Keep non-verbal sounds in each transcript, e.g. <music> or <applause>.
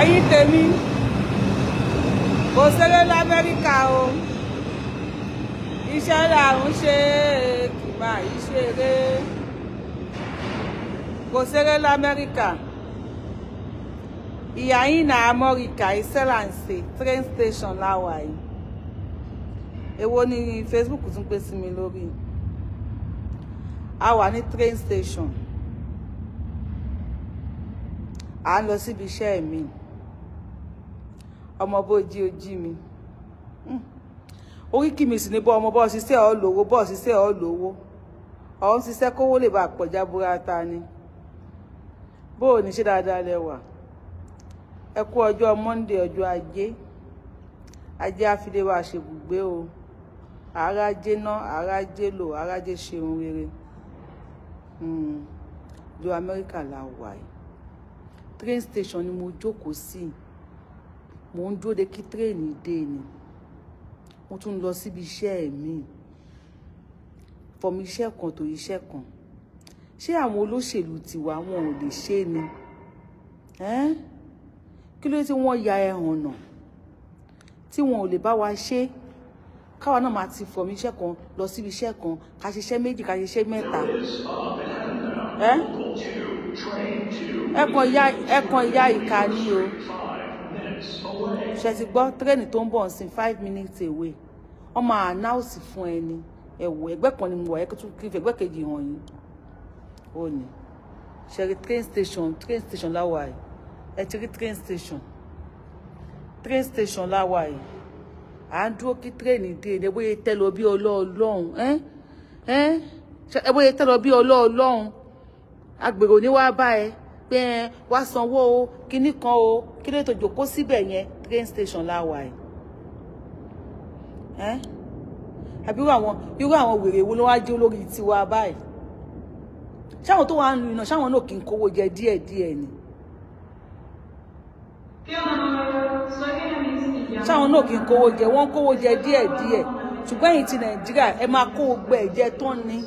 ẹ̀yin tèmi kò ṣeré lamẹ́ríkà o iṣẹ́ là ń ṣe kìbà ìṣeré kò ṣeré lamẹ́ríkà ìyá yín na amọ́ríkà iṣẹ́ là ń ṣe train station láwa yìí èwo ni Facebook tún pè sí mi lórí a wà ní train station à ń lọ síbi iṣẹ́ mi ọmọ bó jí ojí mi hmm. orí kì mí sì ní bọ́ ọmọ bọ́ ṣiṣẹ́ ọ lówó bọ́ ṣiṣẹ́ ọ lówó ọ̀hún ṣiṣẹ́ kówó lè bá pọ̀já burata ni bó o ní ṣe dáadáa lẹ́wà ẹ kú ọjọ́ Monday ọjọ́ ajé ajé àfidé wa ṣègùgbé o àárajé ná àárajé lò àárajé ṣeun rere ìlú hmm. Amẹ́ríkà la wà yìí train station ni mo jókòó sí i mò ń dúró de kí tírèènì dé ni mo tún lọ síbi iṣẹ́ mi fọmọ iṣẹ́ kan tó iṣẹ́ kan ṣé àwọn olóṣèlú tiwa wọn ò lè ṣe ni kí ló dé tí wọ́n ya ẹ̀hàn náà tí wọn ò lè bá wa ṣe káwa náà máa ti fọmọ iṣẹ́ kan lọ síbi iṣẹ́ kan ká ṣiṣẹ́ méjì ká ṣiṣẹ́ mẹ́ta ẹ̀kan ìyá ìka ni o ṣe ti gbọ́ tírẹ́nì tó ń bọ̀ ń five minutes away wọ́n máa anáùsì fún ẹni ẹ̀wọ̀ ẹgbẹ́ kan ni mo wà ẹ̀kẹ́ tó kí ẹgbẹ́ kejì hàn yín ó ní ṣe rí train station train station láwa yìí ẹ ti rí train station train station láwa yìí à ń dúró kí tírẹ́nì dé ẹ bóyá tẹ́ lọ bí ọlọ́ọ̀lọ́hún ẹ́ ẹ́ ẹ bóyá tẹ́ lọ bí ọlọ́ọ̀lọ́hún agbèrò ní wàá bá ẹ pé ẹ wá sanwó o kinní kan o kí ló tó jòkó síbẹ̀ yẹn train station láwàá ẹ̀ àbí irú àwọn wèrè wo ló wá jẹ́ olórí tiwa báyìí ṣáwọn tó wà ń lu iná ṣáwọn náà kì í kówó jẹ díẹ̀díẹ̀ ni ṣáwọn náà kì í kówó jẹ wọ́n kówó jẹ díẹ̀díẹ̀ ṣùgbọ́n ẹ̀yin ti nàìjíríà ẹ máa kó gbẹ ẹ̀jẹ̀ tán ni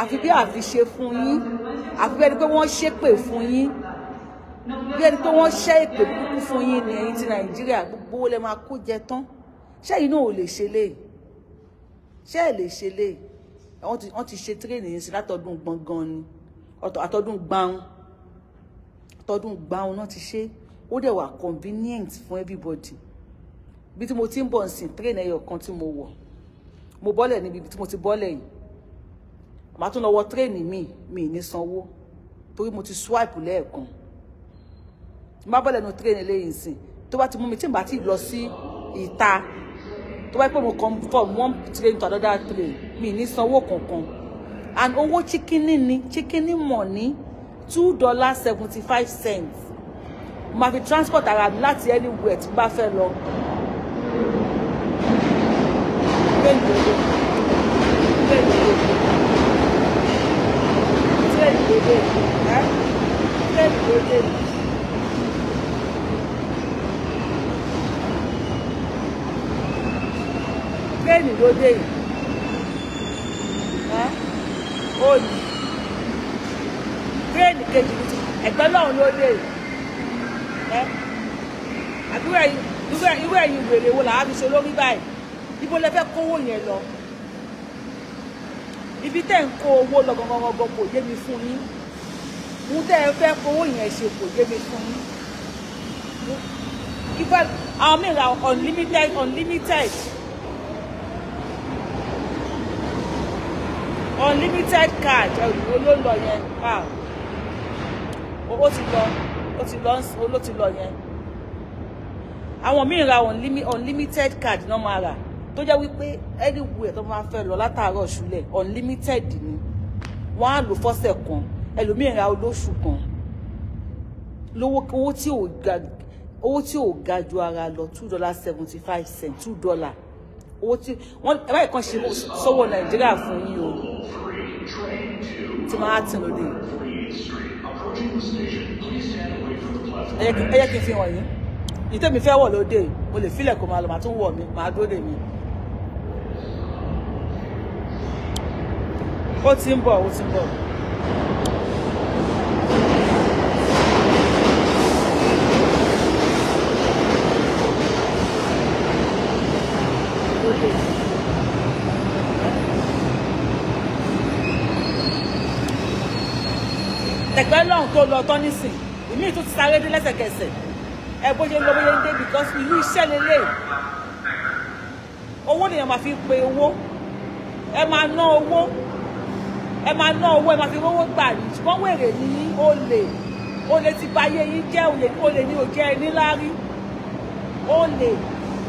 àfi bí àfi ṣe fún yín àfi bẹ́ẹ̀ ni pé wọ́n ṣépè fún yín bí ẹni pé wọ́n ṣẹ́ èpè kúkú fún yín ní ẹ̀yin ti nàìjíríà gbogbo lẹ máa kó jẹ tán ṣé yìí náà ò lè ṣe lè ṣé ẹ̀ lè ṣe lè wọ́n ti ṣe tírénì yìí sí látọdún gbọ̀ngàn ni àtọdún gbàùn àtọdún gbàùn náà ti ṣe ó dẹ̀ wà convenient fún everybody bí tí mo ti ń bọ̀ nsìn tírénì ẹyọ kan tí mo wọ̀ mo bọ́lẹ̀ níbi tí mo ti bọ́lẹ̀ yìí màá tún lọ́wọ́ tírèènì mi mi ní sanwó torí mo ti swipe lẹ́ẹ̀kan Ma bọ́ lẹ́nu tírèènì lẹ́yìn sìn tó bá ti mú mi tí n bá ti lọ sí ìta tó bá pẹ́ mo come from one train to another train mi ní sanwó kankan and owó chikini ni chikini money two dollar seventy five cents ma fi transport ara mi láti anywhere tí n bá fẹ́ lọ. Thank you. Thank you straight go dey eh straight go dey. Kéènì ló dé yìí. Ẹ́ ó ní. Kéènì kejì ẹ̀gbẹ́ náà ló dé yìí. Ẹ́ àbúrò ẹ̀yìn ìwé ẹ̀yìn wèrè wo làá fi ṣe lórí báyìí. Ibo lẹ fẹ́ kówó yẹn lọ ibi tẹ́ ń kó owó lọ kò yé mi fún yín mo tẹ́ ẹ fẹ́ fowó yẹn ṣe kò yé mi fún yín even àwọn mìíràn unlimited unlimited unlimited card ẹ̀rù ló lọ yẹn ah. owó ti lọ ó ti lọ ó ló ti lọ yẹn àwọn mìíràn unlimited card náà máa rà tó jẹ́ wípé anywhere tó máa fẹ́ lọ látàárọ̀ ṣúlẹ̀ unlimited ni wọ́n á lò fọ́sẹ̀ kan ẹlòmíì ra olóṣù kan lówó owó tí ò ga owó tí ò ga ju ara lọ two dollar seventy five cents. two dollar owó tí wọ́n ẹ báyìí kan ṣe sọ́wọ́ nàìjíríà fún yín o tí máa tì lóde ẹ yẹ kí n fi hàn yín ìtẹ́mi fẹ́ wọ̀ lóde mo lè filẹ̀ kó máa lọ màá tún wọ̀ mi màá dóde mi. ó ti ń bọ̀ ó ti ń bọ̀. tẹ̀gbẹ́ náà tó lọ tán nísìn ìmíì tó ti sáré dé lẹ́sẹ̀kẹsẹ̀ ẹ bó ṣe ń lọ bó ṣe ń dé because ìlú iṣẹ́ lélẹ̀ owó nìyẹn máa fi pe owó ẹ máa ná owó ẹ máa ná owó ẹ máa fi rówó gbà rí ṣùgbọ́n wèrè ní olè olè ti ba ayé yín jẹ́ olè ní òjẹ́ ẹni lárí olè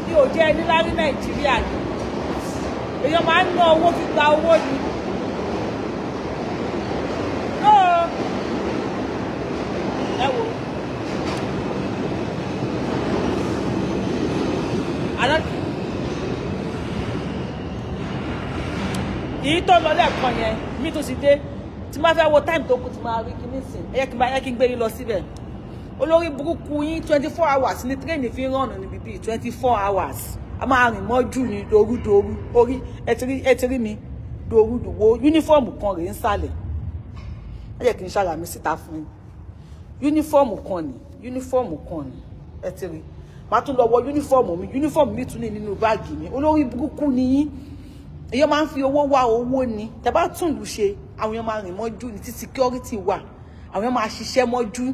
ní òjẹ́ ẹni lárí nàìjíríà ni èèyàn máa ń ná owó fi gba owó ni. ẹ wò èyí tó lọ lẹ́ẹ̀kan yẹn mi tún ti dé tí máa fẹ́ wo táìmù tó kù tí máa rí kíní sìn ẹ yẹ kí n gbé yín lọ síbẹ̀ olórí burúkú yín twenty four hours ní tírèènì fi ń rànà níbi twenty four hours a máa rìn mọ́jú ni doru doru orí ẹ ti mi doru dùwó yúnífọ́ọ̀mù kan rèé ń sàlẹ̀ ẹ yẹ kí n ṣàlàmì síta fún yín yúnífọ́ọ̀mù kan ni yúnífọ́ọ̀mù kan ni ẹ màá tún lọ wọ yúnífọ́ọ̀mù mi yúnífọ́ọ̀mù mi tún ní nínú báàgì mi olórí burúkú ni yín èèyàn máa ń fi owó wá owó ni tẹ́ tún lù ṣe àwọn èèyàn máa rìn mọ́jú ní tí security wà àwọn èèyàn máa ṣiṣẹ́ mọ́jú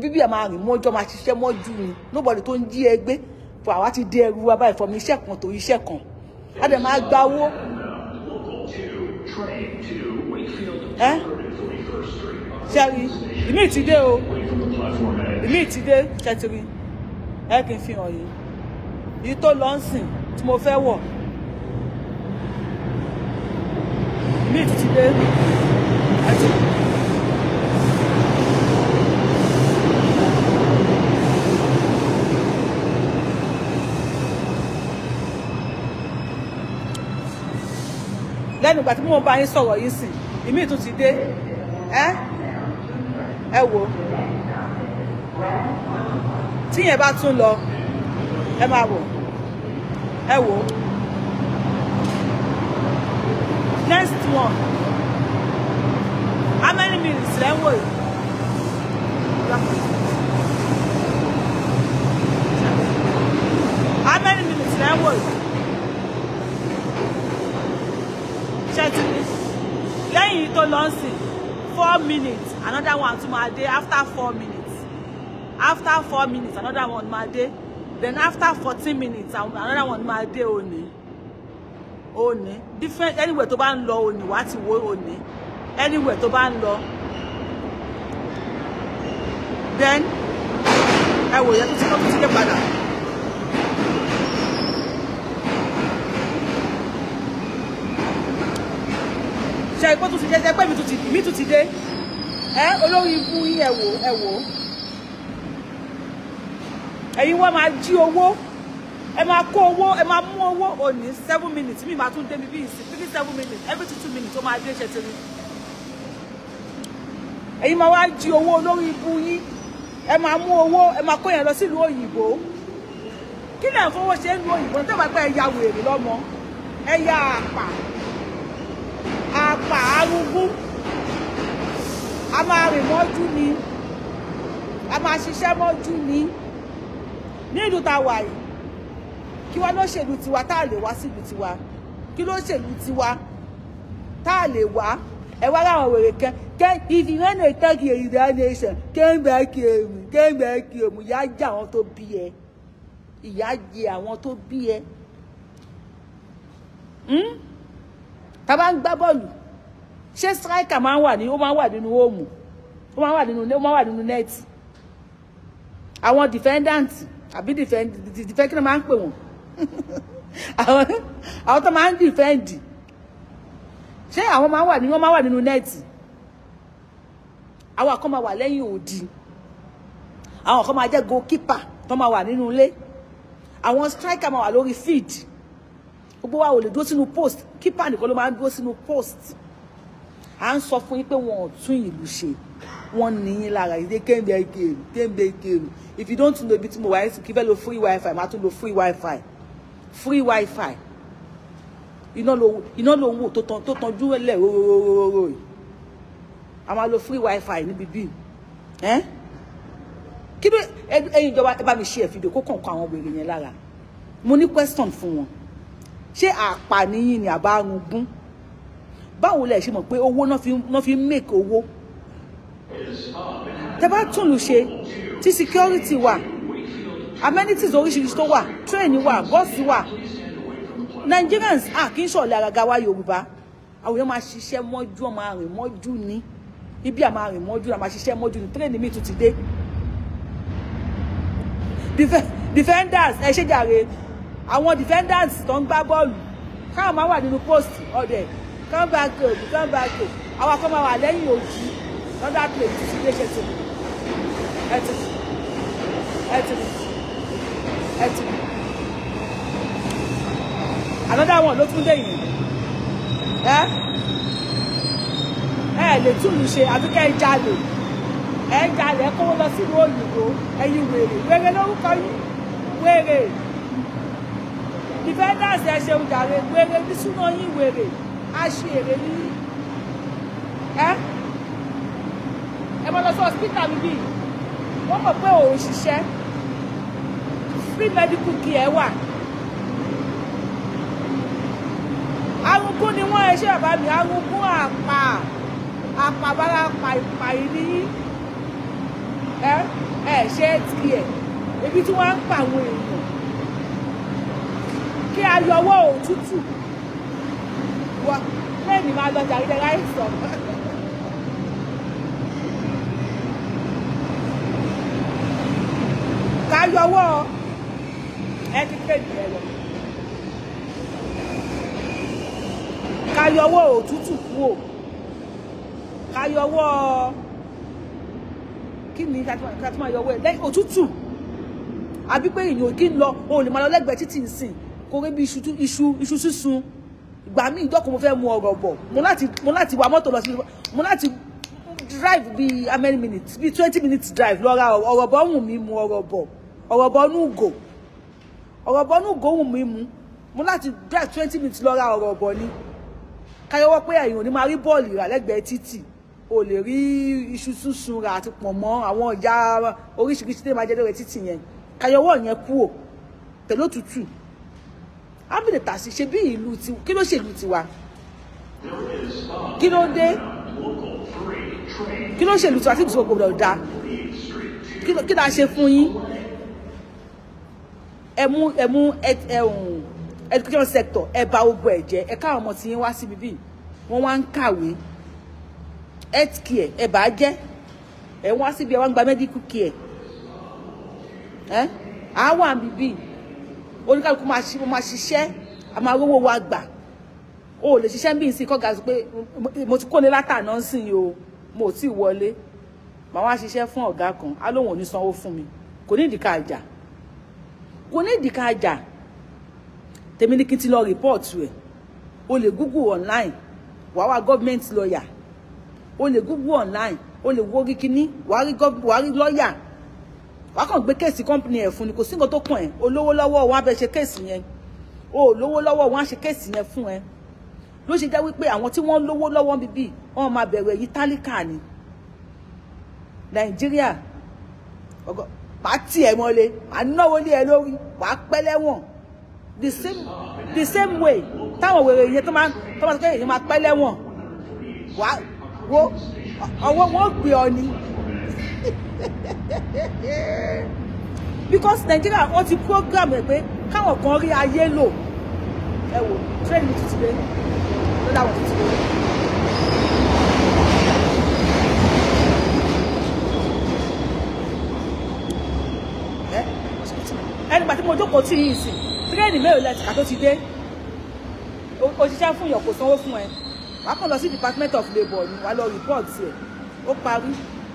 bíbí ẹ̀ máa rìn mọ́jọ́ máa ṣiṣẹ́ mọ́jú ni nobody tó ń jí ẹ fún àwa ti dé ẹrú wa báyìí fọmọ iṣẹ́ kan tó iṣẹ́ kan á dẹ̀ máa gba owó. ẹ ṣe rí ìmí ti dé o ìmí ti dé ṣe ti rí ẹ kì í fi hàn yìí èyí tó lọ ń sìn tí mo fẹ́ wọ̀. meet today. I lẹ́nu ìgbà tí mo bá yín sọ̀rọ̀ yìí sìn ìmí tún ti dé ẹ́ ẹ wò tíyẹn bá tún lọ ẹ máa wò ẹ wò. Next one. How many minutes? Then wait. How many minutes? Then what? Chetini. you to lọ sí four minutes another one tún máa dé after four minutes after four minutes another one máa day. then after fourteen minutes another one máa day only òní different anywhere tó bá ń lọ òní wàá ti wo òní anywhere tó bá ń lọ then ẹ wò yẹn tó ti lọ tó ti dé padà. ṣe ìpó tó ti jẹ́ pé mi tó ti dé ẹ olórí ibú yín ẹ wò ẹ wò ẹ̀yin wọ́n máa jí owó ẹ máa kó owó ẹ máa mú owó òní seven minutes mi máa tún dé mi bí ìsìn three seven minutes every two minutes ó máa dé ṣe tiri ẹ̀yin máa wá jí owó olórí ibu yín ẹ máa mú owó ẹ máa kó yẹn lọ sílùú òyìnbó kí lẹ́yìn fowó ṣe ń lu òyìnbó tó bá pẹ́ ẹ̀yà wèrè lọ́mọ ẹ̀yà àpà àpà arúgbó a máa rìn mọ́jú ni a máa ṣiṣẹ́ mọ́jú ni ní ìlú tá a kí wá ló ṣèlú tiwa tá a lè wá sílùú tiwa kí ló ṣèlú tiwa tá a lè wá ẹ wá láwọn wèrè kan kẹ ìdìrán lè tọ́kì ìdá nation kéńbẹ́ kí èmù kéńbẹ́ kí èmù ìyá jẹ àwọn tó bí ẹ ìyá jẹ àwọn tó bí ẹ hmm? tá a bá ń gbá bọ́ọ̀lù ṣé striker máa ń wà ní ó máa ń wà nínú hóòmù ó máa ń wà nínú ó máa ń wà nínú nẹ́ẹ̀tì àwọn defendant àbí defend defend kí ni máa ń pè wọ́n <laughs> àwọn tó máa ń dìfẹ́ǹdì ṣé àwọn máa wà ní wọ́n máa wà nínú nẹ́ẹ̀tì àwọn kan máa wà lẹ́yìn òdi àwọn kan máa jẹ́ goalkeeper tó máa wà nínú ilé àwọn striker máa wà lórí field gbogbo wa ò lè dúró sínú post keeper nìkan ló máa ń dúró sínú post à ń sọ fún yín pé wọn ò tún ìlú ṣe wọn nìyí lára ìdè kéńbé kéèrú kéńbé kéèrú if you don't know ibi tí mo wà ẹ kí fẹ́ lo free wifi màá tún lo free wifi free wifi iná ló ń wò tó tanjú lẹ̀ rorororo yìí a máa lo free wifi níbi bíi kí ló ẹ̀yin ìjọba ẹ bá mi ṣe ẹ̀fìdè kó kàn kọ àwọn wèrè yẹn lára mo ní question fún wọn ṣé àpànìyàn ni àbá arúgbún báwo lẹ ṣe mọ̀ pé owó náà fi ń make owó tẹ bá tún lù ṣe tí security wà amenities oríṣiríṣi tó wà train wà bọ́ọ̀sì wà Nigerians à kì í ṣọ̀lẹ àgàgà wa Yorùbá àwọn èèyàn máa ṣiṣẹ́ mọ́jú ọmọ àrìn mọ́jú ni ibi àmọ́ àrìn mọ́jú àmọ́ ṣiṣẹ́ mọ́jú ni train mi tún ti dé defenders ẹ ṣe jàre àwọn defenders tó ń gbá bọ́ọ̀lù káwọn máa wà nínú post ọ̀dẹ̀ come back home come back home àwọn akọ́ máa wà lẹ́yìn òjì lọ́dọ̀ àpèjì sí iléeṣẹ́ tó ẹ ti ẹ ti ẹtù another one ló tún dé yìí ẹ ẹ lè túlù ṣe àti kẹ́ ẹ jalè ẹ jalè ẹ kówó lọ sílùú òyìnbó ẹ̀yin wèrè wèrè lórúkọ yìí wèrè defenders ẹ ṣeun jàre wèrè bí súná yín wèrè a ṣe èrè ní ẹ ẹ mọ lọ sí hospital bíbí wọ́n mọ̀ pé òun ṣiṣẹ́ free medical care wà arunkun ni wọ́n ẹṣẹ́ bàbá mi arunkun àpà àpàbára pàìpà ìníyí ẹ ẹ ṣe é ti ẹ ibi tí wọ́n ń pa àwọn èèyàn kí a yọwọ́ òtútù wọ lẹ́yìn máa lọ jàrí lẹ́ra ìsọ̀. ká yọwọ́ ẹ ti kéde ẹ lọ. ká yọwọ́ òtútù kúò ká yọwọ́ kí ni ká tó máa yọwọ́ ẹ lẹ́yìn òtútù àbí pé èèyàn kí ń lọ òun lè máa lọ lẹ́gbẹ̀ẹ́ títì nsìn kó rí bí iṣu sísun ìgbà míì ìjọ́kùn mo fẹ́ mu ọ̀rọ̀ bọ̀ mo láti wa mọ́tò lọ sí mo láti drive bíi how many minutes bíi twenty minutes drive lọ ra ọ̀rọ̀ bọ̀ ń wù mí mu ọ̀rọ̀ bọ̀ ọ̀rọ̀ bọ̀ ń gò ọ̀rọ̀ bọ́ nù gòhùn mi mú mú láti drive twenty minutes lọ ra ọ̀rọ̀ bọ̀ ni káyọ̀wọ́ pé ẹ̀yìn ò ní máa rí bọ́ọ̀lì rà lẹ́gbẹ̀ẹ́ títì o lè rí iṣu súnsun rà àti pọ̀ mọ́ àwọn ọ̀já oríṣiríṣi tí máa jẹ́ lórí títì yẹn káyọ̀wọ́ yẹn kú ò tẹ̀lé òtútù ábìlẹ̀ tàṣí ṣe bí ìlú ti kí ló ṣèlú tiwa kí ló dé kí ló ṣèlú tiwa tí ìdìbò gbọdọ̀ da kí la ṣe fún yín ẹ mú ẹ mú um, education sector ẹ bà gbogbo ẹ̀ jẹ́ ẹ káwọn ọmọ tí yín wá síbi bíi wọ́n wá ń kàwé health care ẹ bà á jẹ́ ẹ wá síbi ẹ wá ń gba medical care ẹ á wà bíbí oníkàlùkù máa ṣiṣẹ́ a máa rówó wa gbà o ò lè ṣiṣẹ́ bí nsìn kọ́ gàzú pé mo ti kó ní látàná nsìn yìí o mo ò tí ì wọlé màá wá ṣiṣẹ́ fún ọ̀gá kan á lóun ò ní sanwó fún mi kò ní ìdíkà àjà kò ní ìdí ká jà tèmi ní kí n ti lọ rìpọ́ọ̀tù ẹ̀ o lè google online wàá wá government lawyer o lè google online o lè wo kíní wàá rí lọ́ọ̀yà wàá kàn gbé kéèsì company ẹ̀ fún ni kò sí nǹkan tó kàn ẹ́ olówó lọ́wọ́ wọn á bẹ ṣe kéèsì yẹn o lówó lọ́wọ́ wọn á ṣe kéèsì yẹn fún ẹ ló ṣe jẹ́ wípé àwọn tí wọ́n lówó lọ́wọ́ bíbí wọ́n máa bẹ̀rẹ̀ yìí tálíkà ni nàìjíríà màá tì ẹ́ mọ́lé màá náwó lé ẹ lórí wàá pẹ́ lẹ́wọ̀n the same the same way táwọn wèrè yẹn tó máa tó máa sọ yẹn máa pẹ́ lẹ́wọ̀n wàá wo ọwọ́ wọn gbé ọ ni <laughs> because Nigeria ó ti program ẹ pé káwọn kan rí ayé lò ẹ wò trend mi tuntun lé lọ́dà wọn tuntun lé. ẹnìgbà tí mo jókòó tí yìí sì tírẹ́ẹ̀nì mẹ́rin lẹ́tì kà tó ti dé òṣìṣẹ́ fún ìyàn kò sanwó fún ẹ wà á kàn lọ sí department of labour ni wà á lọ report ẹ ó parí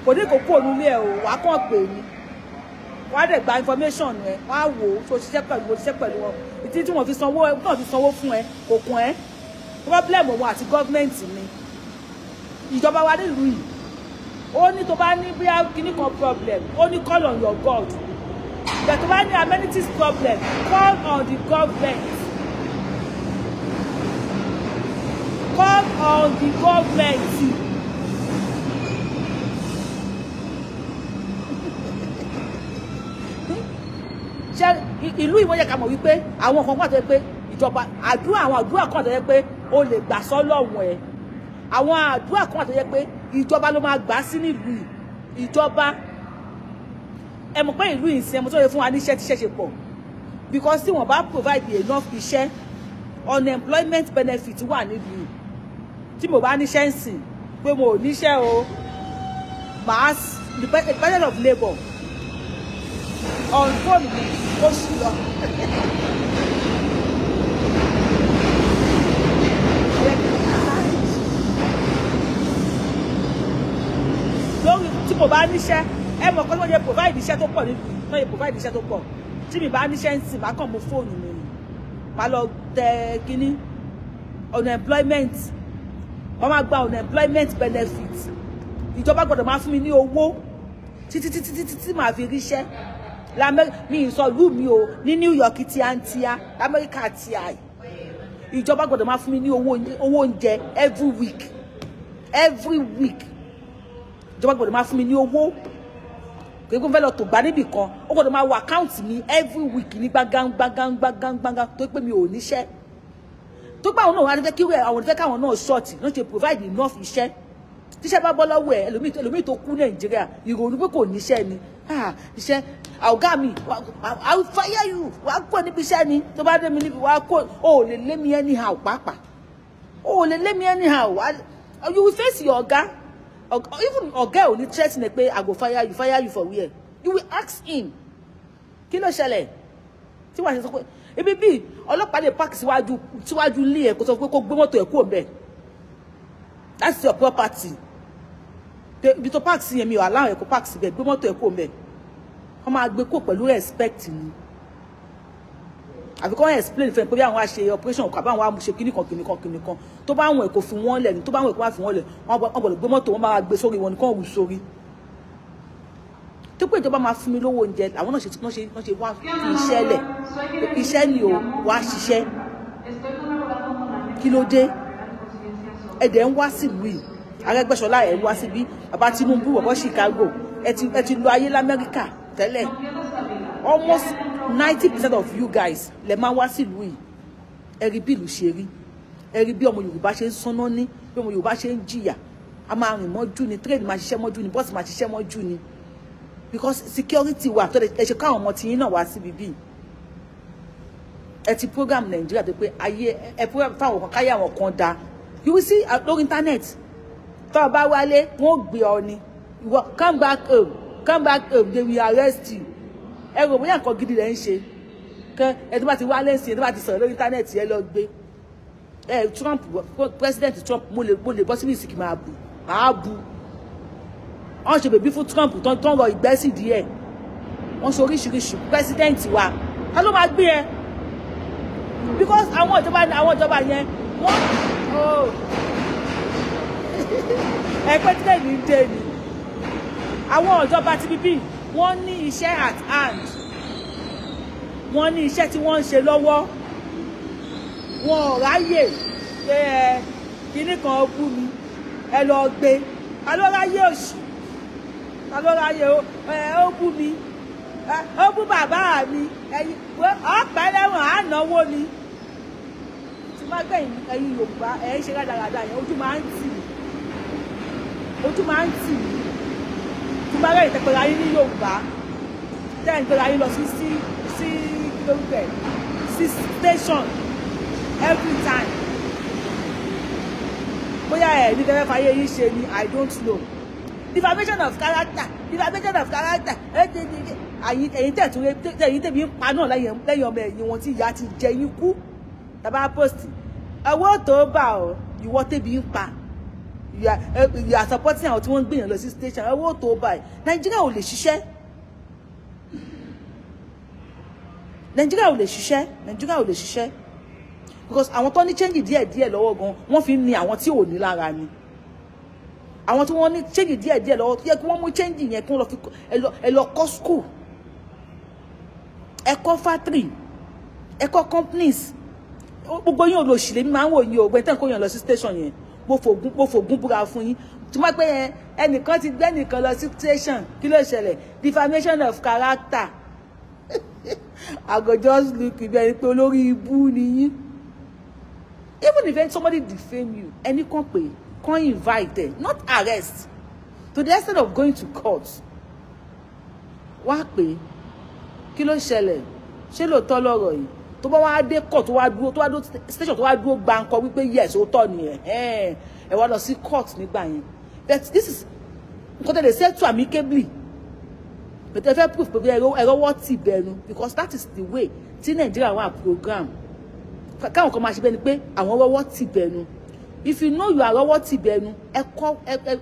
kò ní kó kó òun lé ẹ o wà á kàn pè mí wà á dẹ̀ gba information ẹ wà á wò ó tó ṣiṣẹ́ pẹ̀lú òṣìṣẹ́ pẹ̀lú wọn ìdí tí wọ́n fi sanwó ẹ náà fi sanwó fún ẹ kò kún ẹ problem òun àti gọ́ọ̀mẹ̀ntì ni ìjọba wa nílùú yìí ó ní tó bá ní bí kíní kan problem ó ní call on your god But when bá amenities problem, call on the government. Call on the government. <laughs> ṣe ìlú ìwọ yẹ ká mọ̀ wípé àwọn kan pàtó pé ìjọba àdúrà àwọn àdúrà kan tó yẹ pé o lè gbà sọ́lọ́wọ̀n ẹ̀ àwọn àdúrà kan tó yẹ pé ìjọba ló máa gbà sí nílùú ìjọba ẹ mọ̀ pé ìlú ìsìn ẹmọ tó yẹ fún wa níṣẹ́ tíṣẹ́ ṣe pọ̀ because tí wọ́n bá provide enough iṣẹ́ unemployment benefit wà nílùú tí mo bá níṣẹ́ ń sìn pé mo ò níṣẹ́ o màá department of labour on phone mi ó sì lọ. lórí tí mo bá níṣẹ́ ẹ mọ̀ kọ́ tó yẹ provide iṣẹ́ tó pọ̀ níbi tó yẹ provide iṣẹ́ tó pọ̀ tí mi bá níṣẹ́ ń sìn má kàn mú fóònù mi nù lọ tẹ kínní unemployment wọ́n máa gba unemployment benefit ìjọba gbọ́dọ̀ máa fún mi ní owó títí títí títí tí màá fi ríṣẹ́ lamẹ́ríkà mi ìsọ̀lú mi o ní New York ti àǹtíà lamẹ́ríkà ti àì ìjọba gbọ́dọ̀ máa fún mi ní owó oúnjẹ every week every week ìjọba gbọ́dọ̀ máa fún mi ní owó pé kó fẹ́ lọ tògbà níbì kan ó gbọ́dọ̀ máa wo àkáǹtì mi every week ní gbángángbángángbángángbángán tó pé mi ò níṣẹ́ tó gbà àwọn náà wà nífẹ̀ẹ́ kíwẹ̀ àwọn nífẹ̀ẹ́ káwọn náà ṣọ́ọ̀tì ló ṣe provide enough iṣẹ́ tíṣẹ́ bá bọ́ lọ́wọ́ ẹ̀ ẹlòmíì tó kú nàìjíríà ìrònú pé kò níṣẹ́ ni ah, iṣẹ́ ọ̀gá mi I will fire you wàá kó níbi iṣẹ́ ni tó bá dé mi níbi wàá kó o ò lè lé mi anyhow pàápàá o ò lè lé mi anyhow you will face your ọ̀gá even a ọ̀gá ò ní threatening pé I go fire you fire you for where you will ask him Kilo kí ló ṣẹlẹ̀ tí wàá ṣe sọ pé ibi bíi ọlọ́pàá lè park síwájú síwájú ilé ẹ̀ kó sọ pé kó gbé mọ́tò ẹ̀ kúrò bẹ́ẹ̀ that's your property ibi tó park sí yẹn mi ò aláwọ̀ ẹ̀ kó park síbẹ̀ gbé mọ́tò ẹ̀ kúrò bẹ́ẹ̀ wọ́n máa gbé kó pẹ̀lú respect ni àfi kọ́ explain fẹ́ pé bí àwọn wá ṣe operation kan àbáwọn wá ṣe kíní kan kíní kan kíní kan tó bá wọn èkó fi wọ́n lẹ̀ ní tó bá wọn èkó wá fi wọ́n lẹ̀ wọ́n gbọ́dọ̀ gbé mọ́tò wọ́n máa gbé sórí wọn nìkan wù sórí. tó pé ìjọba máa fún mi lówó oúnjẹ àwọn náà ṣe wọ́n ṣe wọ́n ṣe wá fi iṣẹ́ lẹ̀ iṣẹ́ ni ò wá ṣiṣẹ́ kí ló dé ẹ̀dẹ̀ ń wá sílùú yìí Arẹ́gbẹ́ṣọlá ẹ̀ ń wá síbí bàbá Tinubu bọ̀bọ̀ Chicago ẹ ti lo ayé l'Amẹ́ríkà tẹ́lẹ̀ almost ninety percent of you guys lè máa wá sílùú yìí ẹ rí bí ìlú ṣe rí ẹ rí bí ọmọ yorùbá ṣe ń sanná ní bí ọmọ yorùbá ṣe ń jìyà a máa rìn mọ́jú ni trade máa ṣiṣẹ́ mọ́jú ni bọ́ọ̀sì máa ṣiṣẹ́ mọ́jú ni because security wà tó ẹ ṣe káwọn ọmọ tiyín náà wá síbi bíi ẹ ti program nàìjíríà tó pé ayé ẹ program fáwọn kan káyé àwọn kan da you will see uh, lórí internet tó o bá wálé wọn ò gbé ọ ni come back home come back home they will arrest you ẹ rò bóyá nǹkan gidi rẹ̀ ń ṣe kan ẹ tó bá ti wá lẹ́sìn ẹ tó bá ti sọ̀rọ̀ lórí íńtánẹ́ẹ̀tì ẹ lọ gbé ẹ Trump president Trump mo lè mo lè bọ́ sí music máa bù máa bù wọ́n ṣe bèbí fún Trump tán tán rọ ìgbẹ́sì díẹ̀ wọ́n ṣe oríṣiríṣi president wa ká ló máa gbé ẹ because àwọn ìjọba àwọn ìjọba yẹn wọ́n oh. <laughs> ẹ pẹ́ tí lè ní dé ni àwọn ìjọba ti bíbí wọ́n ní iṣẹ́ at hand wọ́n ní iṣẹ́ tí wọ́n ń ṣe lọ́wọ́ wọn ò ráyè pé ẹ kinní kan bú mi ẹ lọ gbé ta ló ráyè òṣì ta ló ráyè ó bú mi ó bú bàbá mi ọ̀pẹ lẹ́wọ̀n á náwó ni tí má gbẹ̀yìn ẹ̀yin Yorùbá ẹ̀ ń ṣe rádaràda yẹn ojú máa ń tì mí ojú máa ń tì mí tí máa rẹ̀ ìtẹ̀pẹ̀rẹ̀ ayé ní yorùbá tẹ́ ń gbéra yín lọ sí sí sí kí sí station every time bóyá ẹ̀ ní fẹ́fẹ́ fàyè yìí ṣe ni i don't know defamation of character defamation of character ẹ̀yin tẹ̀ tún ẹ̀yin tẹ̀bi ń pa náà lẹ́yìn ọmọ ẹ̀yìn wọn tí ìyá ti jẹ yín kú tàbá post ẹ̀wọ́ tó bá ọ ìwọ́ tẹ̀bi ń pa you are, eh, you are supporting àwọn tí wọ́n ń gbìyàn lọ sí station owó tó báyìí nàìjíríà ò lè ṣiṣẹ́ nàìjíríà ò lè ṣiṣẹ́ nàìjíríà ò lè ṣiṣẹ́ because àwọn tó ní change díẹ̀ díẹ̀ lọ́wọ́ gan wọ́n fi ń ni àwọn tí ò ní lára ni àwọn tí wọ́n ní change díẹ̀ díẹ̀ lọ́wọ́ tó yẹ kí wọ́n mú change yẹn kí wọ́n lọ fi ẹ lọ kọ́ school ẹ kọ́ factory ẹ kọ́ companies gbogbo yín ò lò ṣìlẹ̀ mi máa ń wò yín o gbẹ́ntẹ́ kó yàn lọ sí station yẹn mo fògún mo fògún búra fún yín tí wọ́n pé yẹn ẹnìkan ti gbé ẹnìkan lọ sí station kí ló ṣẹlẹ̀ defamation of character <laughs> I go just look ibi ẹni pé olórí ibú ni yín even if somebody defame you ẹni kan pé kan invite ẹ not arrest to the extent of going to court wá pé kí ló ṣẹlẹ̀ ṣé lóòótọ́ lọ́rọ̀ yìí tó bá wá dé court tó wá dúró tó wá dúró station tó wá dúró gbáǹkọ wípé yes ó tọ́ nìyẹn ẹ wá lọ sí court nígbà yẹn but this is nǹkan tẹ̀lé settle amicably but ẹ fẹ́ proof pé ẹ̀rọ wọ́ tì bẹ̀nu because that is the way tí Nàìjíríà wà program káwọn kan máa ṣe bẹ́ẹ̀ ni pé àwọn rọwọ́ tì bẹ̀nu if you know you are rọwọ́ tì bẹ̀nu ẹ kọ́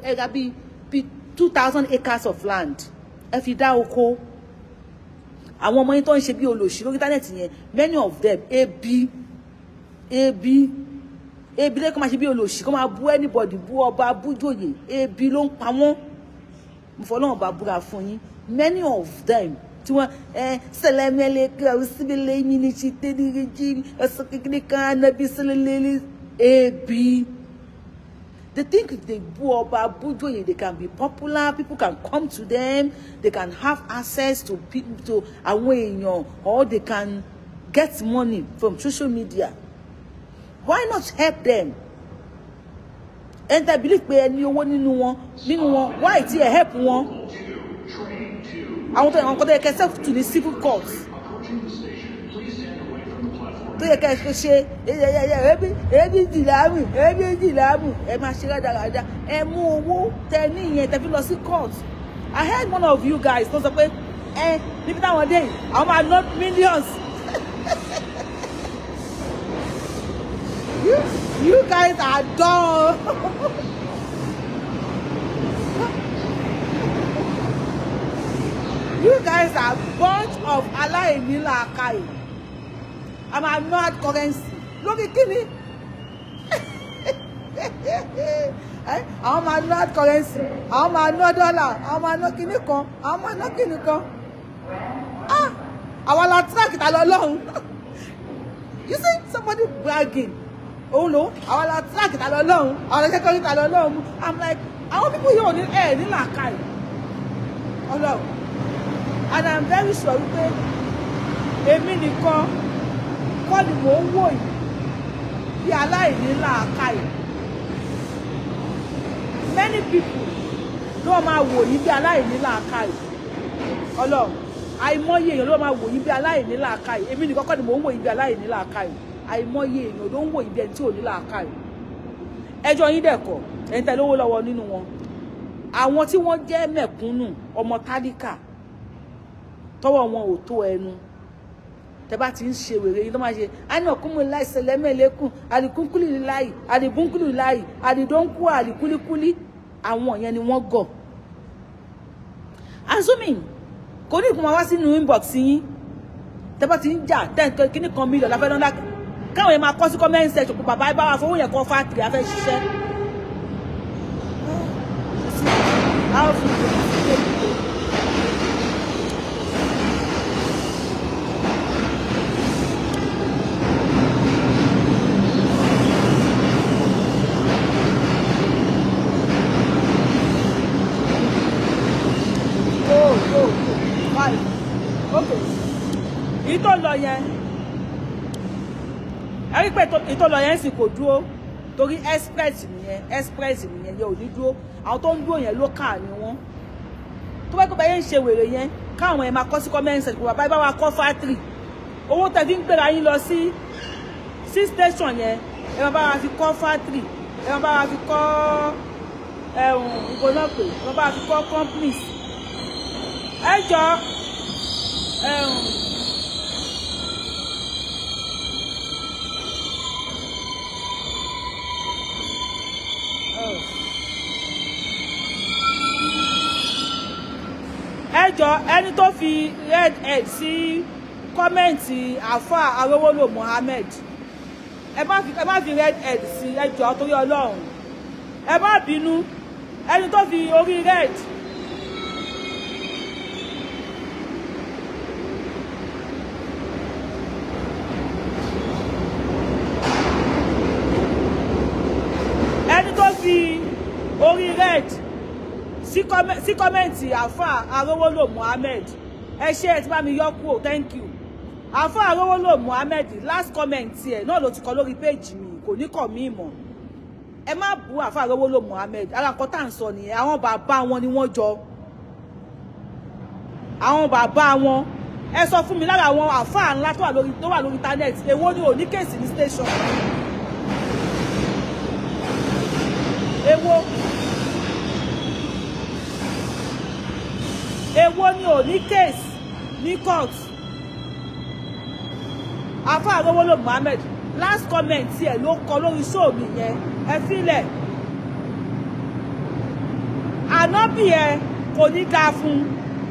ẹ ra bíi two thousand acres of land ẹ fi dá oko àwọn ọmọ yín tó ń ṣe bí olòṣì lórí íńtánẹ́ẹ̀tì yẹn many of them ebi ebi ebi lẹ́kọ̀ọ́ máa ṣe bí olòṣì kó máa bú anybody bú ọba bújòyè ebi ló ń pa wọ́n mo fọ́ lọ́wọ́n bá búra fún yín many of them tí wọ́n ẹ sẹlẹ̀mẹ́lẹ́ kíra síbílẹ̀ yín ní ṣe tẹ́lẹ̀ rí jí ọ̀sán kékeré kan náà bí sẹlẹ̀lẹ́lẹ́ ebi. They think if they buoba, bujoye, they can be popular, people can come to them, they can have access to people to away or they can get money from social media. Why not help them? And I believe pé ẹni owó nínú wọn, why ti ẹ help one? I want to kọ́ yourself to the civil courts tó yẹ ká ẹ ṣe ẹbí ẹbí dìlámù ẹbí dìlámù ẹ máa ṣe rádaràda ẹ mú owó tẹ ní ìyẹn tẹ fi lọ sí court I heard one of you guys tó sọ pé ẹ níbi táwọn dé àwọn máa ná millions you, you guys are dull. you guys are bunch of aláìnílàákàyè. I'm a mad currency lórí kíni àwọn máa ná currency àwọn máa I'm dọ́là àwọn máa ná I'm kan àwọn máa ná Ah, I want to track it all along. you see somebody bragging Oh no, I want to track ta lọ lọ́hùn àwọn ẹ̀ṣẹ̀ kọ́rin it all along. I'm like àwọn people here yóò ní ẹ̀ eh, ní làákàyè ọlọ́run and I'm very sure wípé èmi nìkan kọ́ ni mò ń wò yìí bí aláìní làákàyè many people ló máa wò yìí bí aláìní làákàyè ọlọ́run àìmọye èèyàn ló máa wò yìí bí aláìní làákàyè èmi nìkan kọ́ ni mò ń wò yìí bí aláìní làákàyè àìmọye èèyàn ló ń wò yìí bí ẹni tí ò ní làákàyè ẹjọ́ yín dẹ̀kọ̀ ẹni tẹ́ lówó lọ́wọ́ nínú wọn àwọn tí wọ́n jẹ́ mẹ̀kúnnù ọmọ tálíkà tọ́wọ́ wọn ò tó ẹnu tẹ bá ti ń ṣe wèrè yìí ló máa ṣe àná kúmù láì sẹlẹmẹlẹkùn àdìkúnkúlì láì àdìbúnkúlì láì àdìdónkù àdìkúlíkúlí àwọn yẹn ni wọ́n gọ̀. azumi kò ní ìkùnmọ̀ wá sínú inbox yín tẹ bá ti ń jà tẹ́ǹkan kíní kan mílíọ̀nù afẹ́ lọ́dá káwọn yẹn máa kọ́ sí comment section pé bàbá ibà wà fowó yẹn kọ́ fáàtì afẹ́ ṣiṣẹ́. Ah, yẹn ẹ rí pé ètò lọ yẹn sì kò dúró torí express nìyẹn express nìyẹn yẹn ò ní dúró àwọn tó ń dúró yẹn local ni wọ́n tó bá gbọ́dọ̀ yẹn ń ṣe wèrè yẹn káwọn ẹ̀ máa kọ́ sí comment section bàbá ibà wa kọ́ factory owó tẹ̀sí ń gbéra yín lọ sí sí station yẹn ẹ máa bá wa fi kọ́ factory ẹ máa bá wa fi kọ́ ẹ̀hún ìgbóná pé ẹ máa bá wa fi kọ́ companies ẹ jọ ẹ̀hún. ẹ jọ ẹni tó fi red head sí kọ́mẹ̀ǹtì àfà arówólò Mohammed ẹ má fi ẹ má fi red head sí ẹ jọ torí Ọlọ́run ẹ má bínú ẹni tó fi orí red sí kọ́mẹ́ǹtì àáfà arówólò Mohammed ẹ ṣe ẹ ti bá mi yọ kúrò thank you àáfà arówólò Mohammed last comment ẹ náà ló ti kọ lórí péèjì mi kò ní kọ̀ mí mọ̀ ẹ má bú àáfà arówólò Mohammed ara tá à sọ nìyẹn àwọn bàbá wọn ni wọ́n jọ àwọn bàbá wọn ẹ sọ fún mi lára àwọn àáfà ńlá tó wà lórí tó wà lórí íńtánẹ́ẹ̀tì èwo ni ò ní kéèsì ní station èwo. ariwo ni ò ní case ní court afa arówólò Mohammed last comment tiẹ̀ ló kọ lórí sóòmì yẹn ẹ filẹ̀ ànábì ẹ kò ní dáa fún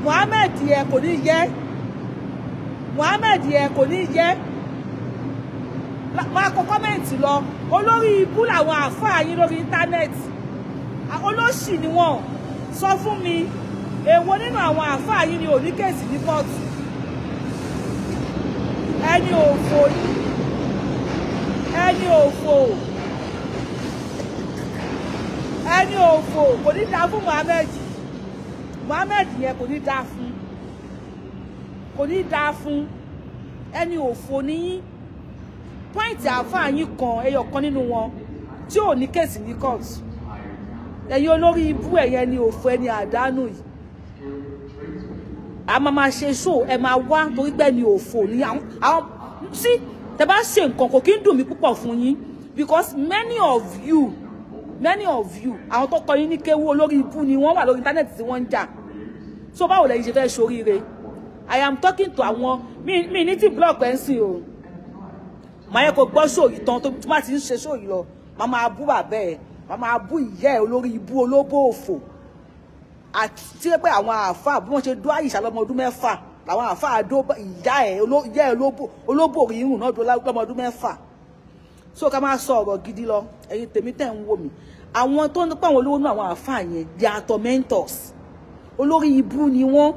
Mohammed ẹ kò ní yẹ Mohammed ẹ kò ní yẹ máa kọ kọ́mẹ̀ntì lọ olórí ibú làwọn àáfàá yín lórí íńtánẹ́ẹ̀tì olóṣì ni wọ́n sọ fún mi èwo nínú àwọn àáfàá yìí ni òní ní kóòtù ẹni òfò ẹni òfò ẹni òfò kò ní dáa fún Mohammed Mohammed yẹn kò ní dáa fún kò ní dáa fún ẹni òfò níyín pọ́ìntì àáfàá yín kan ẹyọ kan nínú wọn tí ò ní kéèsì ní olórí ibú ẹ̀yẹ ni òfò ẹni àdánù yìí a máa máa ṣe show ẹ máa wá torí pé mi ò fò ní àwọn sí tẹ bá ṣe nǹkan kò kí ń dùn mí púpọ̀ because many of you many of you àwọn tó kọ yín ní kéwú olórí ibú ni wọ́n wà lórí íńtánẹ́ẹ̀tì tí wọ́n ń jà so báwo lẹ́yìn ṣe fẹ́ ṣoríire i am talking to àwọn mi ní tí block ẹ̀ ń sìn o màá yẹ kó gbọ́ sóòyì tán tó má ti ń ṣe sóòyì lọ màá máa bú bàbá ẹ̀ màá máa bú ìyá ẹ̀ olórí ibú olóbó àti tí pé àwọn àáfàá bí wọ́n ṣe dó àyíṣà lọ́mọ ọdún mẹ́fà làwọn àáfàá àdó ìyá ẹ̀ ìyá ẹ̀ olóbò irun náà dó lọ́mọ ọdún mẹ́fà so ká máa sọ ọ̀rọ̀ gidi lọ ẹ̀yin tèmi tẹ̀ ń wò mí àwọn tó ń pàwọn olówó náà àwọn àáfàá yẹn they are tormentors olórí ibú ni wọ́n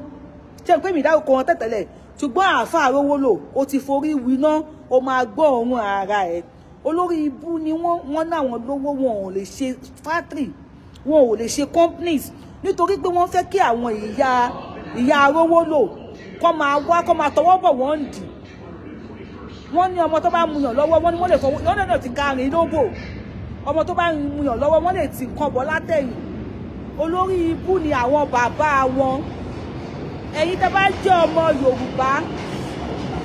ṣé pé mi dárúkọ wọn tẹ̀tẹ̀lẹ̀ ṣùgbọ́n àáfàá rówó lò ó ti forí winá ó máa gbọ́ òun ara ẹ̀ olórí ibú ni wọ́n wọ́n náà wọn lówó wọn ò lè ṣe factory wọn ò lè ṣe companies nítorí pé wọ́n fẹ́ kí àwọn ìyá ìyá arówó lò kọ́ máa wá kọ́ máa tọwọ́ bọ̀ wọ́n ń dì wọ́n ní ọmọ tó bá mu yàn lọ́wọ́ wọ́n ní wọ́n lè fọwọ́ lọ́dọ̀ náà ti karin lóbò ọmọ tó bá mu yàn lọ́wọ́ wọ́n lè ti nǹkan bọ̀ látẹ̀yìn olórí ibú ni àwọn bàbá wọn ẹ̀yin tẹ́ bá jẹ́ ọmọ Yorùbá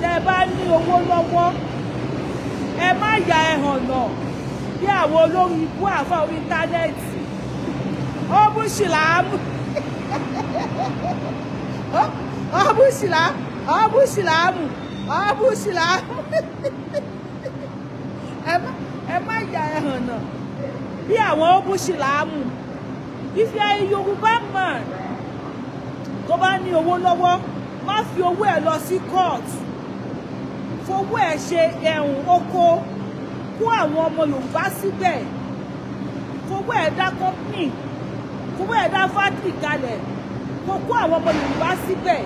tẹ́ bá ní owó lọ́wọ́ ẹ má ya ẹ̀hàn náà bí àwọn olórí ibú àfa orí íńtánẹ́ẹ̀tì Obushilam. Obushilam. Obushilam. Obushilam. Ẹ má ya ẹ̀hàn náà. Bí àwọn Obushilam. If you are a Yorùbá man, tó bá ní owó lọ́wọ́, má fi owó ẹ̀ lọ sí court. Fowó ẹ̀ ṣe ẹ̀hùn oko. Kó àwọn ọmọ Yorùbá síbẹ̀. Fowó ẹ̀ dá company fún ẹ̀dá fátìrì kalẹ̀ kó kó àwọn ọmọ Yorùbá síbẹ̀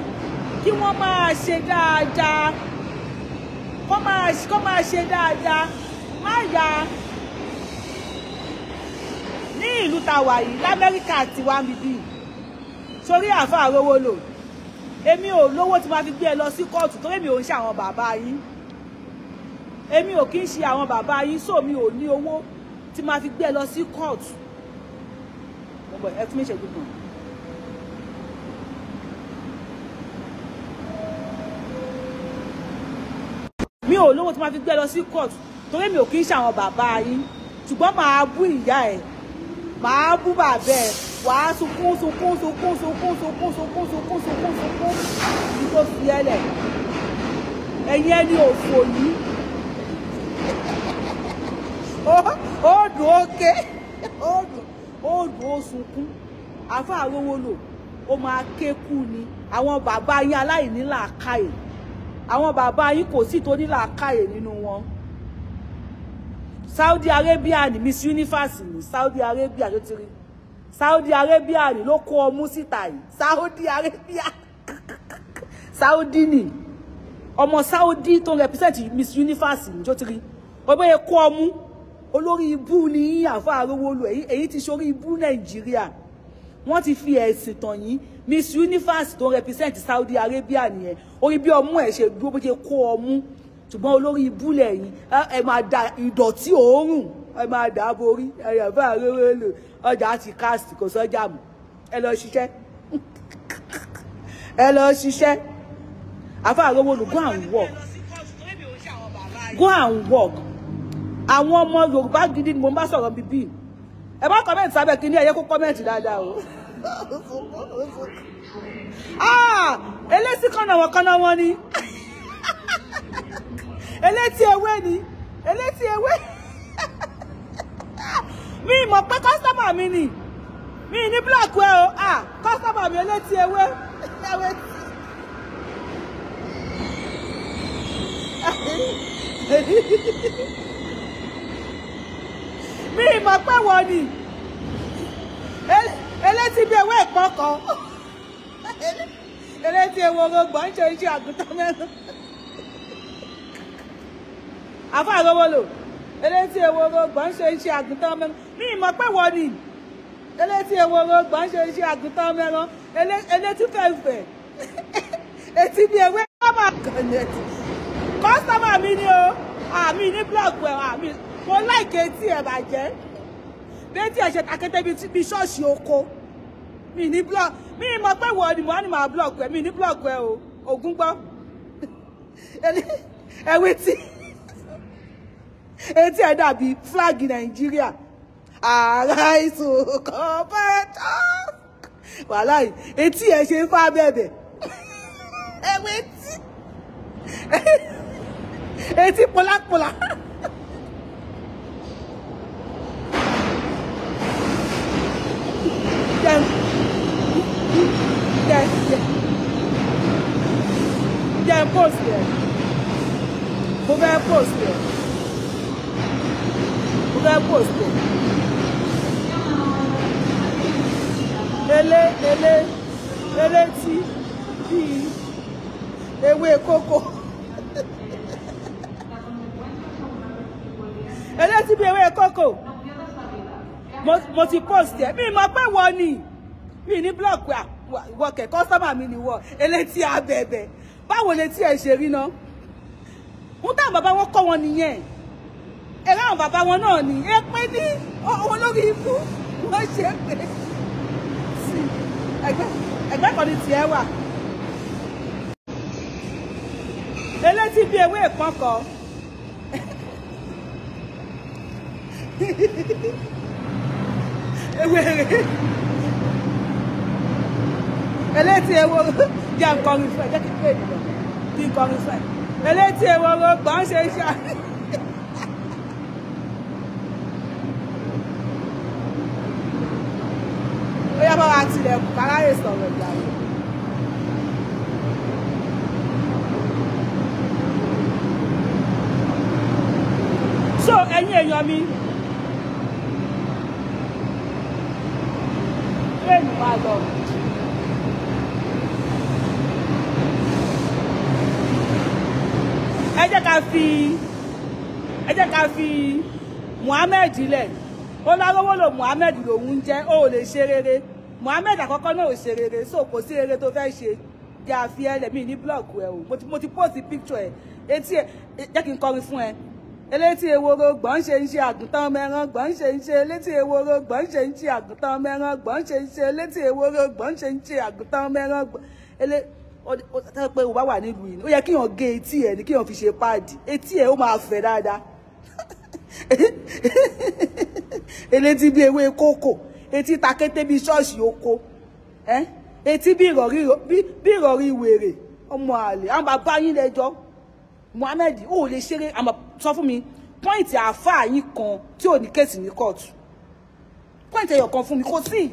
kí wọ́n máa ṣe dáadáa kó máa ṣe dáadáa má yà ní ìlú tàwa yìí l'Amẹ́ríkà àti wa níbí sórí àáfàá rówó lò èmi ò lówó tí máa fi gbé ẹ lọ sí kóòtù torí èmi ò ń ṣe àwọn bàbá yín èmi ò kí ń ṣe àwọn bàbá yín so mi ò ní owó tí máa fi gbé ẹ lọ sí kóòtù bọ̀ ẹ tún mi ṣẹ́jú kan. mi ò lówó tí máa fi gbé lọ sí court torí mi ò kí ń ṣàwọn bàbá yín ṣùgbọ́n màá bú ìyá ẹ̀ màá bú bàbá ẹ̀ wàá sunkún sunkún sunkún sunkún sunkún sunkún sunkún sunkún sunkún ní kò fi ẹlẹ̀ ẹ̀yin ẹni òfò yìí. sunkún àfa àrówó lò ó máa ké kú ni àwọn bàbá yín aláìní làákàyè àwọn bàbá yín kò sí tó ní làákàyè nínú wọn Saudi Arabia ni Miss Universe ni Saudi Arabia ló ti rí Saudi Arabia ni ló kó ọmú síta yìí Saudi Arabia Saudi ni ọmọ Saudi tó represent Miss Universe ni jó ti rí ọgbẹ́ yẹn kó ọmú olórí ibú ni àfa Arówólú èyí ti sórí ibú Nàìjíríà wọ́n ti fi ẹ̀sìn tàn yín Miss Universe tó represent Saudi Arabia nìyẹn orí bí ọmú ẹ̀ ṣe dúró bó ṣe kó ọmú ṣùgbọ́n olórí ibú lẹ́yìn ẹ máa da ìdọ̀tí òórùn ẹ máa dà á borí ẹ̀yà fún Arówólú ọjà ti cast kò sọ́jà mọ́ ẹ lọ ṣiṣẹ́ ẹ lọ ṣiṣẹ́ àfa Arówólú go and work go and work àwọn ọmọ Yorùbá gidi ni mo bá sọ̀rọ̀ bíbí ẹ bá kọ́mẹ́ǹtì sábẹ́ kí ní ẹ̀yẹ kó kọ́mẹ́ǹtì dáadáa o ah, elétí kànnà wọn kànnà wọn ni <laughs> elétí ewé ni elétí ewé <laughs> mi mọ̀ pé kọ́sítọ́mà mi ni mi ní black wẹ́ o kọ́sítọ́mà ah, mi elétí ewé ewé <laughs> mi ìmọ̀ pé wọ́n ni elétí bí ewé ẹ̀pọ̀ kan <laughs> elétí ewo gbogbo ń ṣe iṣẹ́ àgùntàn mẹ́rin àfa àgbọ̀wọ́lò elétí ewo gbogbo ń ṣe iṣẹ́ àgùntàn mẹ́rin mi ìmọ̀ pé wọ́n ni elétí ewo gbogbo ń ṣe iṣẹ́ àgùntàn mẹ́rin elétí fẹ́fẹ́ <laughs> etí bí ewé kọ́mà kọ́sítọ́mà mi ni o àmì ní blọọ̀kù ẹ̀ àmì mo láìké tí ẹ bàjẹ́ bẹ́ẹ̀ tí ẹ ṣe takété bíi ṣọ́ọ̀ṣì oko mi ní blog mi mọ̀ pé wọ́n ni mo á ní màá blog ẹ mi ní blog ẹ o ògún gbọ́ ẹwé tí etí ẹ dàbí flag nàìjíríà ààrẹ ìsòkò bẹ́tọ́ wàhálà yìí etí ẹ ṣe ń fà bẹ̀bẹ̀ ẹwé tí etí pọlápọlá. Then, then, then, then post there. Mo fẹ́ post there. Mo fẹ́ post there. Ele, ele, ele tí bíi ewé kókó. <laughs> Ele tí bíi ewé kókó mo ti post ẹ mi mọ pé wọ ni mi ní block wọ kẹ customer mi ni wọ elétí abẹ̀bẹ̀ báwo létí ẹ ṣe rí náà ń táwọn bàbá wọn kọ́ wọn nìyẹn ẹ̀rọ àwọn bàbá wọn náà ni ẹ pé ní owó lórí ikú wọ́n ṣe pé sí ẹgbẹ́ kan ní tiẹ̀ wà. elétí bí ewé ìpọ́nkọ. <laughs> ewéré eléti eworo gbọ́n ṣe ṣá. ó yá bá wa tilẹ̀kùn káráyè sọ̀rọ̀ ìgbà yìí. so ẹ̀yin èèyàn mi. train bá lọ. ẹ jẹ́ ká fi ẹ jẹ́ ká fi Muhammed lẹ̀ ó lárówó lò Muhammed lòun jẹ́ ó lè ṣe rere Muhammed àkọ́kọ́ náà ò ṣe rere so kò sí rere tó fẹ́ ṣe jẹ́ àfi ẹlẹ́mìí ní blọọkù ẹ̀ o mo ti post picture ẹ̀ etí ẹ̀ jẹ́ kí n kọrin fún ẹ elétí eworo gbọ̀n ṣe ń ṣe àgùntàn mẹ́ran gbọ̀n ṣe ń ṣe elétí eworo gbọ̀n ṣe ń ṣe àgùntàn mẹ́ran gbọ̀n ṣe ń ṣe elétí eworo gbọ̀n ṣe ń ṣe àgùntàn mẹ́ran ele ó tẹ́ pé o bá wà nílùú yìí ó yẹ kíyàn gé etí ẹ̀ ní kíyàn fi ṣe páàdì etí ẹ̀ ó máa fẹ̀ dáadáa <laughs> elétí bí ewé kókò etí takété bí ṣọ́ọ̀ṣì oko etí bí ìrọ̀rí wèrè ọmọ àlè àwọn bàbá yín lẹ́jọ́ Mohammed ò lè ṣeré àmọ́ sọ fún mi pọ́ìntì àáfàá yín kan tí ò ní kéèsì ní kóòtù pọ́ìntì ẹ̀yọ̀ kan fún mi kò sí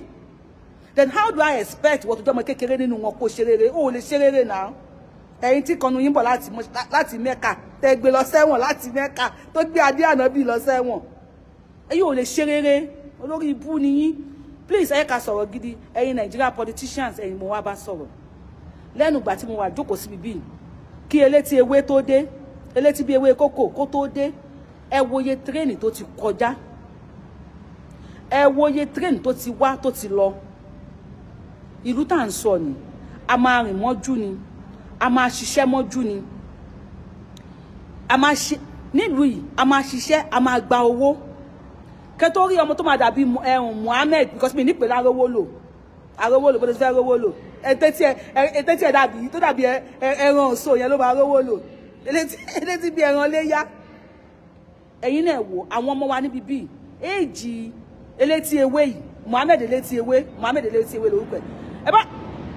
then how do I expect wọ́n tó jọ́mọ kékeré nínú wọn kó ṣe rere ò lè ṣe rere náà ẹ̀yin tí kanu yín bọ̀ láti mẹ́ka tẹ́ gbé lọ sẹ́wọ̀n láti mẹ́ka tó gbé adé ànábì lọ sẹ́wọ̀n ẹ̀yin ò lè ṣe rere olórí ibú ni yín please ẹ̀ka sọ̀rọ̀ gidi ẹ̀yin Nigerian politicians ẹ̀yin mo wá bá sọ̀rọ̀ lẹ́nu ìgbà tí mo wà jókòó síbi bíi kí elétí ewé tó dé elétí bí ewé kókò kó tó dé ẹ wòye tírèènì tó ti kọjá ẹ wòye tírèènì tó ti wá tó ti lọ ìlú tá à ń sọ ni a máa rìn mọ́jú ni a máa ṣiṣẹ́ mọ́jú ni a máa ṣe nílùú yìí a máa ṣiṣẹ́ a máa gba owó kẹ́tọ́ ọmọ tó máa dàbí ẹ̀hún eh, Muhammed because mi nípe lárówó lò arówó lò bó ti fẹ́ rówó lò ètè tí ẹ dàbí tó dàbí ẹran ọ̀ṣọ́ yẹn ló máa rówó lò elétí bí ẹran léyá ẹ̀yin náà wò àwọn ọmọ wa níbi bíi éèjì elétí ewé yìí Mohammed elétí ewé Mohammed elétí ewé lórúkọ ẹ bá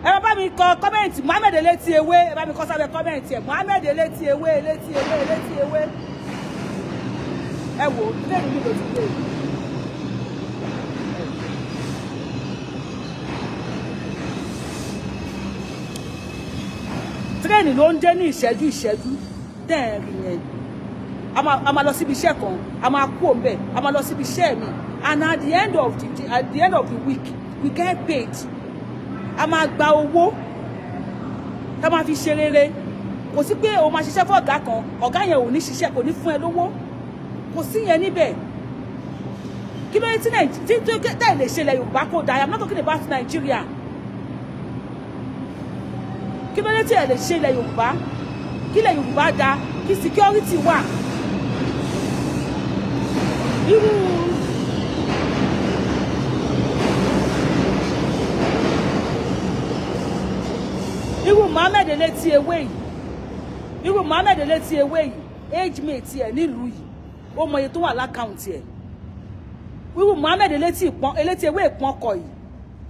ẹ bá mi kọ kọ́mẹ̀ntì Mohammed elétí ewé ẹ bá mi kọ sábẹ́ kọ́mẹ̀ntì ẹ Mohammed elétí ewé elétí ewé elétí ewé ẹ wò ó ilé ìlú mi ló ti dé yìí. dẹ́rìn ló ń dé ní ìṣẹ́jú ìṣẹ́jú dẹ́rìn yẹn a máa lọ síbi iṣẹ́ kan a máa kú òǹbẹ̀ a máa lọ síbi iṣẹ́ mi and at the end of the at the end of the week we get paid a máa gba owó tá a máa fi ṣe rere kò sí pé o máa ṣiṣẹ́ fún ọ̀gá kan ọ̀gá yẹn ò ní ṣiṣẹ́ kò ní fún ẹ lówó kò sí yẹn níbẹ̀ kí ló dé tí tí tí tẹ̀ lè ṣe ilẹ̀ Yorùbá kó dáa I am not talking about Nigeria kí ló dé tí ẹ lè ṣe ilẹ̀ yorùbá kí ilẹ̀ yorùbá da kí security wà irú irú mohammed létí ewé yìí irú mohammed létí ewé yìí age mate ẹ nílùú yìí ó mọ iye tó wà lákàùntì ẹ irú mohammed létí ìpọn elétí ewé ìpọnkọ yìí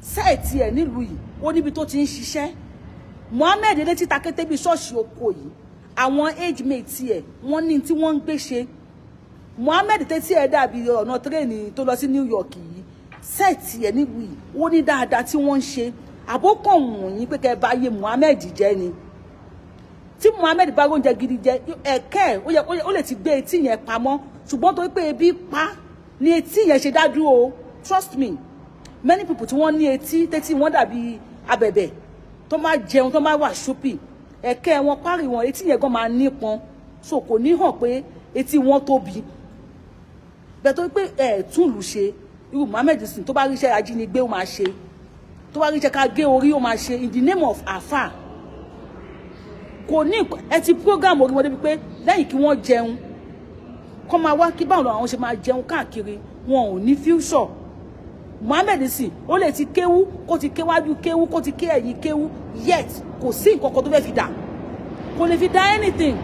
sẹ́ẹ̀tì ẹ nílùú yìí ó níbi tó ti ń ṣiṣẹ́ Mohammed elétí takété bíi ṣọ́ọ̀ṣì oko yìí àwọn age mate ẹ̀ wọ́n ní tí wọ́n ń gbé ṣe Mohammed tẹ́tí ẹ̀ dàbí ọ̀nà tírèènì tó lọ sí New York yìí sẹ́ẹ̀tì ẹ̀ níbu yìí ó ní dáadáa tí wọ́n ń ṣe àbókàn wọ̀nyí pé kẹ́ ẹ bá yé Mohammed jẹ́ ni tí Mohammed bá oúnjẹ gidi jẹ ẹ̀kẹ́ ó lè ti gbé etí yẹn pamọ́ ṣùgbọ́n torí pé ebi pa ni etí yẹn ṣe dádúró trust me many people tí wọ́n ní etí tẹ́tí wọ́n dàbí abẹ̀bẹ̀ tó máa jẹun tó máa wà ṣúpì ẹ̀kẹ́ wọn párì wọn etí yẹn gan máa nípọn so kò ní hàn pé etí wọn tóbi bẹ́ẹ̀ tó pé ẹ̀ tún lù ṣe irú Mohammed sin tó bá ríṣẹ́ ajínigbé ó máa ṣe tó bá ríṣẹ́ ká gé orí ó máa ṣe in the name of afa kò ní ẹ ti program orí wọn débi pé lẹ́yìn kí wọ́n jẹun kọ́ máa wá kí báwọn àwọn ṣe máa jẹun káàkiri wọn ò ní future Mohammed sì ó lè ti kéwú kó ti kéwájú kéwú kó ti ké ẹ̀yìn kéwú yet kò sí nǹkan kan tó fẹ́ fi dà kò lè fi dà anything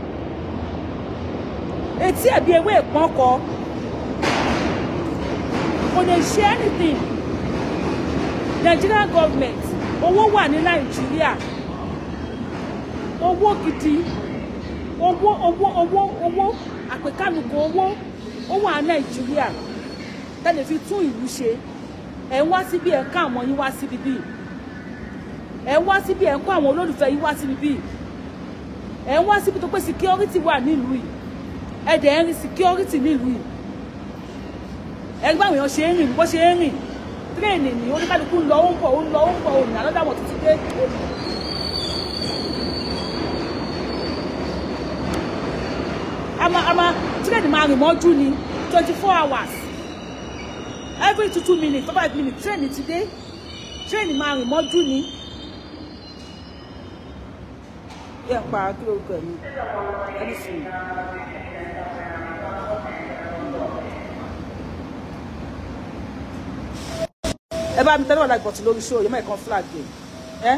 etí ẹ̀bí ewé ìpọ́n kọ kò lè ṣe anything Nigerian government owó wà ní Nàìjíríà owó gidi owó owó owó owó àpèkánukò owó ó wà ní Nàìjíríà tẹ́lẹ̀ tún ìlú ṣe ẹ̀ ń wá síbí ẹ̀ ń ká àwọn yín wá síbí bíi ẹ̀ ń wá síbí ẹ̀ ń kó àwọn olólùfẹ́ yín wá síbí bíi ẹ̀ ń wá síbi tó pé security wà nílùú yìí ẹ̀ dẹ̀ ń rí security nílùú yìí ẹ̀ gbọ́ àwọn èèyàn ṣe ń rìn bó ṣe ń rìn tírèènì ni oníkálukú ń lọ ó ń bọ̀ ó ń lọ ó ń bọ̀ òyìnbó alọ́dàwọ̀ títí dé ama ama tírèènì máa rìn mọ́jú ni twenty four hours every two two minutes five minutes train today train máa rìn mọ́jú ni. yẹ pa kí ló gbẹ mí ẹni sùn. ẹ bá mi tẹ́lẹ̀ wà lágbọ̀tì lórí ṣó yẹ mọ́ ẹ̀kan flag yẹn ẹ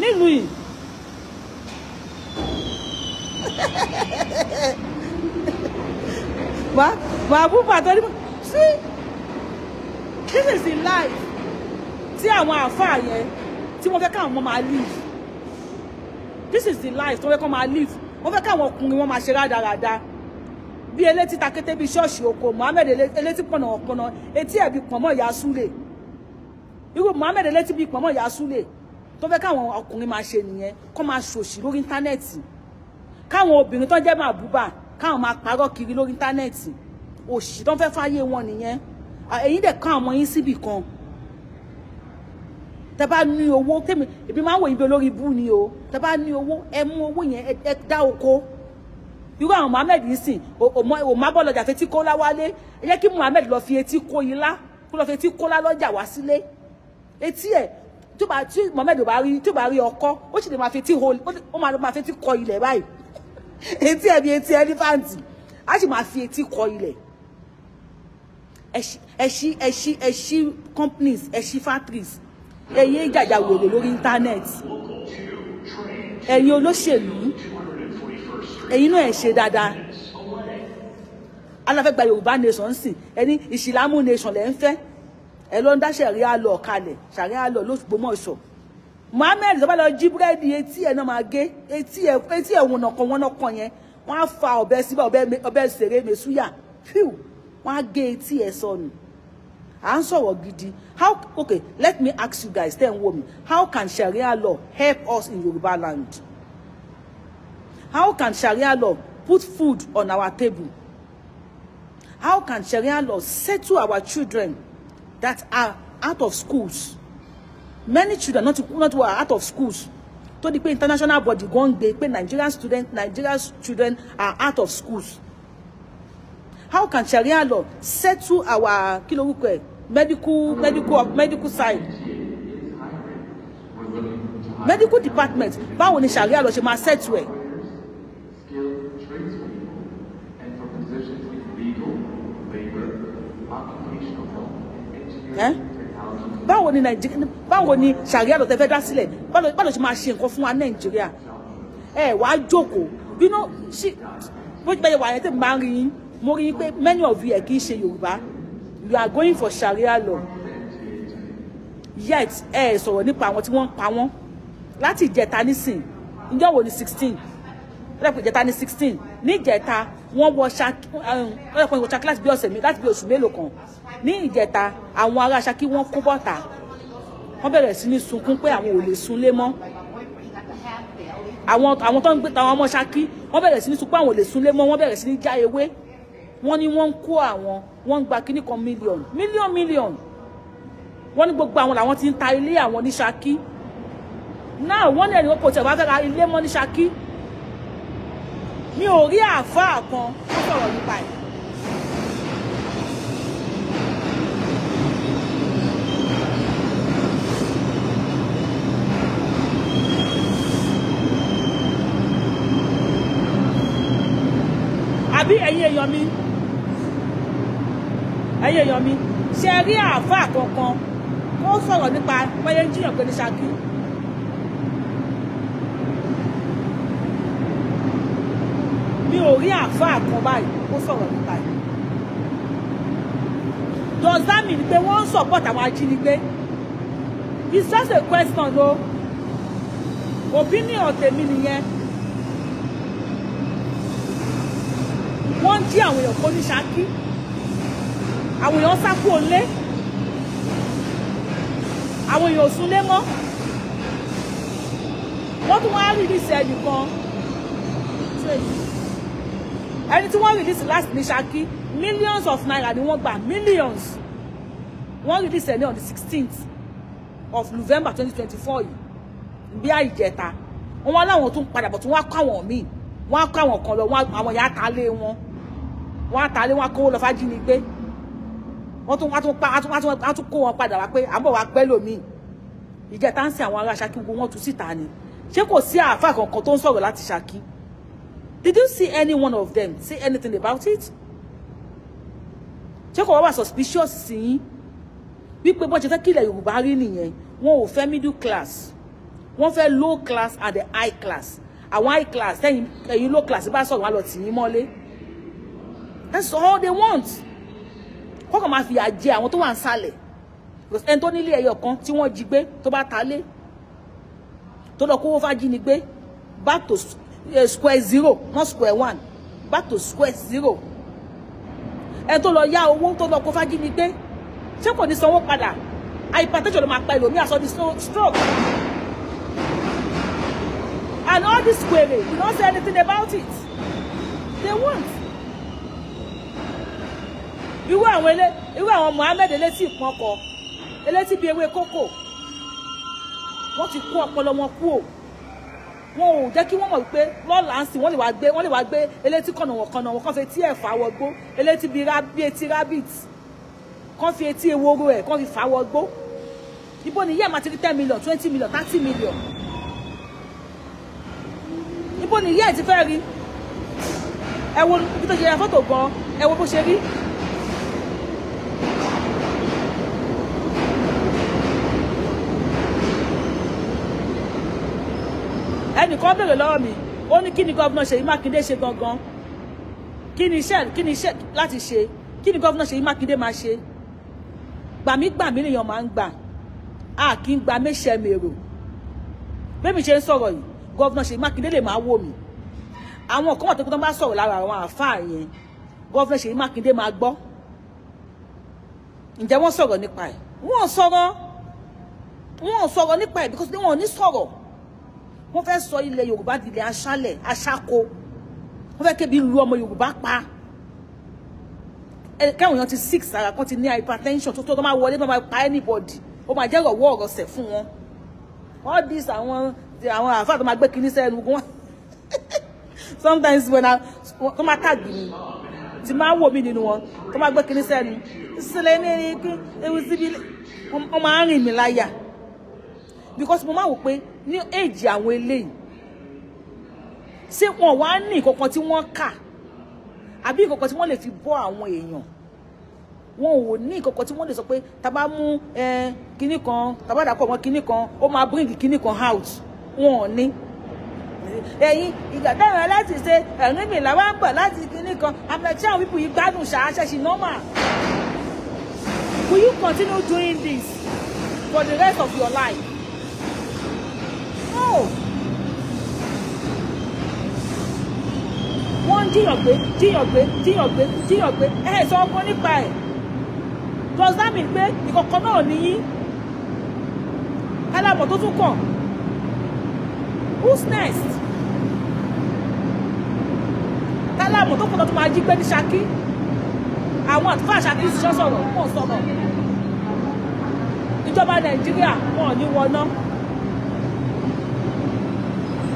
nílùú yìí. wàá <laughs> wàá bú bàtọ́ nípa sí this is the life tí àwọn àáfàá yẹn tí wọ́n fẹ́ káwọn ọmọ máa live this is the life tí wọ́n fẹ́ kọ́ máa live wọ́n fẹ́ káwọn ọkùnrin wọn máa ṣe rádaràda bí elétí takété bíi ṣọ́ọ̀ṣì oko Muhammed elétí pọ̀nà ọ̀pọ̀nà etí ẹ̀bí pọ̀nmọ́ ìyá súlẹ̀ irú Muhammed elétí bíi pọ̀nmọ́ ìyá súlẹ̀ tó fẹ́ káwọn ọkùnrin máa ṣe nìyẹn kọ́ máa ṣòṣì lórí íńtánẹ́ẹ̀tì káwọn obìnrin tó jẹ́ màbúbà káwọn máa parọ́ kiri lórí íńtánẹ́ẹ̀tì òṣì tó fẹ́ fáyé wọn nìyẹn Ah, ẹ̀yin dẹ̀ kọ́ ọmọ yín síbì kan tẹ bá ní owó tèmi èmi máa ń wòye bí olórí ibú ni o tẹ bá ní owó ẹ mú owó yẹn ẹ dá oko irú àwọn Muhammed yìí sìn òmábọ̀ lọ́jà fetí kó láwálé ẹ jẹ́ kí Muhammed lọ́ọ́ fi etí kó yín lá kó lọ́ọ́ fi etí kó lá lọ́jà wá sílé etí ẹ̀ tó bá tí Muhammed ò bá rí tó bá rí ọkọ ó sì lè máa fetí hol ó máa fetí kọ ilẹ̀ báyìí <laughs> etí ẹ̀ bí etí ẹlífàǹtì á sì máa fi etí kọ ilẹ̀ ẹ ṣí ẹ ṣí ẹ ṣí companies ẹ ṣí factories ẹ yé jàjàwèrè lórí internet ẹ̀yin olóṣèlú ẹ̀yin náà ẹ ṣe dáadáa aláfẹ́gba yorùbá nation sìn ẹni ìsìlámù nation lẹ́ ń fẹ́ ẹ lọ ń dá sẹ̀ríà lọ kalẹ̀ sẹ̀ríà lọ lÓgbómọ̀ṣọ́ mohammed lọ́ba lọ jí búrẹ́dì etí ẹ̀ náà máa gé etí ẹ̀ etí ẹ̀ wọ̀nàkan wọ́nàkan yẹn wọ́n á fa ọ̀bẹ síbẹ̀ ọ̀bẹ ṣeré mẹ́súyà phew wọ́n á gé etí ẹ̀ sọnù à ń sọ̀rọ̀ gidi how okay let me ask you guys tẹ́ ń wò mí how can sharia law help us in Yorùbá land how can sharia law put food on our table how can sharia law settle our children that are out of schools many children not not were out of schools tó di pé international body gan gbé pé Nigerian students Nigerian students are out of schools how can sharia law settle our kí medical medical medical side medical department báwo ni sharia law ṣe máa settle ẹ̀. Eh? báwo ni nàìjíríà báwo ni sharia lọ tẹ fẹ́ dá sílẹ̀ báwo báwo ṣe máa ṣe nǹkan fún wa nàìjíríà ẹ wàá jókòó bínú sí bó ṣe bẹyẹ wà yẹn tẹ máa ń mo rí pé many of you ẹ̀ kì í ṣe Yorùbá you are going for sharia law yet ẹ sọ̀rọ̀ nípa àwọn tí wọ́n ń pa wọ́n láti ìjẹta nísìn ìjọ wo ni sixteen ẹlẹ́pẹ̀ ìjẹta ni sixteen ní ìjẹta wọ́n wọ ṣaki ẹlẹ́pẹ̀ ìwọ ṣaki láti bí ọ̀sẹ̀ mi láti bí oṣù mélòó kan ní ìjẹta àwọn ará ṣaki wọ́n kó bọ́ta wọ́n bẹ̀rẹ̀ sí ní sunkún pé àwọn ò lè sunlé mọ́ àwọn tó ń gbé tàwọn ọmọ ṣaki wọ́n bẹ̀rẹ̀ sí ní sunkún pé àwọn ò lè sunlé mọ́ wọ́n bẹ̀rẹ̀ sí ní já ewé wọ́n ní wọ́n ń kó àwọn wọ́n ń gba kíní kan mílíọ̀n mílíọ̀n mílíọ̀n wọ́n ní gbogbo àwọn làwọn ti ń ta ilé àwọn ní Ṣakí náà wọ́n ní ẹ̀rọ kò tẹ̀ wá fẹ́ ra ilé mọ́ ní Ṣakí mi ò rí àáfàá kan tó sọ̀rọ̀ nípa ẹ̀. àbí ẹ̀yin èèyàn mi ẹ̀yin èèyàn mi ṣe rí àáfàá kankan ó sọ̀rọ̀ nípa pẹ́yẹ jiyàn pé ní Ṣakí mi ò rí àáfàá kan báyìí ó sọ̀rọ̀ nípa ẹ̀ does that mean pé wọ́n ń support àwọn ajínigbé it's just a question o opinion tèmi nìyẹn wọ́n jí àwọn èèyàn kó ní Ṣakí àwọn èèyàn sá kúrò lé àwọn èèyàn ò súnlé mọ́ wọ́n tún wọ́n á rìlíìsì ẹnì kan ẹni tí wọ́n rìlíìsì last ní Ṣakí millions of naira ni wọ́n gbà millions wọ́n rìlíìsì ẹni on the sixteenth of November twenty twenty four yìí bí àìjẹta wọ́n láwọn tún padà bọ̀ tí wọ́n á kọ́ àwọn míì wọ́n á kọ́ àwọn kan lọ àwọn ìyá àtàlé wọn wọ́n àtàlé wọn á kówó lọ fájínigbé wọ́n tún wá tún pa á tún kó wọn padà wá pé à wá pẹ́ lómi ìjẹta ń sin àwọn ará Ṣakí gbogbo wọn tú síta ni ṣé kò sí àáfà kankan tó ń sọ̀rọ̀ láti Ṣakí did you see any one of them say anything about it ṣé kò wá wà suspicious sí yín wípé bọ́n ṣe fẹ́ kílẹ̀ Yorùbá rí nìyẹn wọn ò fẹ́ middle class wọ́n fẹ́ low class and the high class àwọn high class ẹ̀yin low class bá sọ̀rọ̀ wọn lọ tì yín mọ́lé that's all they want kọ́kàn máa fìyà jẹ àwọn tó wà ń sàlẹ̀ ẹni tó nílé ẹyọ kan tí wọ́n jí gbé tó bá ta lé tó lọ kówó fájínigbé back to eh, square zero not square one back to square zero ẹni tó lọ yá owó tó lọ kó fájínigbé ṣé kò ní sanwó padà hypertension ló máa pa ẹlòmíì àsọdí stroke and all this query you don't say anything about it they want irú àwọn ilé irú àwọn Mohammed elétí ìpọnkọ elétí bíi ewé kókò wọ́n ti kó ọpọlọ wọn kú o wọn ò jẹ́ kí wọ́n mọ̀ wípé lọ́la ń sìn wọ́n lè wá gbé wọ́n lè wá gbé elétí kànà wọ̀n kànà wọ́n kàn fi etí ẹ̀ fà wọ gbó elétí bíi rábí etí rabbit kàn fi etí eworo ẹ̀ kàn fi fà wọ gbó ibo ni yẹ́ẹ̀ máa ti rí ten million twenty million thirty million ibo ni yẹ́ẹ̀ ti fẹ́ rí ẹ wo ibi tó ṣe ya fọ́tò gan ẹ wo bó ṣe rí ẹnìkan béèrè lọ́wọ́ mi ó ní kí ni gọ́vnà Ṣèyí Mákindé ṣe gangan kí ni iṣẹ́ kí ni iṣẹ́ láti ṣe kí ni gọ́vnà Ṣèyí Mákindé máa ṣe gbàmígbàmí nìyẹn máa ń gbà á kí ń gba méṣẹ́ mèrò bẹ́ẹ̀ mi ṣe ń sọ̀rọ̀ yìí gọ́vnà Ṣèyí Mákindé lè máa wò mí àwọn kan wà tó kí wọ́n bá sọ̀rọ̀ lára àwọn àáfàá yẹn gọ́vnà Ṣèyí Mákindé máa gbọ́ ǹjẹ́ wọ́n sọ̀rọ̀ nípa ẹ̀ wọ́n sọ̀rọ̀ wọ́n sọ̀rọ̀ nípa ẹ̀ because wọ́n ò ní sọ̀rọ̀ wọ́n fẹ́ sọ ilẹ̀ Yorùbá di ilẹ̀ aṣálẹ̀ aṣáko wọ́n fẹ́ kébi lu ọmọ Yorùbá pa káwọn èèyàn ti six ara kan ti ní hypertension tó tó tó máa wọlé tó máa pa anybody ó máa jẹ́ ìrọ̀wọ́ ọ̀rọ̀ fún wọn all this àwọn àwọn àfáà tó máa gbé kinní sẹ́nu gan <laughs> sometimes when i tó máa tàgbì mi tí máa wò mí nínú wọn tó máa gbé kinní sẹ́nu sílẹ̀ ní ẹni pé ewu síbi wọ́n máa ń láyà because mo máa wò pé ní èjì àwọn eléyìí ṣé wọn wá ní ìkọ̀kan tí wọ́n kà àbí ìkọ̀kan tí wọ́n lè fi bọ́ àwọn èèyàn wọn ò ní ìkọ̀kan tí wọ́n lè sọ pé tá bá mú kinní kan tá bá dàpọ̀ mọ́ kinní kan ó máa bring kinní kan out wọn ò ní ẹ̀yin ìgbà táwọn aláti ṣe ẹ̀rín mi làwọn ń bọ̀ láti kinní kan àmọ̀tí àwọn pípù yìí gbádùn ṣàṣẹ̀ṣì normal will you continue doing this for the rest of your life? wọ́n ń jiyàn pé jiyàn pé jiyàn pé jiyàn pé ẹ sọ ọgbọ́n nípa ẹ̀ does that mean pé ìkọ̀kọ̀ náà nìyí alábọ̀ tó tún kàn who's next tálámù tó kù tó tún máa jí gbé ní Ṣakí àwọn àtúfà Ṣakí ṣiṣẹ́ sọ̀rọ̀ pọ̀ sọ̀rọ̀ ìjọba Nàìjíríà wọn ò ní wọná.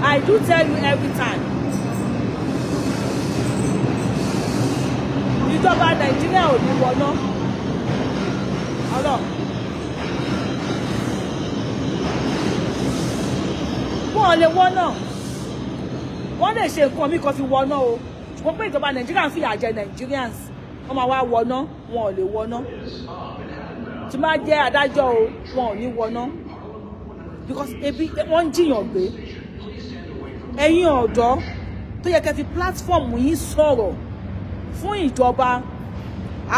I do tell you every time. You Ìjọba Nàìjíríà ò ní wọná. Ọlọ́run. Wọ́n lè wọ́nà. Wọ́n lè ṣe nǹkan mi kan fi wọ́nà o. Ṣùgbọ́n pé ìjọba Nàìjíríà ń fìyà jẹ Nigerians. Wọ́n máa wá wọ́nà, wọn ò lè wọ́nà. Tí máa jẹ́ adájọ́ o, wọn ò ní wọ́nà. Because ebi wọ́n ń jiyàn gbé ẹ̀yin ọ̀dọ́ tó yẹ kẹ́ fi platform yín sọ̀rọ̀ fún ìjọba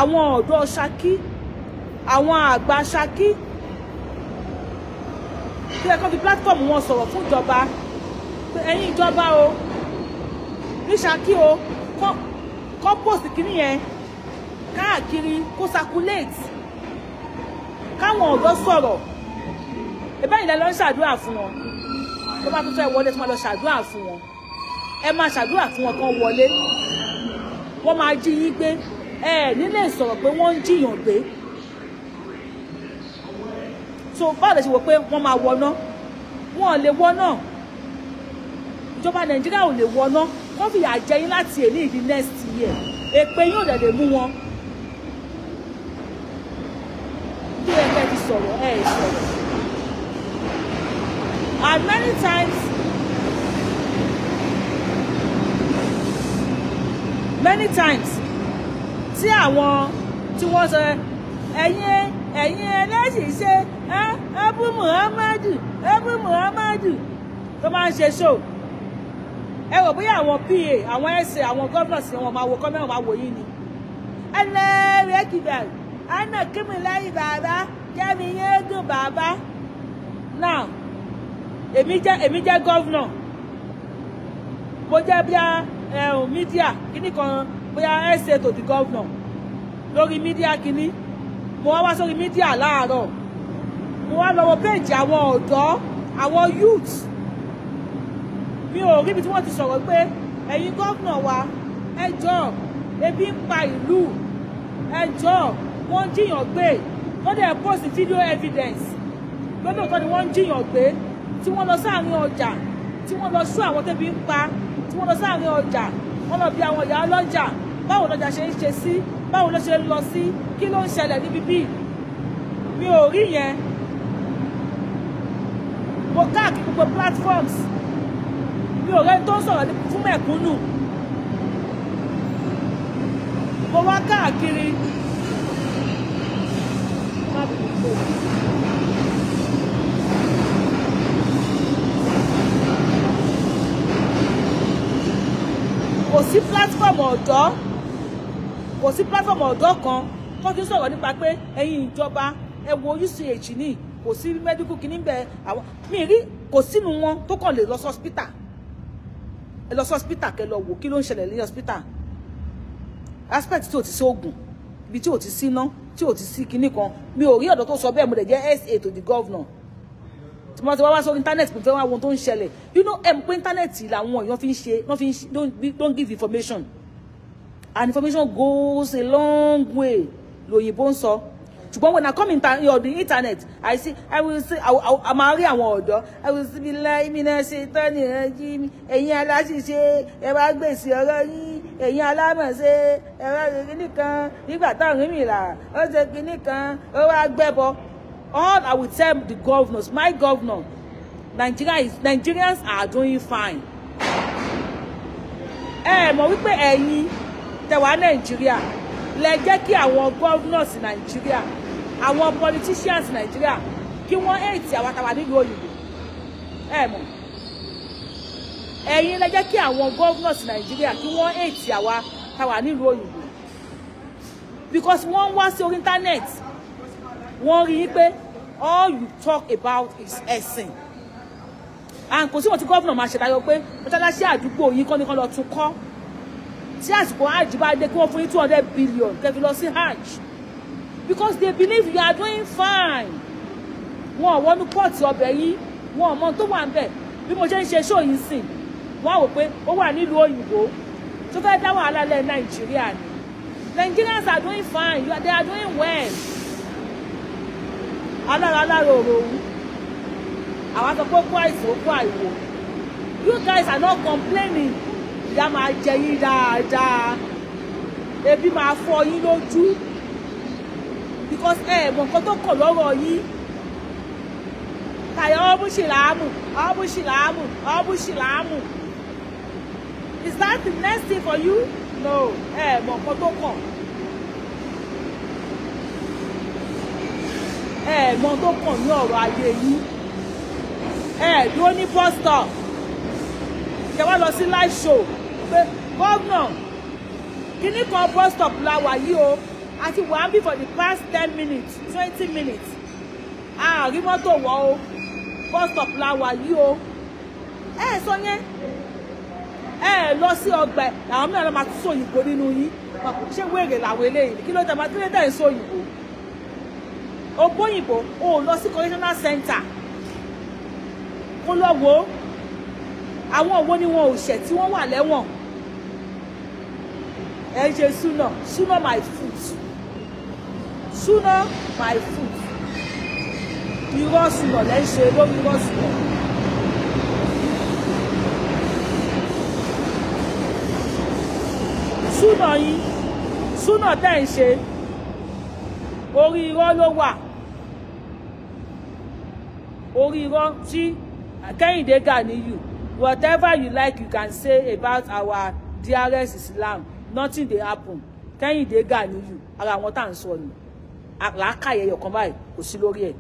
àwọn ọ̀dọ́ Ṣakí àwọn àgbà Ṣakí tó yẹ kẹ́ fi platform wọn sọ̀rọ̀ fún ìjọba ẹ̀yin ìjọba o ní Ṣakí o kọ́ post kìíní yẹn káàkiri kó circulate káwọn ọ̀dọ́ sọ̀rọ̀ ìbáyìí lẹ́ lọ ń ṣàdúrà fún wọn tó bá tún fẹ́ wọlé tó máa lọ ṣàdúrà fún wọn ẹ máa ṣàdúrà fún wọn kán wọlé wọ́n máa jí yín gbé ẹ nílé sọ̀rọ̀ pé wọ́n ń jiyàn gbé so báwo lè ṣe wò pé wọ́n máa wọná wọn ò lè wọná ìjọba nàìjíríà ò lè wọná kó fìyà jẹ yín láti èní ìdí next year èpè yóò dẹ̀ lè mú wọn bí ẹ ti sọ̀rọ̀ ẹ sọ̀rọ̀ and many times many times tí àwọn tí wọ́n sọ ẹ̀yin ẹ̀yin ẹlẹ́sìn ṣe Abu Muhammadu Abu Muhammadu tó máa ń ṣe show ẹ rò bóyá àwọn PA àwọn ẹsẹ àwọn governors ni wọ́n máa wo kọ́mẹ́rún máa wò yìí ni ẹlẹ́rìí kìbẹ̀rù ana kí mi lẹ́yìn bàbá kẹ́mi yéé dùn bàbá now èmi jẹ́ èmi jẹ́ gọ́vnọ̀ mo jẹ́ bíá ẹ̀hún eh, mídíà kíní kan bóyá ẹ̀sẹ̀ tó di gọ́vnọ̀ lórí mídíà kíní mo wá wá sórí mídíà láàárọ̀ mo wá lọ́wọ́ péèjì àwọn ọ̀dọ́ àwọn youth mi ò ríbi tí wọ́n ti sọ̀rọ̀ pé ẹ̀yin gọ́vnọ̀ wa ẹ jọ̀ọ́ ebi ń pa ìlú ẹ jọ̀ọ́ wọ́n jiyàn gbé wọ́n dẹ̀ post video evidence lọ́dọ̀ tó ni wọ́n jiyàn gbé tí wọ́n lọ sáàrin ọjà tí wọ́n lọ sún àwọn tẹ́bi ń pa tí wọ́n lọ sáàrin ọjà wọ́n lọ bí àwọn ìyá ọlọ́jà báwo lọ́jà ṣe ń ṣe sí báwo ló ṣe ń lọ sí kí ló ń ṣẹlẹ̀ níbi bíi mi ò rí yẹn mo káàkiri gbogbo platforms mi ò rẹ́ni tó ń sọ̀rọ̀ fún mẹ̀kúnnù mo wá káàkiri. Thank you. kò sí platform ọ̀dọ́ kò sí platform ọ̀dọ́ kan tó ti sọ̀rọ̀ nípa pé ẹ̀yin ìjọba ẹ wo uch ní kò sí medical kìíní bẹ́ẹ̀ àwọn mi rí kò sínú wọn tó kàn lè lọ sọ́spítà ẹ lọ sọ́spítà kẹ lọ wò kí ló ń ṣẹlẹ̀ ní ọ́spítà aspect tí ò ti sí oògùn ibi tí ò ti sí iná tí ò ti sí kinní kan mi ò rí ọ̀dọ́ tó sọ bẹ́ẹ̀ mo dẹ̀ jẹ́ sa to the governor tí wọ́n ti wá wá sórí íńtánẹ́ẹ̀tì pé wọ́n á wo tó ń ṣẹlẹ̀ you know ẹ̀ mọ̀ pé íńtánẹ́ẹ̀tì làwọn èèyàn fi ń ṣe wọ́n fi ń ṣe don't give information and information goes a long way lòyìnbó ń sọ ṣùgbọ́n when I come in on the internet I see I will see I will I máa rí àwọn ọ̀dọ́ I will see bí láì mi náà ṣe tán ní ẹjí mi ẹ̀yin aláṣìṣe ẹ bá gbèsè ọ̀rọ̀ yín ẹ̀yin alámọ̀ṣe ẹ bá ṣe kinní kan nígbà táwọn mi là ó ṣe kinní kan ó wá gbẹ́bọ All I will tell the governors, my governor, Nigeria is, Nigerians are doing fine. Eh, Ẹ mọ̀ wípé ẹ̀yin tẹ̀wá Nàìjíríà lẹ jẹ́ kí àwọn governors in Nàìjíríà àwọn politicians in Nàìjíríà kí wọ́n èyí àwọn àtàwà nílùú òyìnbó. Ẹ mọ̀ ẹ̀yin lẹ jẹ́ kí àwọn governors in Nàìjíríà kí wọ́n èyí àwa tàwà nílùú òyìnbó because wọ́n wá sí internet wọ́n rí i all you talk about is ẹ̀sìn and kò sí wọn tí gọ́vùnà máa ṣèdáyọ pé mọ́tálásí àdúgbò yín kọ́ ni kọ́ lọ tún kọ́ tí àsìkò hajj bá dé kí wọ́n fún yín two hundred billion kẹfì lọ sí hajj because they believe you are doing fine wọn ò wọnú pọ́ọ̀tì ọbẹ̀ yín wọn ò mọ tó wà ń bẹ̀ bí mo ṣe ń ṣe ṣóò yín sìn wọ́n á wò pé ó wà nílùú òyìnbó tó fẹ́ dá wàhálà lẹ́ ni Nigerians are doing fine You are. they are doing well alára alára àwọn sọ kó àìsàn ó kó àìwò you guys are not complaining ìyá máa jẹ yín dáadáa ebi máa fọ́ yín lójú because ẹ mọ̀ nǹkan tó kọ̀ lọ́rọ̀ yín tàyà ọ́bùṣìláàmù ọ́bùṣìláàmù ọ́bùṣìláàmù is that the next thing for you no ẹ mọ̀ nǹkan tó kọ̀. ẹ̀ẹ̀mọ tó kàn ní ọ̀rọ̀ ayé yín ẹ̀ẹ́dúró ní bus stop ṣe wá lọ sí live show pé gómìnà kíní kan bus stop la wà yìí o àti wà á bí for the past ten minutes twenty minutes àárí mọ́tò wọ̀ o bus stop la wà yìí o ẹ̀ sọ yẹn ẹ lọ sí ọgbà ẹ làwọn mìíràn máa tún sóyìnbó nínú yín ṣé wèrè làwọn eléyìí kí ló dé máa kí ló dé sóyìnbó ògbóyìnbó o lọ sí correctional center kó lọ wo àwọn òwò ni wọn ò ṣẹ̀ tí wọ́n wà lẹ́wọ̀n ẹ ṣe súná súná my foot súná my foot irọ́ súná lẹ́ ń ṣe lórí irọ́ súná. súná yín súná tẹ́ ń ṣe orí irọ́ ló wà orí irọ́ tí Kẹ́hìndé Ganiyu whatever you like you can say about our dearest Islam nothing dey happen Kẹ́hìndé Ganiyu ara àwọn tá à ń sọ ni àlàkàyè ẹyọkan báyìí kò sí lórí ẹ̀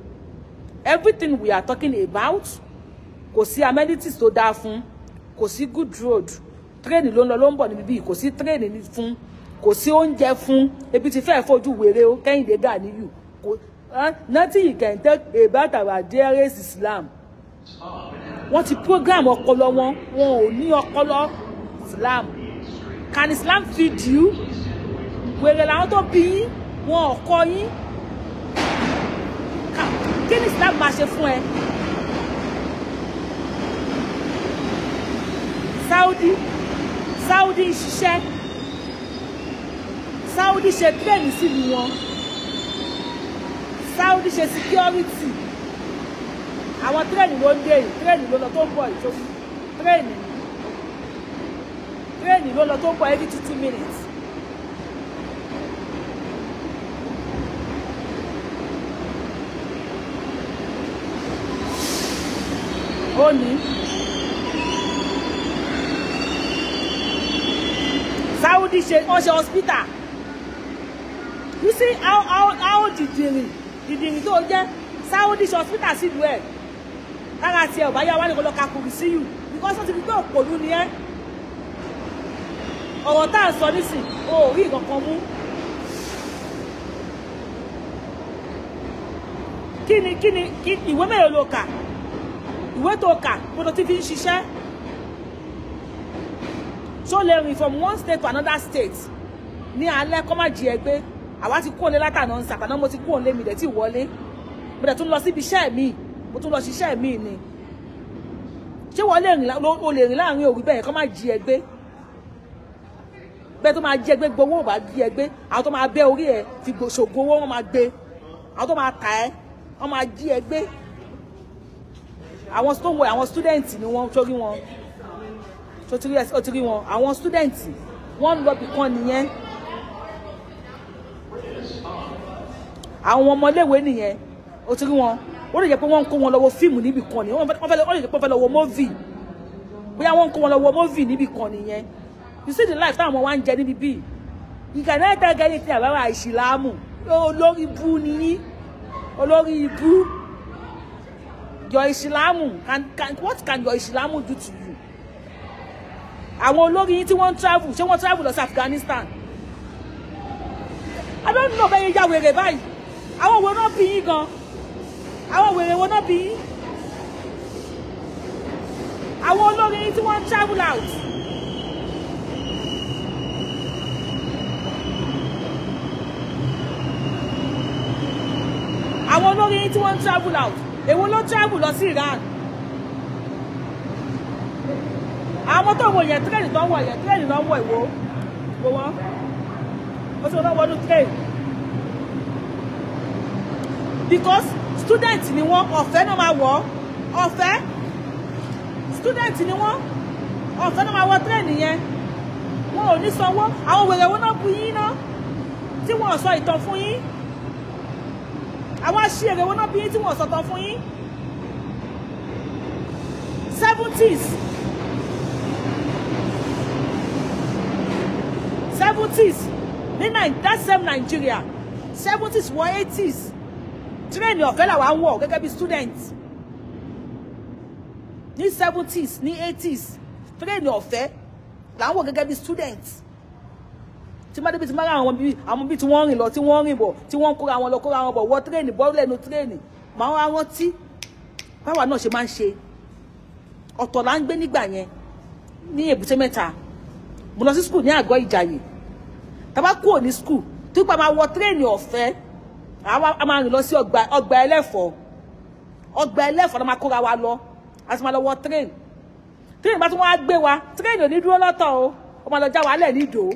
everything we are talking about kò sí amenities tó dáa fún kò sí good road train ló ń lọ ló ń bọ̀ níbi bíi kò sí tírèènì fún kò sí oúnjẹ fún ebi tí fẹ́ẹ̀ fojú wèrè o Kẹ́hìndé Ganiyu nothing you can talk about our dearest Islam wọ́n ti program ọpọlọ wọn wọn ò ní ọpọlọ Islam can Islam feed you wèrè làwọn tó bí yín wọn ò kọ́ yín kí ni Islam máa ṣe fún ẹ Saudi Saudi ń ṣiṣẹ́ Saudi ṣe tírẹ̀nì sílùú wọn. Saudi ṣe security àwọn tírẹ̀nì ló ń dé yìí tírẹ̀nì ló lọ tó ń bọ̀ yìí tó tírẹ̀nì tírẹ̀nì ló lọ tó ń bọ̀ every two minutes. ó ní Saudi ṣe wọ́n ṣe hospital you see how how how did they live ìdìrín tó jẹ́ sáwọ́dí hospital sílùú ẹ̀ lára tiẹ̀ ò bá yá wá ní kọlọ́ka kùrì sí yù because ti fi pé òpònú ni ẹ́ ọ̀rọ̀ tá à ń sọ nísìn o ò rí ìkankan mú. kí ni kí ni ìwé mélòó lo kà ìwé tó kà mo tó fi ń ṣiṣẹ́ tó lè rìn from one state to another state ní alẹ́ kọ́ má jí ẹ gbé àwa ti kú òní látàná ń sàpàná mo ti kú òní mi dẹ̀ tí wọlé mo dẹ̀ tún lọ síbi iṣẹ́ mi mo tún lọ ṣiṣẹ́ mi ni ṣé wọ́n lè rìn o lè rìn láàrin òru bẹ́ẹ̀ kọ́ máa jí ẹ gbé bẹ́ẹ̀ tó máa jí ẹ gbé gbowó ò bá jí ẹ gbé àwọn tó máa bẹ́ orí ẹ fi ṣògo owó wọn máa gbé àwọn tó máa tà ẹ wọn máa jí ẹ gbé àwọn tó wọ àwọn stúdẹ̀ǹtì ni wọ́n torí wọn tó ti rí wọn àwọn stúdẹ̀ǹtì wọ́n ń lọ bìkan nìyẹn. àwọn ọmọléèwé nìyẹn o ti rí wọn ó lè jẹ́ pé wọ́n ń kó wọn lọ́wọ́ fíìmù níbì kan ni wọ́n lè jẹ́ pé wọ́n fẹ́ lọ́wọ́ móvì bóyá wọ́n ń kó wọn lọ́wọ́ móvì níbì kan nìyẹn you see the life táwọn ọmọ wa ń jẹ níbi bíi ìkànnì ẹ̀ta gẹ́gẹ́ ti àbáwá ìsìlámù olórí ibú nìyí olórí ibú your Islam can, can what can your Islam do to you? Àwọn olórí yín tí wọ́n travel, ṣé wọ́n travel lọ sí Afghanistan? I don't know bẹ́ẹ̀ yá wèrè báyìí àwọn òwe náà bí yín gan àwọn wèrè wo náà bí yín àwọn olórí yín tí wọ́n ń travel out. àwọn olórí yín tí wọ́n ń travel out èwo ló travel lọ sí Iran àwọn tó wọ yẹn tírẹ̀nì tó ń wọ yẹn tírẹ̀nì ló ń wọ ìwò gbowó ó sì wọ́n wọnú tírẹ̀nì because student ni wọ́n ọ̀fẹ́ náà máa wọ̀ ọ̀fẹ́ student ni wọ́n ọ̀fẹ́ náà máa wọ train yẹn wọn ò ní sanwó àwọn wèrè owó náà bu yín náà tí wọn ò sọ ìtàn fún yín àwọn aṣèrè owó náà bí yín tí wọn ò sọ ìtàn fún seventies seventies ní nine that same Nigeria seventies wọ eighties tírẹ̀nì ọ̀fẹ́ làwa ń wọ̀ gẹ́gẹ́ bí student ní seventies ní eighties tírẹ̀nì ọ̀fẹ́ là ń wọ̀ gẹ́gẹ́ bí student tí má débi tí má rà àwọn bíi àwọn bíi tí wọ́n rìn lọ tí wọ́n rìn bọ̀ tí wọ́n kóra wọn lọ kóra wọn bọ̀ wọ tírẹ̀nì bọ́ lẹ́nu tírẹ̀nì màá wá rántí báwa náà ṣe máa ń ṣe ọ̀tọ̀ là ń gbé nígbà yẹn ní èbúté mẹ́ta mo lọ sí school ní àgọ́ ìjàyè tá bá kúrò ní school tó gbà máa wọ tírẹ̀nì ọ̀fẹ́ a máa rìn lọ sí ọgbà ẹlẹ́fọ̀ọ́ ọgbà ẹlẹ́fọ̀ọ́ la máa kóra wa lọ a sì máa lọ wọ train train bá tún wá gbé wa train ò ní dúró lọ́tọ̀ o ó máa lọ já wa lẹ̀ nídòó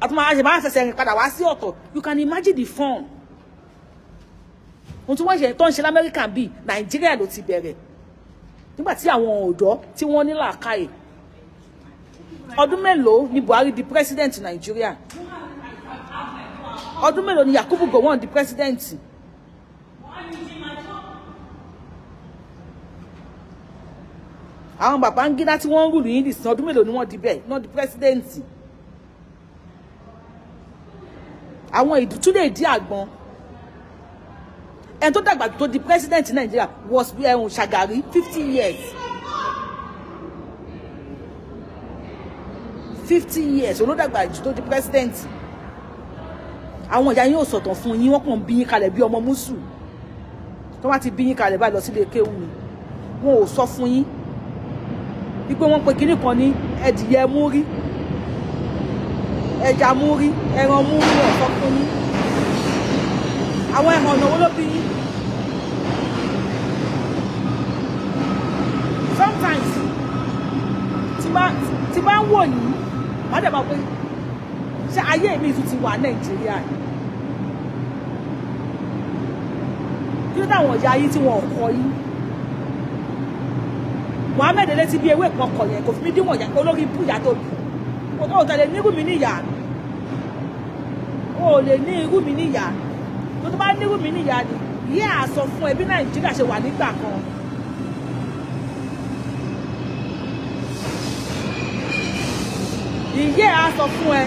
a tún máa ṣe máa ṣẹ̀ṣẹ̀ rìn padà wá sí ọ̀tọ̀ you can imagine the fun ohun tí wọ́n ṣe tó ń ṣe lamẹ́ríkà bíi nàìjíríà ló ti bẹ̀rẹ̀ nígbà tí àwọn ọ̀dọ́ tí wọ́n ní làákàyè ọdún mélòó ni Buhari di president nàìjíríà ọdún mélòó ni Yakubu Gowon di president àwọn Babangida tí wọ́n ń rù ní ìsìn ọdún mélòó ni wọ́n di bẹ́ẹ̀ náà di president àwọn ìdútú lè di àgbọn ẹni tó dàgbà tó di president Nàìjíríà was ẹ̀hún eh, Ṣàgàrí um, fifty years fifty years olódàgbà tó di president àwọn ìyá yín sọ̀tàn fún yín wọ́n kàn bí yín kalẹ̀ bí ọmọ mùsù tó bá ti bí yín kalẹ̀ báyìí lọ sílé kéwù ni wọn ò sọ fún yín wípé wọ́n pe kinní kan ní ẹ̀dìyẹ múrí ẹja múrí ẹran múrí wọn sọ fún yín àwọn ẹ̀hàn ọ̀nà owó ló bí yín. sometimes tí bá ń wò yín má dẹ̀ máa pé ṣé ayé mi tún ti wà nàìjíríà yìí kí dáwọn ọ̀yà yìí tí wọn kọ yìí Mohammed létí bí ewé ìpọkọ yẹn kò fi mí díwọ̀n olórí ibú ìyá tó bù o tẹ̀lé nírú mi níyà o lè ní irú mi níyà tó tó bá nírú mi níyà ni yé àsọ fún ẹ nàìjíríà ṣe wà nígbà kan. ìyé àsọ fún ẹ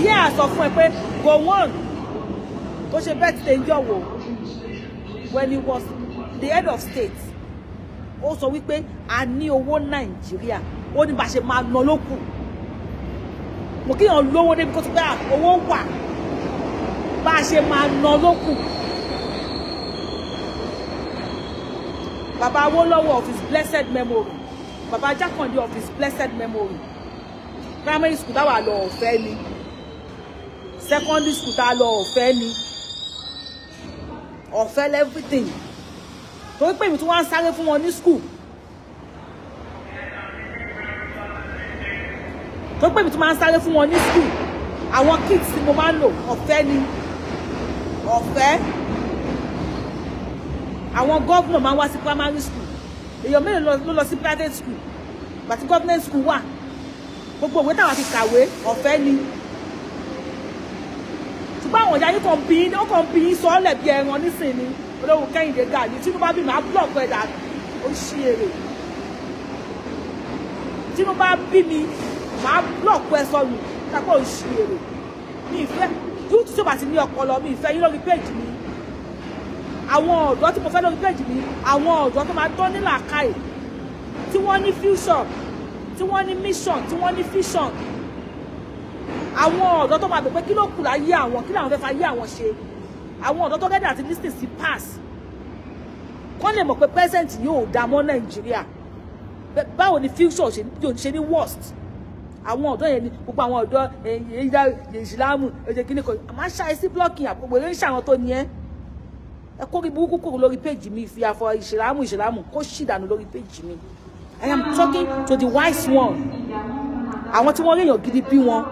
ìyá àsọ fún ẹ pé go on tó ṣe birthday ń jọ̀wọ́ when he was the head of state ó sọ wípé a ní owó nàìjíríà ó ní bá ṣe máa ná lókù mo kíyàn lówó débi kó ti pé ah, owó wà bá a ṣe máa ná lókù. Baba Awolowo of his blessed memory. Baba Jakande of his blessed memory. Primary school tá wà lo ọ̀fẹ́ ni. Secondary school tá lọ ọ̀fẹ́ ni. Ọ̀fẹ́ everything. Torí pé mi tún wá ń sáré fún wọn school. tó pè mí tó máa ń sáré fún wọn ní school àwọn kids tí mo máa lo lò ọ̀fẹ́ ni ọ̀fẹ́ àwọn gọ́vnọ̀ máa ń wá sí primary school èèyàn mélòó ló lọ sí private school bàtí government school wà gbogbo òwe táwọn fi kàwé ọ̀fẹ́ ni ṣùgbọ́n àwọn ìyá yìí kàn bí ó kàn bí sọ́ọ́lẹ̀ bí ẹran nísìnyí olówó kẹ́hìndé gàdí tinubu bí màá block ẹ̀ dà ó ṣí èrè tinubu bí mi màá block ẹ̀ sọnù tako ó ṣí èrè mi ìfẹ́ yóò tún sọ́bà sí ní ọpọlọ mi ìfẹ́ yín lórí péjì mi àwọn ọ̀dọ́ tí mo fẹ́ lórí péjì mi àwọn ọ̀dọ́ tó máa tọ́ ní làákàyè tí wọ́n ní future tí wọ́n ní mission tí wọ́n ní vision àwọn ọ̀dọ́ tó máa bẹ̀ pé kí ló kù láyé àwọn kí làwọn fẹ́ fa yé àwọn ṣe àwọn ọ̀dọ́ tó gẹ́gẹ́ àti listing sí pass kọ́n lè mọ̀ pé present yóò dá mọ́ nàìjíríà báwo ni future yóò ṣe ní worst àwọn ọ̀dọ́ yẹn ni gbogbo àwọn ọ̀dọ́ ìyá ìsìlámù ẹ̀jẹ̀ kìnìkan àmọ́ ṣáà sí blocking àpòpò lè ń ṣàwọn tó ní ẹ́ ẹ kó burúkú kúrò lórí péjì mi fi àfọ ìṣèlámù ìṣèlámù kó ṣì lórí péjì mi I am talking to the wise one àwọn tí wọ́n rí èèyàn gidi bí wọn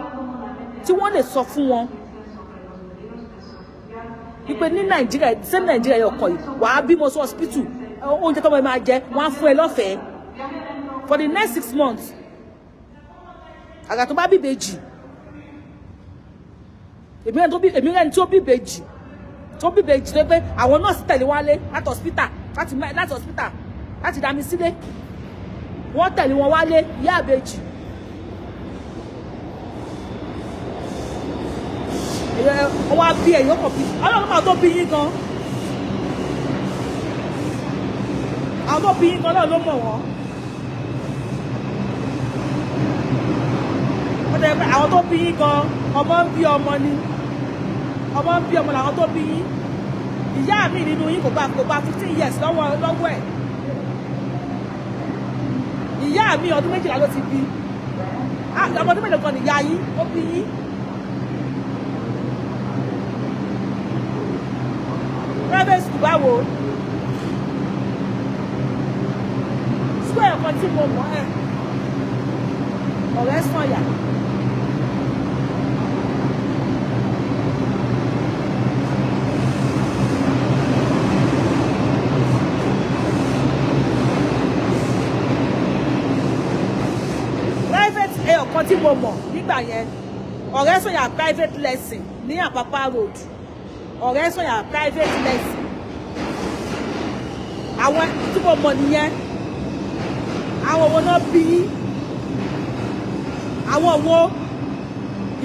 tí wọ́n lè sọ fún wọn wípé ní nàìjíríà sẹ́mi nàìjíríà yọkọ yìí wàá bímọ sí hospital oúnjẹ tọ́mọ ẹ máa jẹ wọ́n á fún ẹ lọ́fẹ̀ẹ́ for the next six months àgàtọ́ bá bíbejì èmi rẹ̀ ní tó bíbejì tó bíbẹ ìjì tó pé àwọn nọ́ọ̀sì tẹ̀lé wálé láti hospital láti láti hospital láti dá mi sílé wọ́n tẹ̀lé wọn wálé ìyá àbèjì. wọ́n á bí ẹ̀yọ́ kọ̀ bí ọlọ́run máa tó bí yín gan. àwọn tó bí yín gan náà ló mọ̀ wọ́n. àwọn tó bí yín gan ọmọ ń bí ọmọ ni ọmọ ń bí ọmọ làwọn tó bí yín ìyá mi nínú yín kò bá kò bá fifteen years lọ́wọ́ lọ́wọ́ ẹ̀ ìyá mi ọdún méjìlá ló ti bí ọmọ ọdún mélòó kan nìyá yín ó bí yín. private school báwo school ẹ̀kọ́ tí mo mọ̀ ẹ́ ọ̀rẹ́ sọ̀yà. nígbà yẹn ọ̀rẹ́ sọ̀yà private lesson ní àpápá road ọ̀rẹ́ sọ̀yà private lesson àwọn tí mo mọ̀ nìyẹn àwọn òwò náà bí àwọn òwò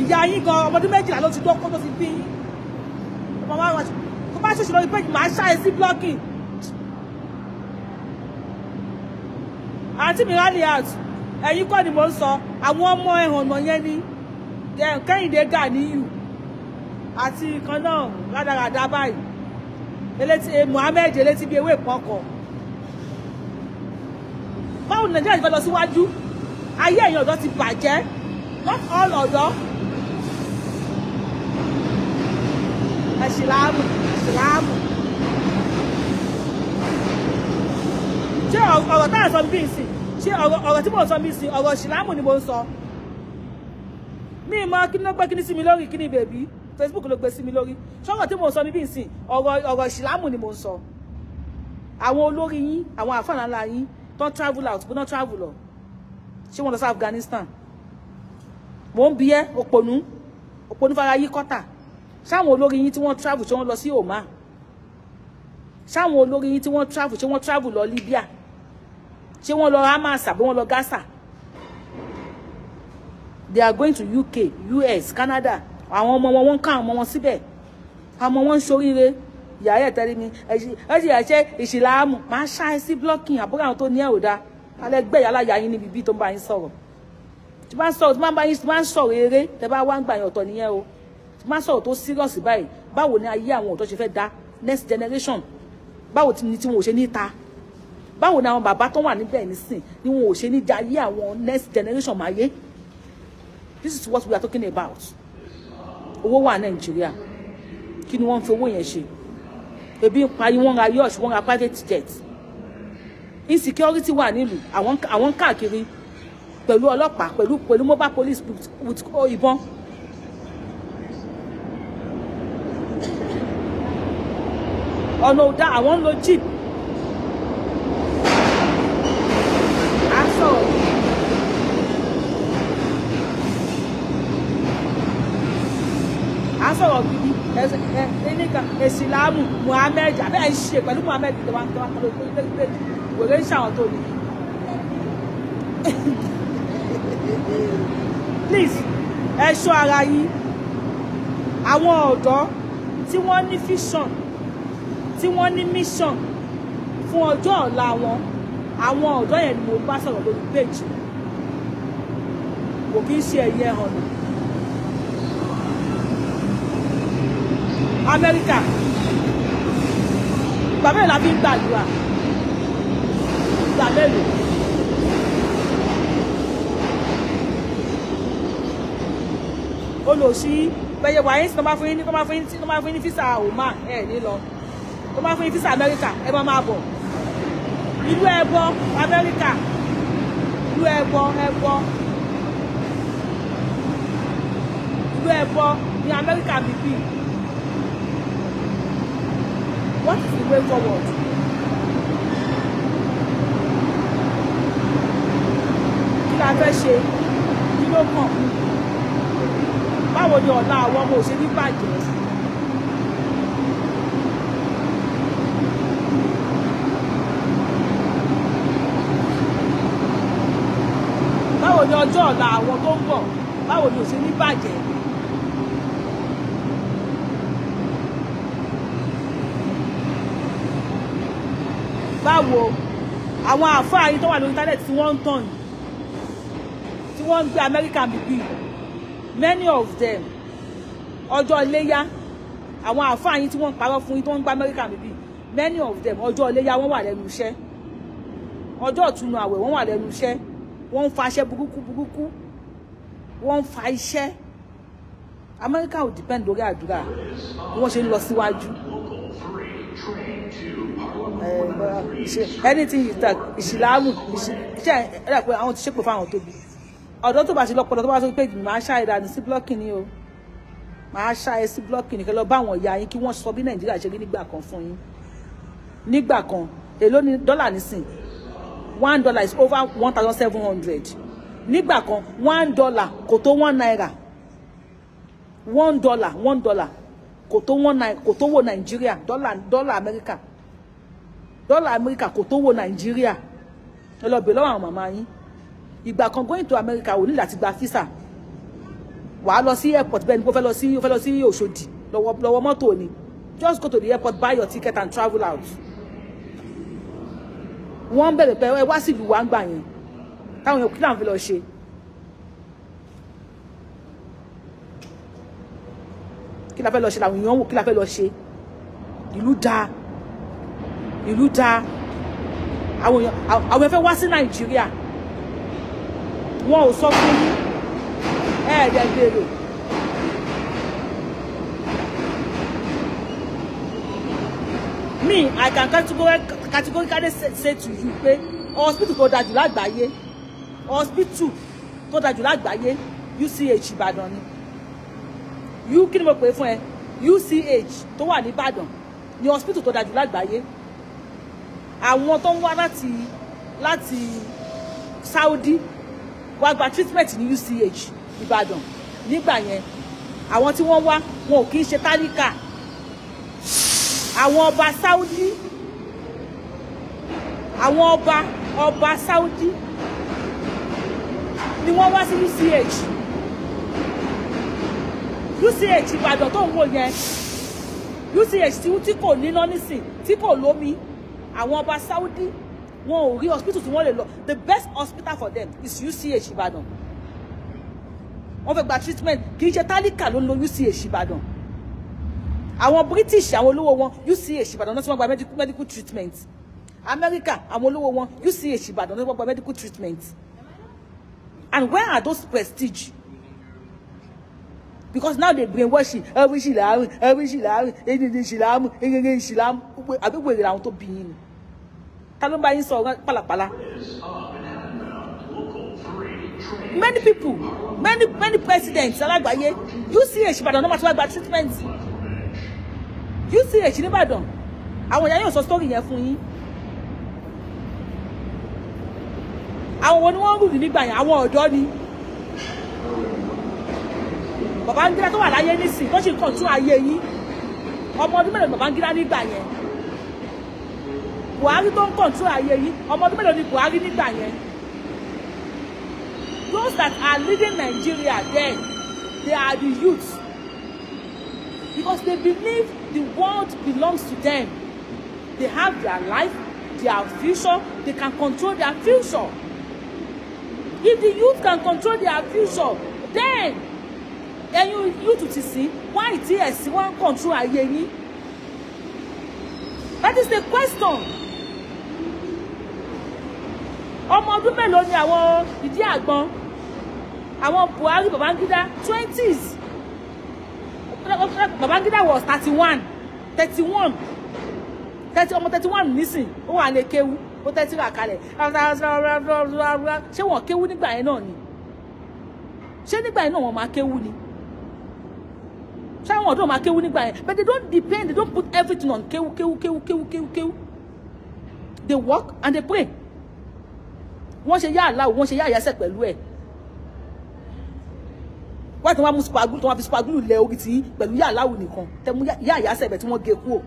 ìyá yín gan ọmọdún méjìlá ló ti dọ́kọ́ tó ti bí ọmọ márùn àti tó bá ṣèṣì lórí péjì máa ṣáà sí blọ́kì àǹtí mi rálì àtù ẹ̀yin kọ́ ni mò ń sọ àwọn ọmọ ẹ̀hànnà yẹn ni Kẹ́hìndé Ganiyu àti kan náà rádaràda báyìí eléti eh, Mohammed eléti bíi ewé ìpọ́nkọ báwo ni Nàìjíríà ti fẹ́ lọ síwájú ayé ẹ̀yin ọ̀dọ́ ti bàjẹ́ not all ọ̀dọ́ ẹ̀sìláàmù ẹ̀sìláàmù ṣé ọ̀rọ̀ tá à ń sọ bí n sì ṣé ọ̀rọ̀ tí mò ń sọ mi sí ọ̀rọ̀ ṣìlámù ni mò ń sọ mi mọ kí ni ó gbé kíní sí mi lórí kíní bèbí Facebook ló gbé sí mi lórí ṣọ́rọ̀ tí mò ń sọ mi bí nsìn ọ̀rọ̀ ṣìlámù ni mò ń sọ àwọn olórí yín àwọn àfààní ńlá yín tó ń travel out bó ná travel lọ ṣé wọ́n lọ sí Afghanistan mò ń bi ẹ́ òpònú òpònú fara yí kọ́tà ṣáwọn olórí yín tí wọ́n travel ṣé wọ́n lọ sí Oman ṣáwọn olórí yín tí wọ́n travel ṣé wọ́n travel lọ Libya ṣé wọ́n lọ Hamas àbí wọ́n lọ Gaza they are going to UK US Canada àwọn ọmọ wọn wọ́n ká ọmọ wọn síbẹ̀ ọmọ wọn ṣoríire ìyá ẹ̀ tẹ́lẹ̀ mi ẹ ṣe ẹ̀ṣẹ́ ìṣìláàmù máa ṣá sí blocking àbúrò àwọn tó ní ẹ̀ ò dáa alẹ́ gbé ìyá yín níbi bí tó ń bá yín sọ̀rọ̀ tí bá ń sọ̀rọ̀ tí bá ń bá ń sọ̀rọ̀ eré tẹ́ bá wá ń gbà yín ọ̀tọ̀ nìyẹn o tí bá ń sọ̀rọ̀ tó serious báyìí báwo ni ayé àwọn ọ̀tọ̀ ṣe fẹ́ dá next generation báwo ni tí wọn ò ṣe ní ta báwo ni àwọn bàbá tó wà níbẹ̀ nísìn ni wọn ò ṣe ní jayé àwọn next generation máa this is what we are talking about owó wà nàìjíríà kí ni wọ́n ń fi owó yẹn ṣe ebi ń parí wọ́n ra yọ̀ọ̀ṣì wọ́n ra private jet insecurity wà nílùú àwọn káàkiri pẹ̀lú ọlọ́pàá pẹ̀lú pẹ̀lú mobile police with ìbọn. ọ̀nà ọ̀dà àwọn ń lo jeep sọ̀rọ̀ gidi ẹnìkan ìsìlámù Muhammed abẹ́ ẹ̀ ń ṣe pẹ̀lú Muhammed tó wà tó wà tó lórí péjì wèrè ń ṣàwọn tó ní. please ẹ ṣọ́ ara yín àwọn ọ̀dọ́ tí wọ́n ní vision tí wọ́n ní mission fún ọjọ́ ọ̀la wọn àwọn ọ̀dọ́ yẹn ni mo bá sọ̀rọ̀ lórí péjì kò kí ń ṣe ẹ̀yẹ ọ̀nà. amẹ́ríkà ìgbà mélòó la fi ń gbàdúrà ìgbà mélòó. olùsí bẹyẹ wàyí tí wọ́n bá fún yín ní wọ́n bá fún yín tí wọ́n bá fún yín ní físà Oman ẹ̀ ní lọ wọ́n bá fún yín físà amẹ́ríkà ẹ máa máa bọ̀ ìlú ẹbọ amẹ́ríkà ìlú ẹbọ ẹbọ ìlú ẹbọ ní amẹ́ríkà bíbí. What is the way forward? Kí la fẹ́ ṣe? Kí ló kàn? Báwo ni ọ̀la àwọn ọmọ òṣèlú bàjẹ́? Báwo ni ọjọ́ ọ̀la àwọn tó ń bọ̀? Báwo ni òṣèlú bàjẹ́? báwo àwọn àfáà yìí tó wà lórí internet tí wọ́n ń tàn tí wọ́n ń gbé Amẹ́ríkà bíbí many of them ọjọ́ iléyá àwọn àfáà yìí tí wọ́n ń parọ́ fún yín tó ń gbé Amẹ́ríkà bíbí many of them ọjọ́ iléyá wọ́n wà lẹ́nu iṣẹ́ ọjọ́ ìtúnu àwẹ̀ wọ́n wà lẹ́nu iṣẹ́ wọ́n ń fa iṣẹ́ burúkú burúkú wọ́n ń fa iṣẹ́ Amẹ́ríkà ò depend lórí àdúrà bí wọ́n ṣe ń lọ síwájú. Eh, anything is that ìṣìláàmù iṣẹ́ ẹ̀rọ pé àwọn ti ṣépè fáwọn tóbi ọ̀dọ́ tó bá ti lọ́pọ̀lọ́ tó bá sọ pé màá ṣàì dànù sí blọ́ọ̀kì ni o màá ṣàì sí blọ́ọ̀kì nìkan lọ bá àwọn ìyá yín kí wọ́n sọ bí nàìjíríà ṣe rí nígbà kan fún yín nígbà kan èló ni dọ́là nísìn one dollar is over one thousand seven hundred nígbà kan one dollar kò tó one naira one dollar one dollar kò tó wọn kò tó wọ nàìjíríà dọ́là dọ́là amẹ́ríkà dọ́là amẹ́ríkà kò tó wọ nàìjíríà ẹ lọ bèèrè lọ́wọ́ àwọn màmá yín ìgbà kan going to america ò ní láti gba visa wàá lọ sí airport bẹ́ẹ̀ ni kò fẹ́ lọ sí fẹ́ lọ sí òṣòdì lọ́wọ́ lọ́wọ́ mọ́tò ni just go to the airport buy your ticket and travel out wọ́n bẹ̀rẹ̀ pé ẹ wá sílùú wa ń gbà yẹn táwọn èèyàn kí làwọn fi lọ ṣe kí la fẹ́ lọ ṣe làwọn èèyàn wò kí la fẹ́ lọ ṣe ìlú dáa ìlú dáa àwọn èèyàn àwọn ẹ̀fẹ́ wá sí nàìjíríà wọn ò sọ fún yín ẹ̀ẹ́dẹ̀ gbèrò. me i can categorically categorically say to you pé hospital tó dájú lágbàáyé hospital tó dájú lágbàáyé UCH Ìbàdàn ni u kí ni mo pè fún ẹ UCH tó wà nìbàdàn ní hospital tó dájú lágbàáyé àwọn tó ń wá láti láti Saudi wá gba treatment ní UCH ìbàdàn nígbà yẹn àwọn tí wọ́n wá wọn ò kì í ṣe tálíkà àwọn ọba Saudi àwọn ọba ọba Saudi ni wọ́n wá sí UCH. UCH Ìbàdàn tó ń wò yẹn UCH tí kò níná nísìn tí kò lómi àwọn ọba Saudi wọn ò rí hospital tí wọ́n lè lọ the best hospital for them is UCH Ìbàdàn wọ́n fẹ́ gba treatment kì í ṣe tálíkà ló ń lo UCH Ìbàdàn àwọn British àwọn olówó wọn UCH Ìbàdàn náà tí wọ́n gba medical treatment America àwọn olówó wọn UCH Ìbàdàn náà tí wọ́n gba medical treatment and where are those prestige because now they brainwash it ẹwí ṣì every ẹwí ṣì láàrin every ṣì láàmú ẹgẹgẹ ṣì láàmú àbíkú èrè làwọn tó bí yín ni ta ló ń bá yín sọ pàlàpàlà. many people many many presidents alágbàáyé UCH Ìbàdàn no matter what gba treatment UCH nìbàdàn àwọn ìyá yóò sọ story yẹn fún yín. àwọn wo ni wọ́n ń rù nígbà yẹn àwọn ọ̀dọ́ ni. Babangida tó wà láyé nísìn tó sì kàn tún ayé yín ọmọ ọdún mélòó ni Babangida nígbà yẹn Buhari tó ń kàn tún ayé yín ọmọ ọdún mélòó ni Buhari nígbà yẹn those that are leading Nigeria then they are the youth because they believe the world belongs to them they have their life their future they can control their future if the youth can control their future then ẹ̀yin yúùtù ti sìn wá ìtí ẹ̀sìn wá ń kọ̀ntró ayé yín that is the question ọmọ ọdún mélòó ni àwọn ìdí àgbọn àwọn Buhari Babangida twenties Babangida was thirty one thirty one thirty ọmọ thirty one nísìn ó wà ní kéwú ó tẹ́tí rà kalẹ̀ ṣé wọ́n kéwú nígbà yẹn náà ni ṣé nígbà yẹn náà wọ́n máa kéwú ni ṣáwọn ọ̀dọ́ máa kéwú nígbà yẹn but they don't depend they don't put everything on kéwú kéwú kéwú kéwú kéwú kéwú they work and they pray wọ́n ṣe yá àláwò wọ́n ṣe yá àyàsẹ̀ pẹ̀lú ẹ̀ wọ́n ti wá mú spagulu tí wọ́n fi spagulu lẹ orí tí pẹ̀lú yá àláwò nìkan tẹ̀mú yá àyàsẹ̀ bẹ̀ tí wọ́n gé kúrò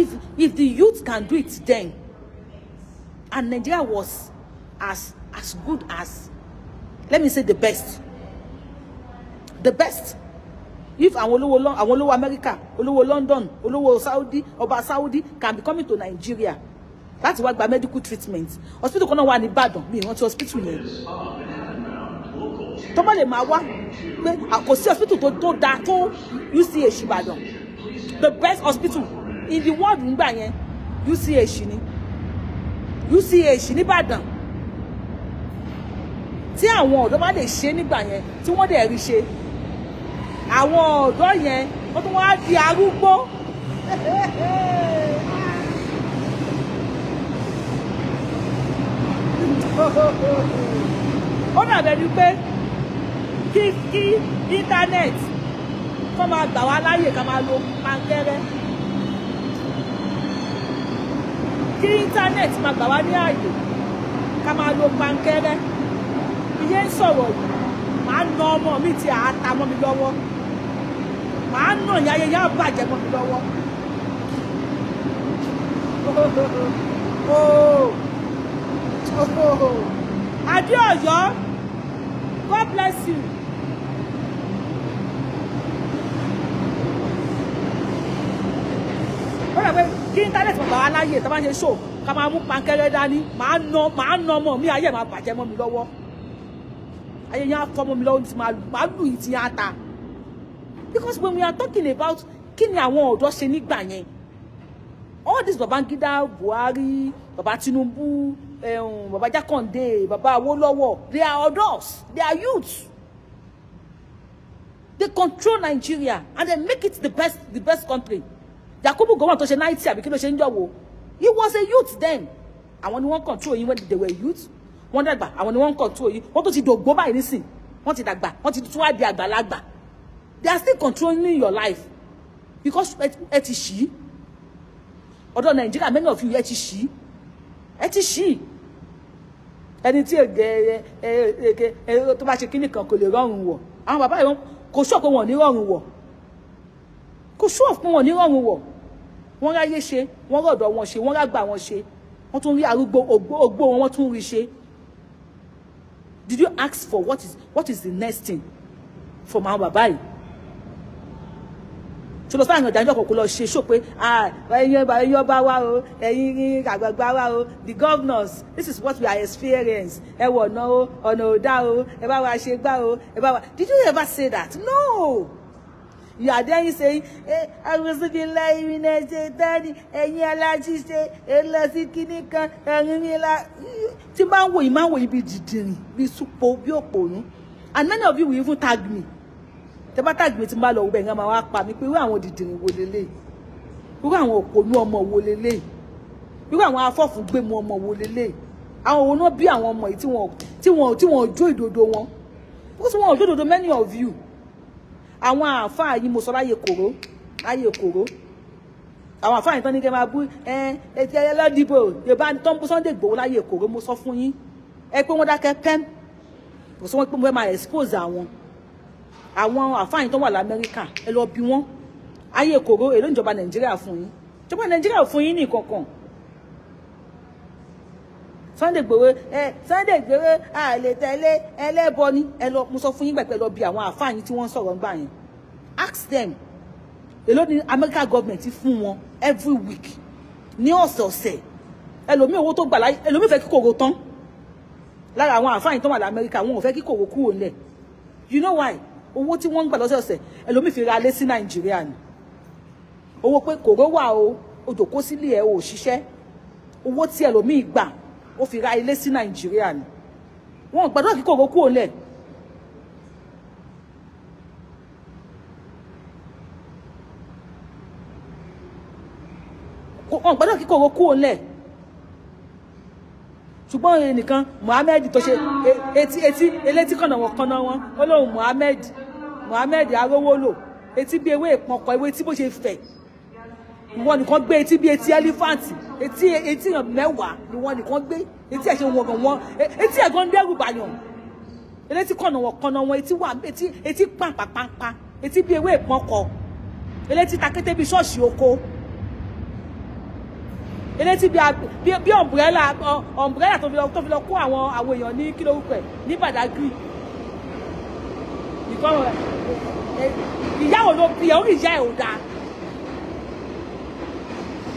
if if the youth can do it then and Nigeria was as as good as let me say the best the best if àwọn olówó àwọn olówó America olówó London olówó Saudi ọba Saudi can be coming to Nigeria láti wá gba medical treatment hospital kan náà wà ní Ìbàdàn mi ìrántí hospital yẹn tó lè máa wá pé àkọsí hospital tó tó dáa tó UCH Ìbàdàn the best hospital in the world nígbà yẹn UCH ni UCH nìbàdàn tí àwọn ọ̀dọ́ má lè ṣe nígbà yẹn tí wọ́n dẹ̀ rí ṣe àwọn ọ̀dọ́ yẹn ó tún wá di arúgbó ó dàbẹ̀ ni pé kí kí íńtánẹ́ẹ̀tì kọ́ máa gbà wá láyè ká máa lo pankẹ́rẹ́ kí íńtánẹ́ẹ̀tì máa gbà wá ní àyè ká máa lo pankẹ́rẹ́ iye ń sọ̀rọ̀ yìí máa na ọmọ mi ti àátamọ́ mi lọ́wọ́ màá nà ní ayẹyẹ àbàjẹ́ mọ́ mi lọ́wọ́. Adé Ọ̀yọ́ God bless you. kí íńtánẹ́ẹ̀tì bàbá wa tó bá ń ṣe ṣó ká máa mú pankẹ́rẹ́ dání màá nà nà ọmọ mi ayé máa bàjẹ́ mọ́ mi lọ́wọ́. Ayé yẹn á fọ́ mọ́ mi lọ́wọ́ ní ti máa lù yìí ti because when we are talking about kí ni àwọn ọ̀dọ́ ṣe nígbà all this Babangida Buhari Baba Tinubu um, Baba Jakande Baba Awolowo they are adults they are youths they control Nigeria and they make it the best the best country Yakubu Gowon tó ṣe ninety àbí kí ló ṣe he was a youth then àwọn ni wọ́n control yín when they were youth wọ́n dàgbà àwọn ni wọ́n control yín wọ́n tó ti dògbó báyìí nísìn wọ́n ti dàgbà wọ́n ti tún wá di àgbàlagbà they are still controlling your life because ẹ ti Nigeria, many of you ẹ ti ṣí ẹ ti ṣí ẹni tí èdè ẹ ẹ tó bá ṣe kíní kan kò lè rọrùn wọ̀ àwọn bàbá yìí kò sọ pé wọn ò ní rọrùn wọ̀ kò sọ pé wọn ò ní rọrùn wọ̀ wọ́n ráyé ṣe wọ́n rọ̀dọ̀ wọn ṣe wọ́n rágbà wọn ṣe wọ́n tún rí arúgbó ogbó wọn tún rí ṣe did you ask for what is what is the next thing from àwọn bàbá yìí ṣùgbọ́n fáwọn èèyàn ìdájọ́ kò lọ ṣe ṣó pé ẹ̀yin ọba ẹ̀yin ọba wa o ẹ̀yin àgbààgbà wa o the governors this is what we are experience ẹ wọ̀ ọ̀nà o ọ̀nà ò o ẹ bá wa ṣe gbá o ẹ bá wa did you ever say that no you are there. you saying eh arusubilẹ irinẹ ṣe tẹni ẹ̀yin alájí ṣe kínní kan ẹ̀yin tí máa ń wòye máa ń wòye bíi dìdìrìn bíi supo bíi òpònú and many of you will even tag me tẹ bá tàgbé tí n bá lọ wọbẹ yẹn máa wá pa mí pé irú àwọn dìdìrín wo lélẹ̀ irú àwọn òkòlú ọmọ wo lélẹ̀ irú àwọn afọfún gbẹmú ọmọ wo lélẹ̀ àwọn òun náà bí àwọn ọmọ yìí tí wọn tí wọn tí wọn jó ìdodo wọn because wọn ò jó ìdodo many of you àwọn àáfàá yìí mo sọ láyè kòró láyè kòró àwọn àáfàá yìí tán ní kẹ máa bú ẹ ẹ ti ẹ lọdìbò yorùbá tó ń bú Sunday Igboho láyè kòró mo sọ fún yín ẹ pé wọn dákẹ́ pẹm kò sọ wọn pé mo fẹ́ máa expose àwọn àwọn àfáàyàn tó wà lamẹ́ríkà ẹ lọ bí wọ́n ayé kòró èló ìjọba nàìjíríà fún yín ìjọba nàìjíríà fún yín ní ìkọ̀kan Sunday Igboho ẹ Sunday Igboho àlè tẹ̀lé ẹlẹ́bọ ni ẹ lọ mo sọ fún yín gbẹ̀pẹ̀ lọ bí àwọn àfáàyàn tí wọ́n ń sọ̀rọ̀ yẹn ask them èló ni American government fún wọn every week ní ọ̀sọ̀ọ̀sẹ̀ ẹlòmíì owó tó gbà láyé ẹlòmíì fẹ́ kí kòró tán lára àwọn àfáàyàn tó wà lamẹ́ríkà wọn ò fẹ́ kí kòró kúrò nílẹ̀ you know why owó tí wọ́n ń gbà lọ́sọ̀ọ̀sẹ̀ ẹlòmíì fi ra alé sí nàìjíríà ni owó pé kòró wà o odò kó sílé ẹ ò ṣiṣẹ́ owó tí ẹlòmíì gbà ó fi ra ilé sí nàìjíríà ni wọn ò gbàdúrà kí kòró kúrò lẹ̀ wọn gbọ́dọ̀ kí kòrò kúrò lẹ̀ ṣùgbọ́n ẹnìkan Muhammed tó ṣe e, etí etí elétí kànáwọn kànáwọn ó Muhammed Mohammed Arówólò etí bí ewé ìpọnkọ ewé tí bó ṣe fẹ̀ ìwọ nìkan gbé etí bí etí ẹlífàǹtì etí etí èèyàn mẹ́wàá ìwọ nìkan gbé etí ẹ̀ ṣe wọ̀n gan wọn e, etí ẹ̀ gan dẹ́rù bàyàn elétí kọ̀nà wọ̀n kọ̀nà wọn etí wà etí etí pàǹpàpàǹpà etí bí ewé ìpọnkọ elétí takété bí ṣọ́ọ̀ṣì oko elétí bí bí ọ̀mbrẹ́là ọ̀mbrẹ́là tó fi lọ kó àwọn àwọn èèyàn ní kí lórúkọ ẹ̀ ní Badagry because ìyá wo ló bí ẹ orí ìyá ẹ ò dáa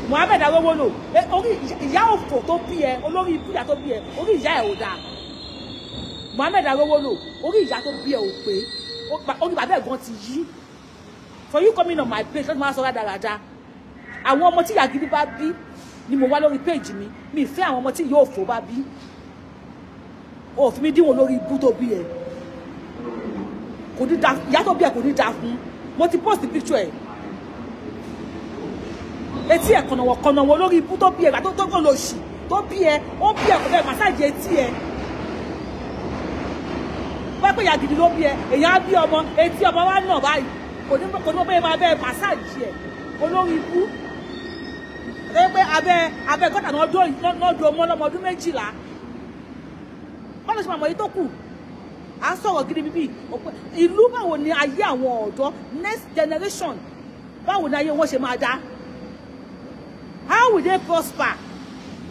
Mohammed Awólọ́wọ̀ orí ìyá òfò tó bí ẹ olórí ìbúdà tó bí ẹ orí ìyá ẹ ò dáa Mohammed Awólọ́wọ̀ orí ìyá tó bí ẹ ò pé orí bàbá ẹ gan ti yí for you coming on my page lọ́dún máa sọ rádaràda àwọn ọmọ tí ìyá gidi bá bí ni mo wá lórí péjì mi mi ìfẹ́ àwọn ọmọ tí yóò fò bá bí òfin mi díwọ̀n lórí ibú tó bí ẹ kò ní da ìyá tó bí ẹ kò ní da fún mo ti post picture ẹ etí ẹ kànáwọ kànáwọ lórí ibú tó bí ẹ tó tó lò sí tó bí ẹ ó bí ẹ kò fẹ́ màsáàjì etí ẹ wọ́n pè ya gidi ló bí ẹ èyàn á bí ọmọ etí ọmọ wa nà báyìí kò ní kò ní bẹ́ẹ̀ máa bẹ́ẹ̀ màsáàjì ẹ olórí ibú àtẹ́wé pé abẹ́ abẹ́ gọ́tà náà dó mọ́ lọ́mọ ọdún méjìlá bọ́lá ṣe máa mọ̀ yìí tó kù à ń sọ̀rọ̀ gidi bíbí ìlú báwo ni ayé àwọn ọ̀dọ́ next generation báwo ni ayé wọn ṣe máa dá how will they prosper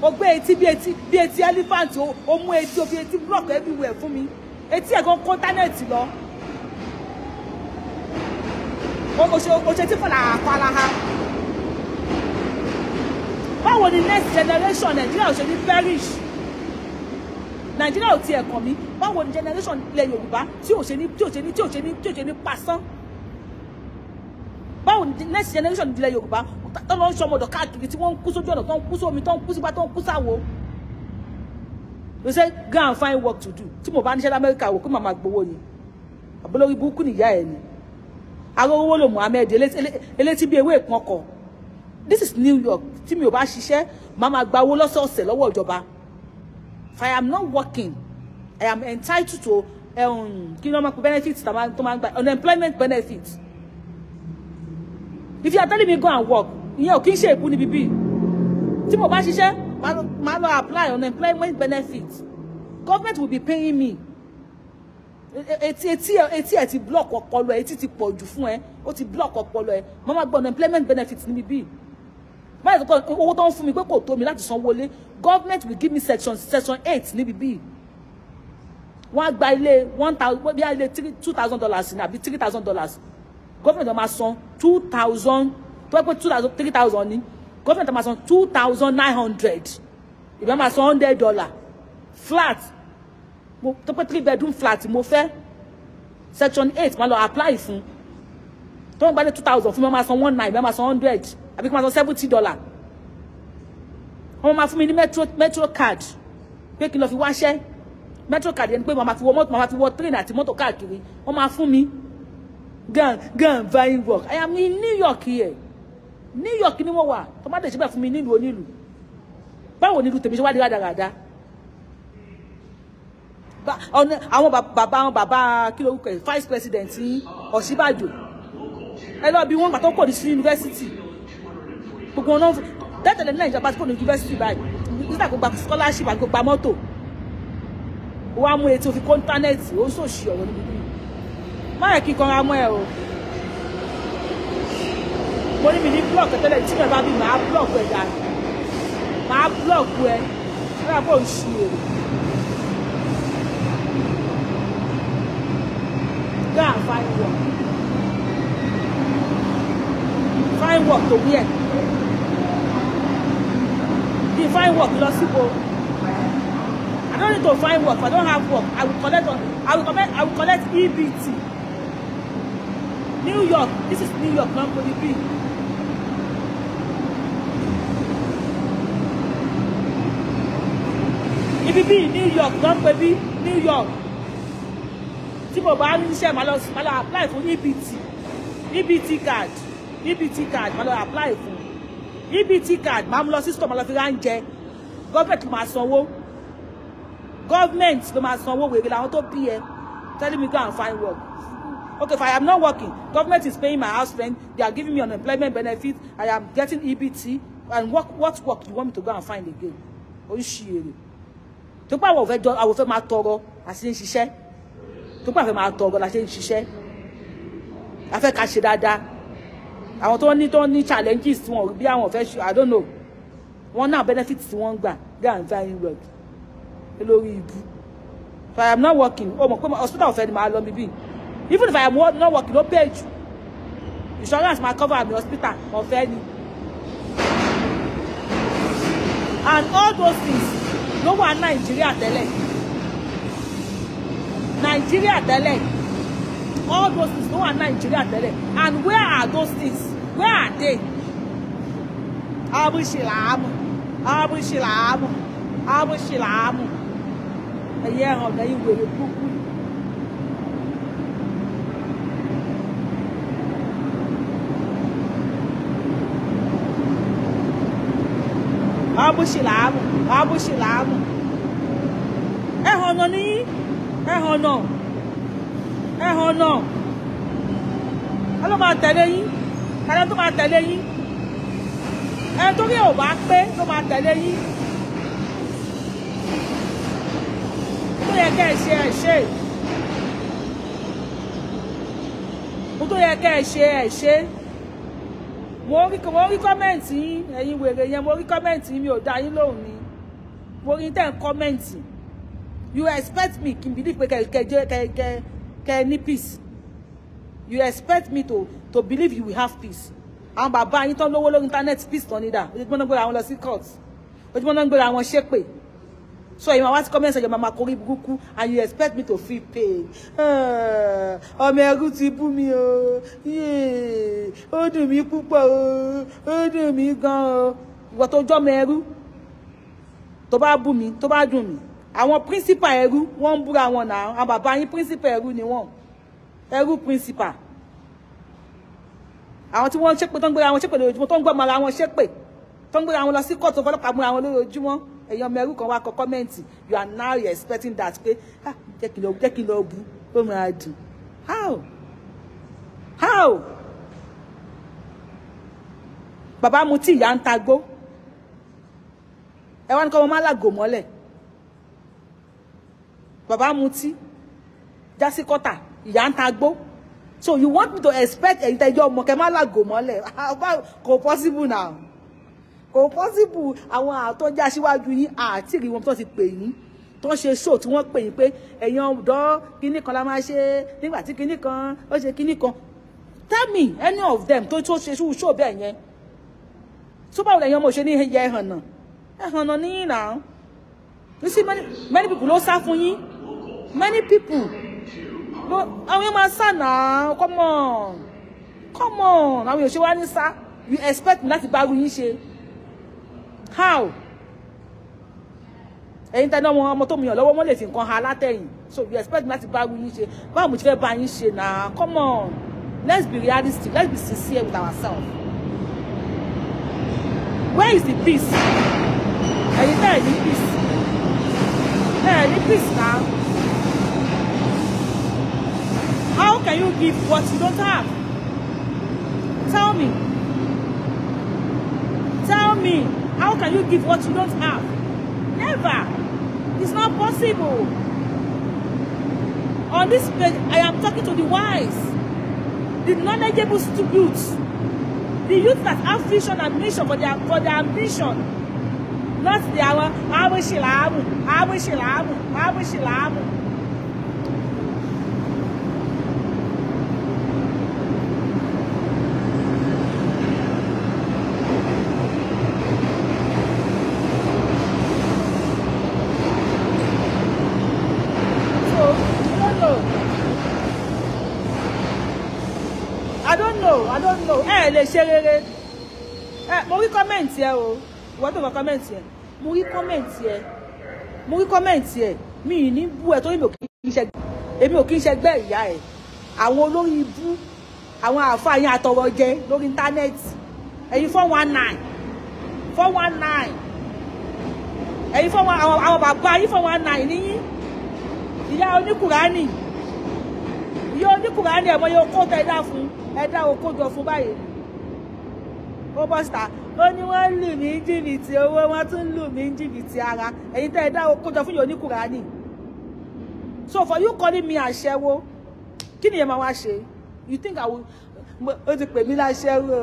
o gbé etí bí etí bí etí elephant o mú etí o fi etí block everywhere fún mi etí ẹ̀ gan kọ́ńtánẹ̀tì lọ o ṣe tí fọlá àfàlàhà báwo ni next generation Nàìjíríà ò ṣe ní perish nàìjíríà ò tiẹ̀ kàn mí báwo ni generation ilẹ̀ yorùbá tí ò ṣe ní tí ò ṣe ní tí ò ṣe ní tí ò ṣe ní pasán báwo ni next generation ilẹ̀ yorùbá tó lọ ń ṣọmọdọ̀ káàkiri tí wọ́n ń kú sójú ọ̀nà tó ń kú sómi tó ń kú sígbà tó ń kú sáwo we say go and find work to do tí mo bá níṣẹ́ lamẹ́ríkà wò kí màmá gbowó ni àbúlórí burúkú nìyá ẹ̀ ni arówó lò Muhammed elétí bí ewé ìpọnkọ this is New York tí mi ò bá ṣiṣẹ́ màmá gba owó lọ́sọ̀ọ̀sẹ̀ lọ́wọ́ ìjọba if i am not working i am entitled to um, kí ni wọ́n máa pe benefit tó máa unemployment benefits. if you are telling me go and work you know, kí ń ṣe èkú níbi bíi tí mo bá apply unemployment benefits. government will be paying me Eti eti etí ẹ block ọpọlọ ẹ etí ti pọ̀ jù fún ẹ ó ti block ọpọlọ ẹ mo Mama, gba unemployment benefits ni bíi máa ṣe kọ́ owó tó ń fún mi pé kò tó mi láti sanwó lé government will give me section section eight níbi bíi wọ́n á gba ilé one thousand bí i ilé three two thousand dollars ní àbí three thousand dollars government máa san two thousand tó pé two thousand three thousand ní government máa san two thousand nine hundred ìbá máa san hundred dollar flat mo tó pé three bedroom flat mo fẹ́ section eight máa lọ apply fún tó ń gba ní two thousand fún mi máa san one nine ìbá máa san hundred àbí kí n máa seventy dollar wọ́n máa fún mi ní metro metro card pé kí n lọ fi wáṣẹ́ metro card yẹn ni pé wọ́n máa fi wọ mọ́tò wọ́n máa fi wọ train àti mọ́tò káàkiri wọ́n máa fún mi gan gan vine work I am in New York here New York ni mo wà tó má dé bẹ́ẹ̀ fún mi nílùú onílùú báwo nílùú tèmi ṣe wá di rádaràda àwọn bàbá àwọn bàbá kí ló vice president Ọ̀ṣínbàjò ẹ lọ bí wọ́n gbà tó kọ̀ ní sí yunifásitì gbogbo wọn náà tẹ́tẹ̀lẹ̀ ní nàìjíríà pàṣípò ní yunifásitì báyìí nígbà gbogbo scholarship àgbègbè mọ́tò wọ́n á mú etí òfin kọ́ńtánẹ́ẹ̀tì ó sòṣì ọ̀rọ̀ níbi bí má yẹ kí n kanra mọ́ ẹ o mo ní mi ní blọọkì tẹ́lẹ̀ tí mi bá bí màá blọọkì ẹ̀ dànù màá blọọkì ẹ̀ nígbà bó ń ṣe èrè. Go and find work. Find work to wear find work lost people. I don't need to find work I don't have work I will collect I will collect I will collect EBT New York this is New York not for Longoni B. ibi bíi New York ló ń pè bí New York tí mo bá ní iṣẹ́ màá lọ apply for EBT EBT card EBT card màá lọ apply for ebt card máa mú lọ sí store máa lọ fi ránjẹ gọ́ọ̀mẹ̀ntì ló máa sanwó gọ́ọ̀mẹ̀ntì ló máa sanwó wèrè to tó bí telling me go and find work okay if i am not working government is paying my house rent they are giving me unemployment benefit i am getting ebt and what what work you want me to go and find again oríṣiríṣi tó pé àwọn òfẹ́ jọ àwọn òfẹ́ máa tọrọ àti ń ṣiṣẹ́ tó pé àfẹ́ máa tọrọ la ṣe ń ṣiṣẹ́ afẹ́ ká ṣe dada àwọn tó ní tó ní challenges wọn bí àwọn fẹ́ ṣe i don't know wọn náà benefits tí wọ́n ń gbà they are very well lórí ibu if i am not working o mọ̀ pé hospital ọ̀fẹ́ ni màá lọ bíbí even if i am not working ó pay jù insurance máa cover mi hospital ọ̀fẹ́ ni and all those things ló wà nàìjíríà tẹ́lẹ̀ nàìjíríà tẹ́lẹ̀ all those things no one Nigeria tẹ́lẹ̀ and where are those things where are they abusilamu abusilamu abusilamu ẹyẹ ọgá yìí wèrè kúkú. abusilamu abusilamu ẹ̀họ̀nà ni yín ẹ̀họ̀nà ẹ hàn náà ẹ ló máa tẹ̀lé yín ẹni tó máa tẹ̀lé yín ẹni tó rí ò bá pé ló máa tẹ̀lé yín tó yẹ kẹ́ ẹ ṣe ẹ ṣe mo tó yẹ kẹ́ ẹ ṣe ẹ ṣe mo rí mo rí kọ́mẹ̀ǹtì yín ẹ̀yin wèrè yẹn mo rí kọ́mẹ̀ǹtì yín mi ò dá yín lóhùn ni mo rí tẹ̀ ń kọ́mẹ̀ǹtì you expect me kí n believe pé kẹ̀kẹ́ kẹ̀kẹ́ kẹ́ ní peace you expect me to to believe you will have peace àwọn bàbá yín tán lówó lórí internet peace tán nídà ojúmọ́ náà gbéra wọn lọ sí court ojúmọ́ náà gbéra wọn ṣépè so ìmọ̀ wá sí comment section màmá korí burúkú and you expect me to feel pain ah, ọmọ ẹrú ti bú mi o ó dùn mí púpọ̀ o ó dùn mí gan o ìwọ tó jọ́ mọ ẹrú tó bá bú mi tó bá dùn mí àwọn píríncípà ẹrú wọ́n ń búra wọn náà àwọn bàbá yín píríncípà ẹrú ni wọ́n ẹrú píríncípà àwọn tí wọ́n ń ṣépè tó ń gbéra wọn ṣépè lójoojúmọ́ tó ń gbọ́mọ ara wọn ṣépè tó ń gbéra wọn lọ sí kóòtù ọlọ́pàá múra wọn lójoojúmọ́ èèyàn mẹ́rù kan wá kọ kọ́mẹ́ǹtì you are now you are expecting that pé ah jẹ́ kí n lọ jẹ́ kí n lọ bu ló máa dùn how how bàbá mu tí ìyá ń tagbó ẹ wá ní kọ́ wọn má làgò mọ́lẹ̀ bàbá mutí jásí kọ́tà ìyá ń ta so you want me to expect ẹ̀yin tẹ́jọ́ ọmọ kẹ́ má làgò mọ́lẹ̀ <laughs> ah, kò possible now kò possible àwọn àtọ́jà síwájú yín àti ìrìwọ̀n tó ti pè yín tó ń ṣe show tí wọ́n pè yín pé ẹ̀yin ọ̀dọ́ kinní kan la máa ṣe nígbà tí kinní kan ó ṣe kinní kan tell me any of them tó tó ṣe show bẹ́ẹ̀ yẹn tó báwo lẹ̀yin ọmọ òṣèlú yẹ ẹ̀hànà ẹ̀hànà níyìn náà you see many many people ló sá fún yín many people but àwọn máa sá náà come on come on àwọn òṣèwà ní sá you expect láti bá ru yín ṣe how ẹ̀yin tẹ́ ní ọmọ ọmọ tó mìíràn lọ́wọ́ wọ́n lè fi nǹkan ha látẹ̀yìn so you expect láti bá ru yín ṣe báwo mo ti fẹ́ bá yín ṣe náà come on let's be realistic let's be sincere with ourselves where is the peace Are you tẹ́ ẹ̀ ní peace ẹ̀ ní peace now. How can you give what you don't have? Tell me. Tell me. How can you give what you don't have? Never. It's not possible. On this page, I am talking to the wise, the knowledgeable students, the youth that have vision and mission for their, for their ambition. Not the hour, I wish you love, I wish you love, I wish you love. ṣe rere eh, ẹ mo rí kọ́mẹ̀ǹtì ẹ o ìwọ́n tó mọ kọ́mẹ̀ǹtì ẹ mo rí kọ́mẹ̀ǹtì ẹ mo rí kọ́mẹ̀ǹtì ẹ mi ì ní bú ẹ torí èmi ò kí ń ṣẹgbẹ́ ìyá ẹ àwọn olórí ibú àwọn àáfàá àtọwọ́ jẹ lórí íńtánẹ́ẹ̀tì ẹ̀yin four one nine four one nine ẹ̀yin four one àwọn bàbá yín four one nine níyín ìyá oníkùránì ìyá oníkùránì ẹ̀mọ́ yóò kó tẹ ẹ̀dá fún ẹ̀dá okó fún báyìí bọ́ síta ó ní wọ́n lù mí jìbìtì owó wọ́n tún lù mí jìbìtì ara ẹ̀yin tẹ́ ẹ dá kójọ fún yòó ní kùránì so for you calling me aṣẹ́wó kí nìyẹn máa wá ṣe you think I will ó ti pè mí láṣẹ́wó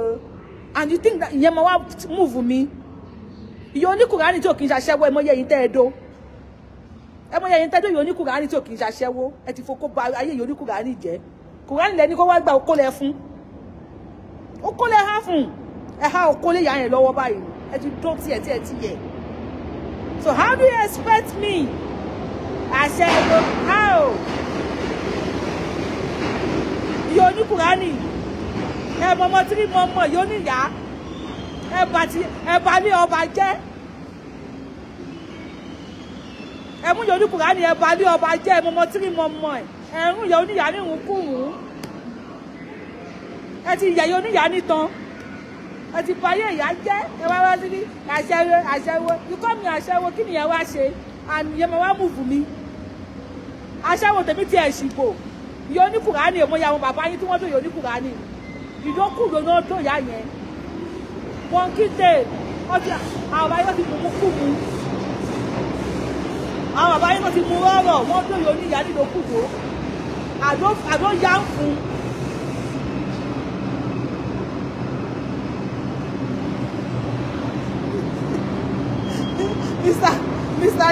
and you think that ìyẹn máa wá move me? yòó ní kùránì tí ò kì í ṣaṣẹ́wó ẹ mọ yẹ ẹ̀yin tẹ́ ẹ dó ẹ mọ yẹyin tẹjọ yòó ní kùránì tí ò kì í ṣaṣẹ́wó ẹ ti fokó ba ayé yòó ní kùránì jẹ́ kùránì lẹni kó wá gbà ó kó lẹ fún ó kó lẹ há fún ẹ há òkó lè yà yẹn lọ́wọ́ báyìí ẹ ti dọ́ tiẹ̀ tiẹ̀ so how do you expect me I said, how iye oníkùránì ẹ mọmọ tírí mọmọ yóò níyà ẹ bá ti ẹ bá ní ọba jẹ ẹ mú yóò oníkùránì ẹ bá ní ọba jẹ ẹ mọmọ tírí mọmọ ẹ ẹrún yóò níyà ní ìhùn kùrùn ẹ ti yẹ yóò níyà ní tán o ti báyé ìyá jẹ́ ẹ wá wá síbí àṣẹwó àṣẹwó ikọ́ mi àṣẹwó kí nìyẹn wá ṣe àníyẹn máa wá mùfù mi àṣẹwó tèmi ti ẹ̀ ṣìbò yóò ní kùránì èmo ya àwọn bàbá yín tí wọ́n tó yóò ní kùránì ìyókù ló náà tó yá yẹn wọn kí dé àwọn bàbá yóò ti mú kú mu àwọn bàbá yóò ti mú rọrọ wọn tó yóò ní ìyá nílòkùdó àdó yá ń fún un.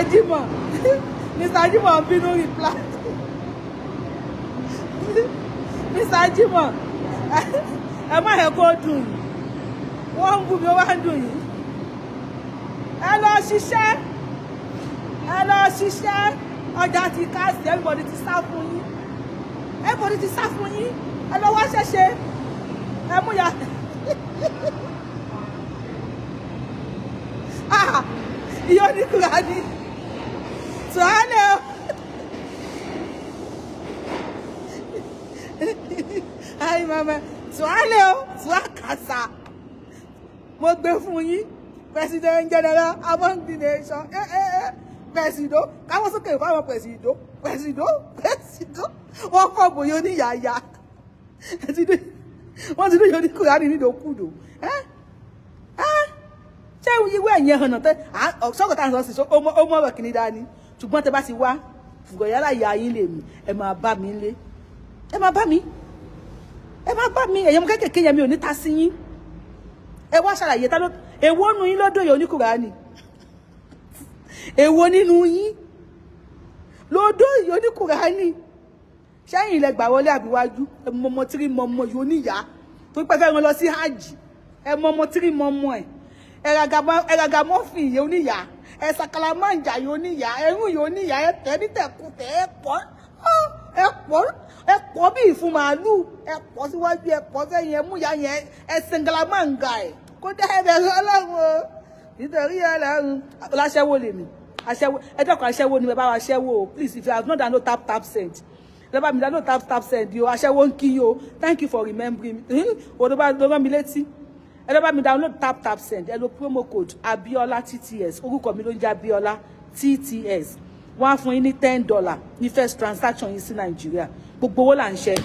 Jimoh <laughs> Mr. Jimoh bínú reply <laughs> Mr. Jimoh <laughs> ẹ má yẹ kó dùn yìí wọ́n ń bù mí ó wá ń dùn yìí ẹ lọ ṣiṣẹ́ ẹ everybody ti sá fún yín everybody ti sá fún yín ẹ lọ wá ṣẹ̀ṣẹ̀ ẹ mú ya ah, ìyọ́ ní tọ́lẹ̀ o ayi mama tọ́lẹ̀ o tọ́ àkàsà mo gbé fún yín president general among the nation eh, eh, eh. president káwọn sókè fáwọn president president president wọn fọ bòye oníyàyà wọn ti dún yóò ní kúránì nídòkúdò ẹ eh? eh? ṣé ìwé ẹ̀yìn ẹ̀hàn náà tẹ sọ́kọ̀tà ah, ń sọ sí ọmọ ọmọ ọ̀rọ̀ kìíní dání ṣùgbọ́n tẹ bá ti wá gọ̀yàrá ìyá yín lè mí ẹ máa bá mi lé ẹ máa bá mi ẹ máa bá mi ẹ̀yẹ́mú kékèké yẹn mi ò ní ta sí yín ẹ wá ṣàlàyé tá ló èwo nu yín lọ́dọ̀ yìí oníkùránì èwo nínú yín lọ́dọ̀ yìí oníkùránì sẹ́yìn ilẹ̀ gbà wọlé àbíwájú ẹ mọ ọmọ tírí mọ ọmọ yìí oníyà tó pẹ́ fẹ́ràn lọ sí hajj ẹ mọ ọmọ tírí mọ ọmọ ẹ̀ ẹ̀ràgàmọ́fìn yìí oníyà ẹ sàkàlàmọ́ǹjà yóò níyà ẹrún yóò níyà ẹ tẹ́ ní tẹ̀kùtẹ̀ ẹ pọ̀ ẹ pọ̀ ẹ pọ̀ bí ìfun màálù ẹ pọ̀ síwájú ẹ pọ̀ sẹ́yìn ẹ múyà yẹn ẹ sẹ̀ngàlàmọ́ǹgà ẹ̀ kó dá ẹ̀rẹ̀ ọlọ́run o nítorí ọlọ́run aláṣẹ́wó lèmi aṣẹ́wó ẹ jọ́kọ̀ aṣẹ́wó ni bàbá aṣẹ́wó o please if you have not done download tap tap send lọ́ba mi download tap tap send yo aṣẹ́wó ń kí yo thank you for remembering mi òdòdó hmm? bá mi létí ẹ bá mi download tap tap send ẹ promo code abiola tts orúkọ mi ló ń jẹ́ abiola tts wọ́n á fún yín ní ten dollar ní first transaction yín sí nàìjíríà gbogbo owó là ń ṣe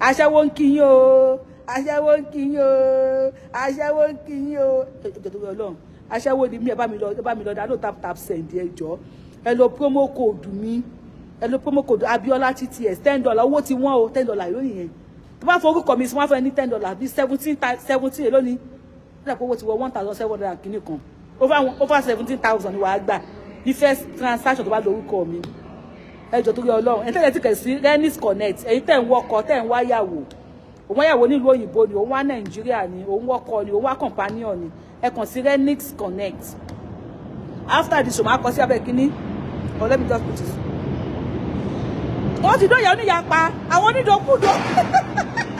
aṣẹ́wó ń kíyín o aṣẹ́wó ń kíyín o aṣẹ́wó ń kíyín o ẹjọ́ ọlọ́run aṣẹ́wó ni mí ẹ bá mi lọ ẹ bá mi lọ download tap tap send ẹ jọ ẹ promo code mi ẹ promo code abiola tts ten dollar owó ti wọ́n o ten dollar ìlóyìn yẹn tó bá fọ orúkọ mi sí wọ́n á fẹ́ ní ten dollar bíi seventeen seventeen èló ni ó dàpọ̀ owó ti wọ one thousand seven hundred and kìíní kan over seventeen thousand ni wàá gbà ní first transaction tó bá lórúkọ mi ẹjọ torí Ọlọ́run ẹni tẹ́lẹ̀ tí kẹ̀ sí renis connect ẹ̀yin tẹ́ ń wọkọ tẹ́ ń wáyàwó òun wáyàwó nílùú òyìnbó ni òun wá Nàìjíríà ni òun wọkọ ni òun wá companion ni ẹ kàn sí renis connect after the show máa kọ sí abẹ́ kínní ọ̀lẹ́mi just put it wọ́n ti dóyà oníyàpá àwọn onídokúdo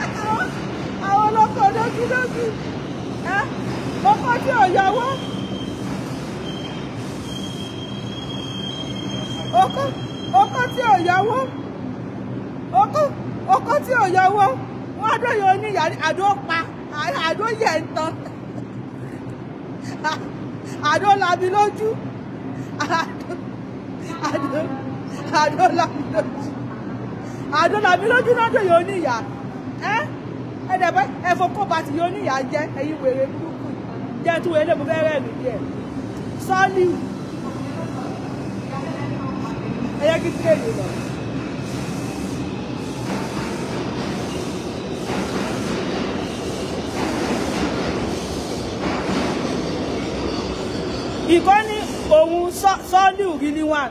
<laughs> àwọn ọlọ́kọ̀ dókídókí. ọkọ tí ò yọwọ́ ọkọ ọkọ tí ò yọwọ́ ọkọ ọkọ tí àdó pa àdó yẹ ń tán labi lójú àdó labi lójú àdó labi lójú lọ́dọ̀ yóò ẹ̀dẹ̀bẹ́ ẹ̀fọ́ kópa tí yóò níyà jẹ́ ẹ̀yin wèrè burúkú jẹ́ tún wẹ́lẹ́ mo fẹ́ rẹ̀ lù díẹ̀ sọ́ọ́lìwù ẹ̀yẹ kí tí èyí lọ. ìkọ́ ní òun sọ́ọ́lìwù rí ní wàn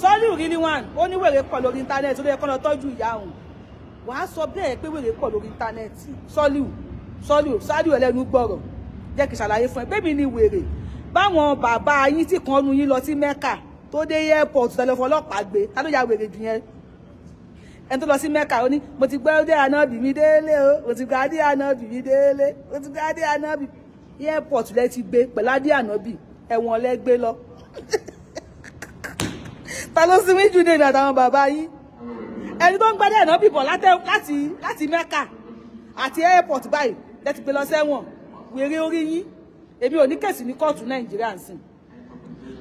sọ́ọ́lìwù rí ní wàn ó ní wèrè pọ̀ lórí íńtánẹ́ẹ̀tì ó lè kọ́ lọ tọ́jú ìyá òun wàá sọ bẹ́ẹ̀ pé wèrè pọ̀ lórí íńtánẹ́ẹ̀tì sọ́líù sọ́líù sọ́líù ẹlẹ́nu gbọ́rọ̀ jẹ́ kí ṣàlàyé fún ẹ bébí ni wèrè báwọn bàbá yín tí kan nu yín lọ sí mẹ́kà tó dé airport tẹlifọ̀n ọlọ́pàá gbé ta ló ya wèrè jù yẹn ẹni tó lọ sí mẹ́kà ó ní mo ti gbẹ́ dé anábì mi délé o mo ti gbá dé anábì mi délé mo ti gbá dé anábì airport lẹ ti gbé pẹ̀lú adé anábì ẹ̀wọ̀n lẹ gbé lọ <laughs> ta ló sinmi jù dé ní àtàwọn bàbá yín ẹni tó ń gbẹ́dẹ̀ ẹ̀nà bìbọ̀ láti láti mẹ́kà àti airport báyìí lẹ́ti gbé lọ sẹ́wọ̀n wèrè orí yín èmi ò ní kẹ̀sì ní kóòtù nàìjíríà ń sìn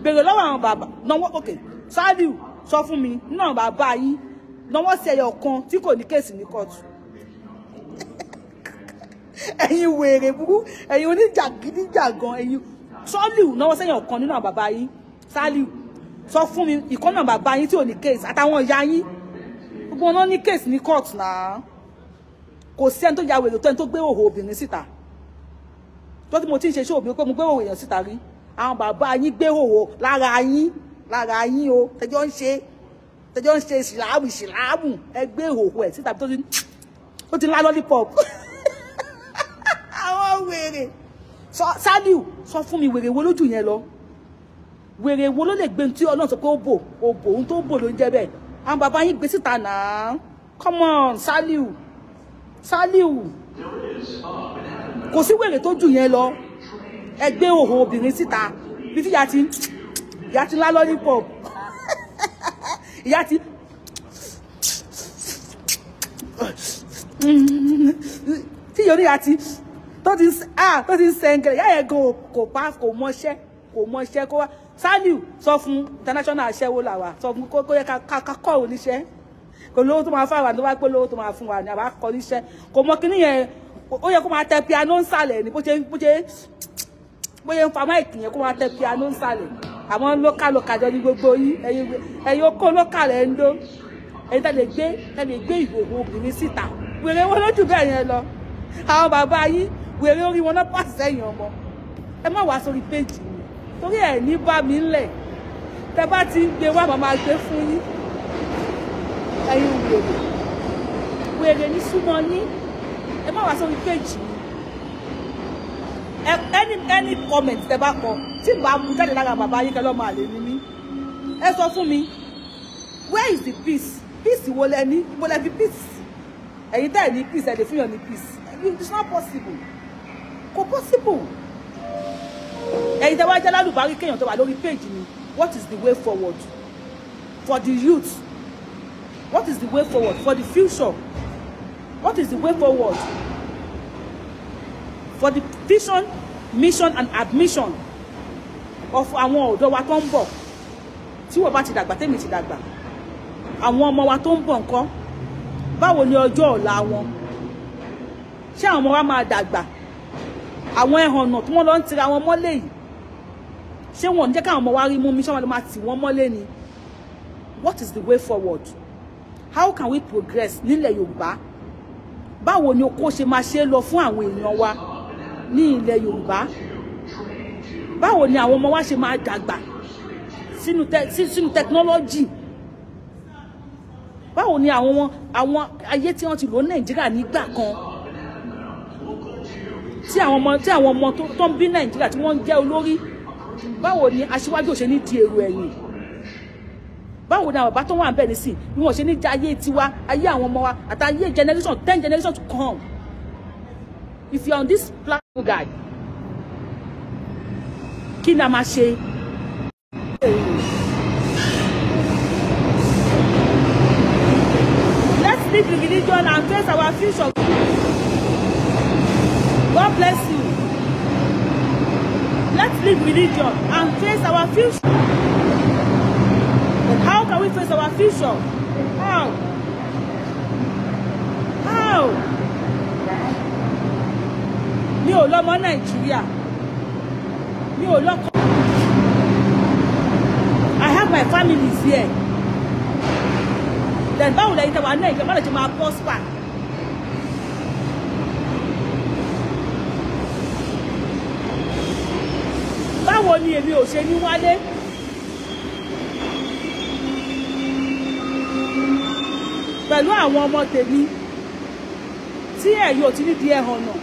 bèrè lọ́wọ́ àwọn bàbá náwó òkè Saliu sọ fún mi nínú àwọn bàbá yín náwó sí ẹyọ kan tí kò ní kẹ̀sì ní kóòtù <laughs> ẹ̀yin wèrè burú ẹ̀yin oníjàgídíjàgan ẹ̀yin Saliu náwó sẹ́yìn ọ̀kan nínú àwọn bàbá yín Saliu sọ fún mi ìkọ́nà bàbá yín tí ò ní kẹ̀sì àtàwọn ìyá yín gbogbo wọn ní case ní court náà kò sí ẹni tó ya wèrè tó ẹni tó gbé òhò obìnrin síta tó tí mo ti ń ṣe iṣẹ́ obìnrin pé mo gbé òhò èèyàn síta rí àwọn bàbá yín gbé òhò lára yín lára yín o tẹjọ ń ṣe tẹjọ ń ṣe ṣìláàbù ṣìláàbù ẹ gbé òhò ẹ síta tó ti ó ti lá lollipop <laughs> àwọn wèrè sálíù sọ fún mi wèrè wo lójú yẹn lọ wèrè wo ló lè gbé tí ọlọ́run sọ pé ó bò ó bò ohun tó bò ló ń jẹ́ bẹ́ẹ̀ àwọn bàbá yín gbé síta náà come on Saliu Saliu kò sí wèrè tó jù yẹn lọ ẹ gbé òhò obìnrin síta bí tí ìyá ti ìyá ti lá lollipop <laughs> ìyá ti tí yorí àti tó ti ń ah, sẹ́ńgẹ̀rẹ̀ yáyẹ̀ gan kò pa kò mọṣẹ́ kò mọṣẹ́ kó wá. Saliu sọ fún international aṣẹ́wó làwà sọ fún kó yẹ ká oníṣẹ́ kò lówó tó máa pé lówó tó máa fún wa ni àbá kọ́ oníṣẹ́ kò mọ kí nìyẹn ó yẹ kó máa tẹ piano ni bó ṣe bó ṣe bó ṣe ń fa máìkì yẹn kó máa tẹ piano ń sàlẹ̀ àmọ́ lókà lókà jọ ní gbogbo yín ẹ̀yin okó lókà rẹ̀ ń dó ẹ̀yin tẹ̀lé gbé tẹ̀lé gbé obìnrin síta wèrè wọn lójú bẹ́ẹ̀ torí ẹ̀ ní bá mi ńlẹ̀ tẹ bá ti ń gbé wá màmá gbé fún yín ẹ̀yin wèrè wèrè ní súnmọ́ yín ẹ má wá sórí péjì ẹni ẹni kọmẹ̀ntì tẹ bá kọ tí bá mú jáde lára bàbá yín kẹlọ́ máa lè ní mí ẹ sọ fún mi where is the peace peace wo lẹ ní wo lẹ fi peace ẹ̀yin tẹ́ ẹ̀ ní peace ẹ̀ lè fún yàn ní peace it's not possible kò possible ẹ̀yin tẹ́ wá jẹ́ lálùbárí kéèyàn tó wà lórí péjì mi what is the way forward for the youth what is the way forward for the future what is the way forward for the vision mission and admission of àwọn ọ̀dọ́ wa tó ń bọ̀ tí wọ́n bá ti dàgbà tèmi ti dàgbà àwọn ọmọ wa tó ń bọ̀ nǹkan báwo ni ọjọ́ ọ̀la wọn ṣé àwọn ọmọ wa máa dàgbà àwọn ẹhànnà tí wọ́n lọ ń tira wọn mọ́lé yìí ṣé wọn jẹ́ káwọn ọmọ wa rí mú mi ṣé wọn máa tì wọ́n mọ́lé ni what is the way forward how can we progress nílẹ̀ Yorùbá báwo ni okó ṣe máa ṣe lọ fún àwọn èèyàn wa ní ilẹ̀ Yorùbá báwo ni àwọn ọmọ wa ṣe máa dàgbà sínú sínú technology báwo ni àwọn àwọn ayé tí wọ́n ti lò ní Nàìjíríà nígbà kan tí àwọn ọmọ tí àwọn ọmọ tó ń bí nàìjíríà tí wọ́n ń olórí báwo ni aṣíwájú ò ṣe ní di èrò ẹ̀yìn báwo ni àwọn bàbá tó wà ń bẹ̀ ní sìn bí wọ́n ṣe ní jẹ́ ayé tiwa ayé àwọn ọmọ wa àti ayé generation ten generation to come if you are on this platform guy kí ni a máa ṣe. let's leave the religion and face our future. God bless you. Let's leave religion and face our future. But how can we face our future? How? How? Mi ò lọ́mọ Nigeria. Mi ò lọ́kọ. I have my family here. Then báwo lẹ́yìn tẹ̀wá náà ìjọba lè ṣe máa prosper. báwo ni èmi ò ṣe ní wálé. pẹ̀lú àwọn ọmọ tèmi tí ẹ̀yin ò ti ní di ẹ̀hàn nà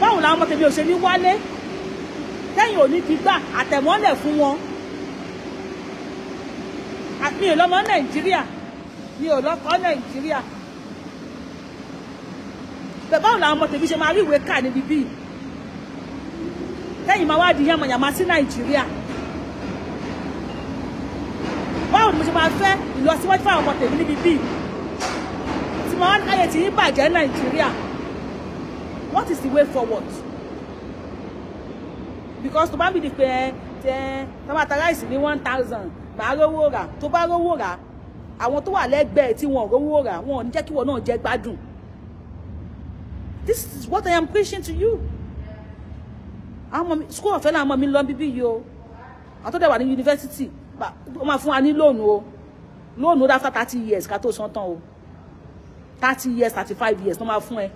báwo làwọn ọmọ tèmi ò ṣe ní wálé tẹ́yìn ò ní fi gbà àtẹ̀mọ́lẹ̀ fún wọn mi ò lọ́mọ nàìjíríà mi ò lọ́kọ nàìjíríà bẹ́ẹ̀ báwo làwọn ọmọ tèmi ṣe máa rí ìwé kà níbi bíi tẹ́yìn máa wá di yàmàyàmà sí nàìjíríà báwo ni mo ṣe máa fẹ́ ìlọsíwájú fáwọn ọmọ tèmi níbi bíi tí mo wá ayé tí yín bàjẹ́ nàìjíríà what is the way forward because tó bá bìí di pé ẹ tẹ tọ́bàtà one thousand màá rówó rà tó bá rówó rà àwọn tó wà lẹ́gbẹ̀ẹ́ tí go ò rówó rà wọn ò ní jẹ́ kí wọn náà this is what I am preaching to you àwọn school ọ̀fẹ́ làwọn ọmọ mi lọ bíbí yìí o àtọ́dẹ̀ wà ní yunifásitì ó máa fún wa ní lóònù o lóònù dáfà thirty years ká tó san tán o thirty years thirty five years ló máa fún ẹ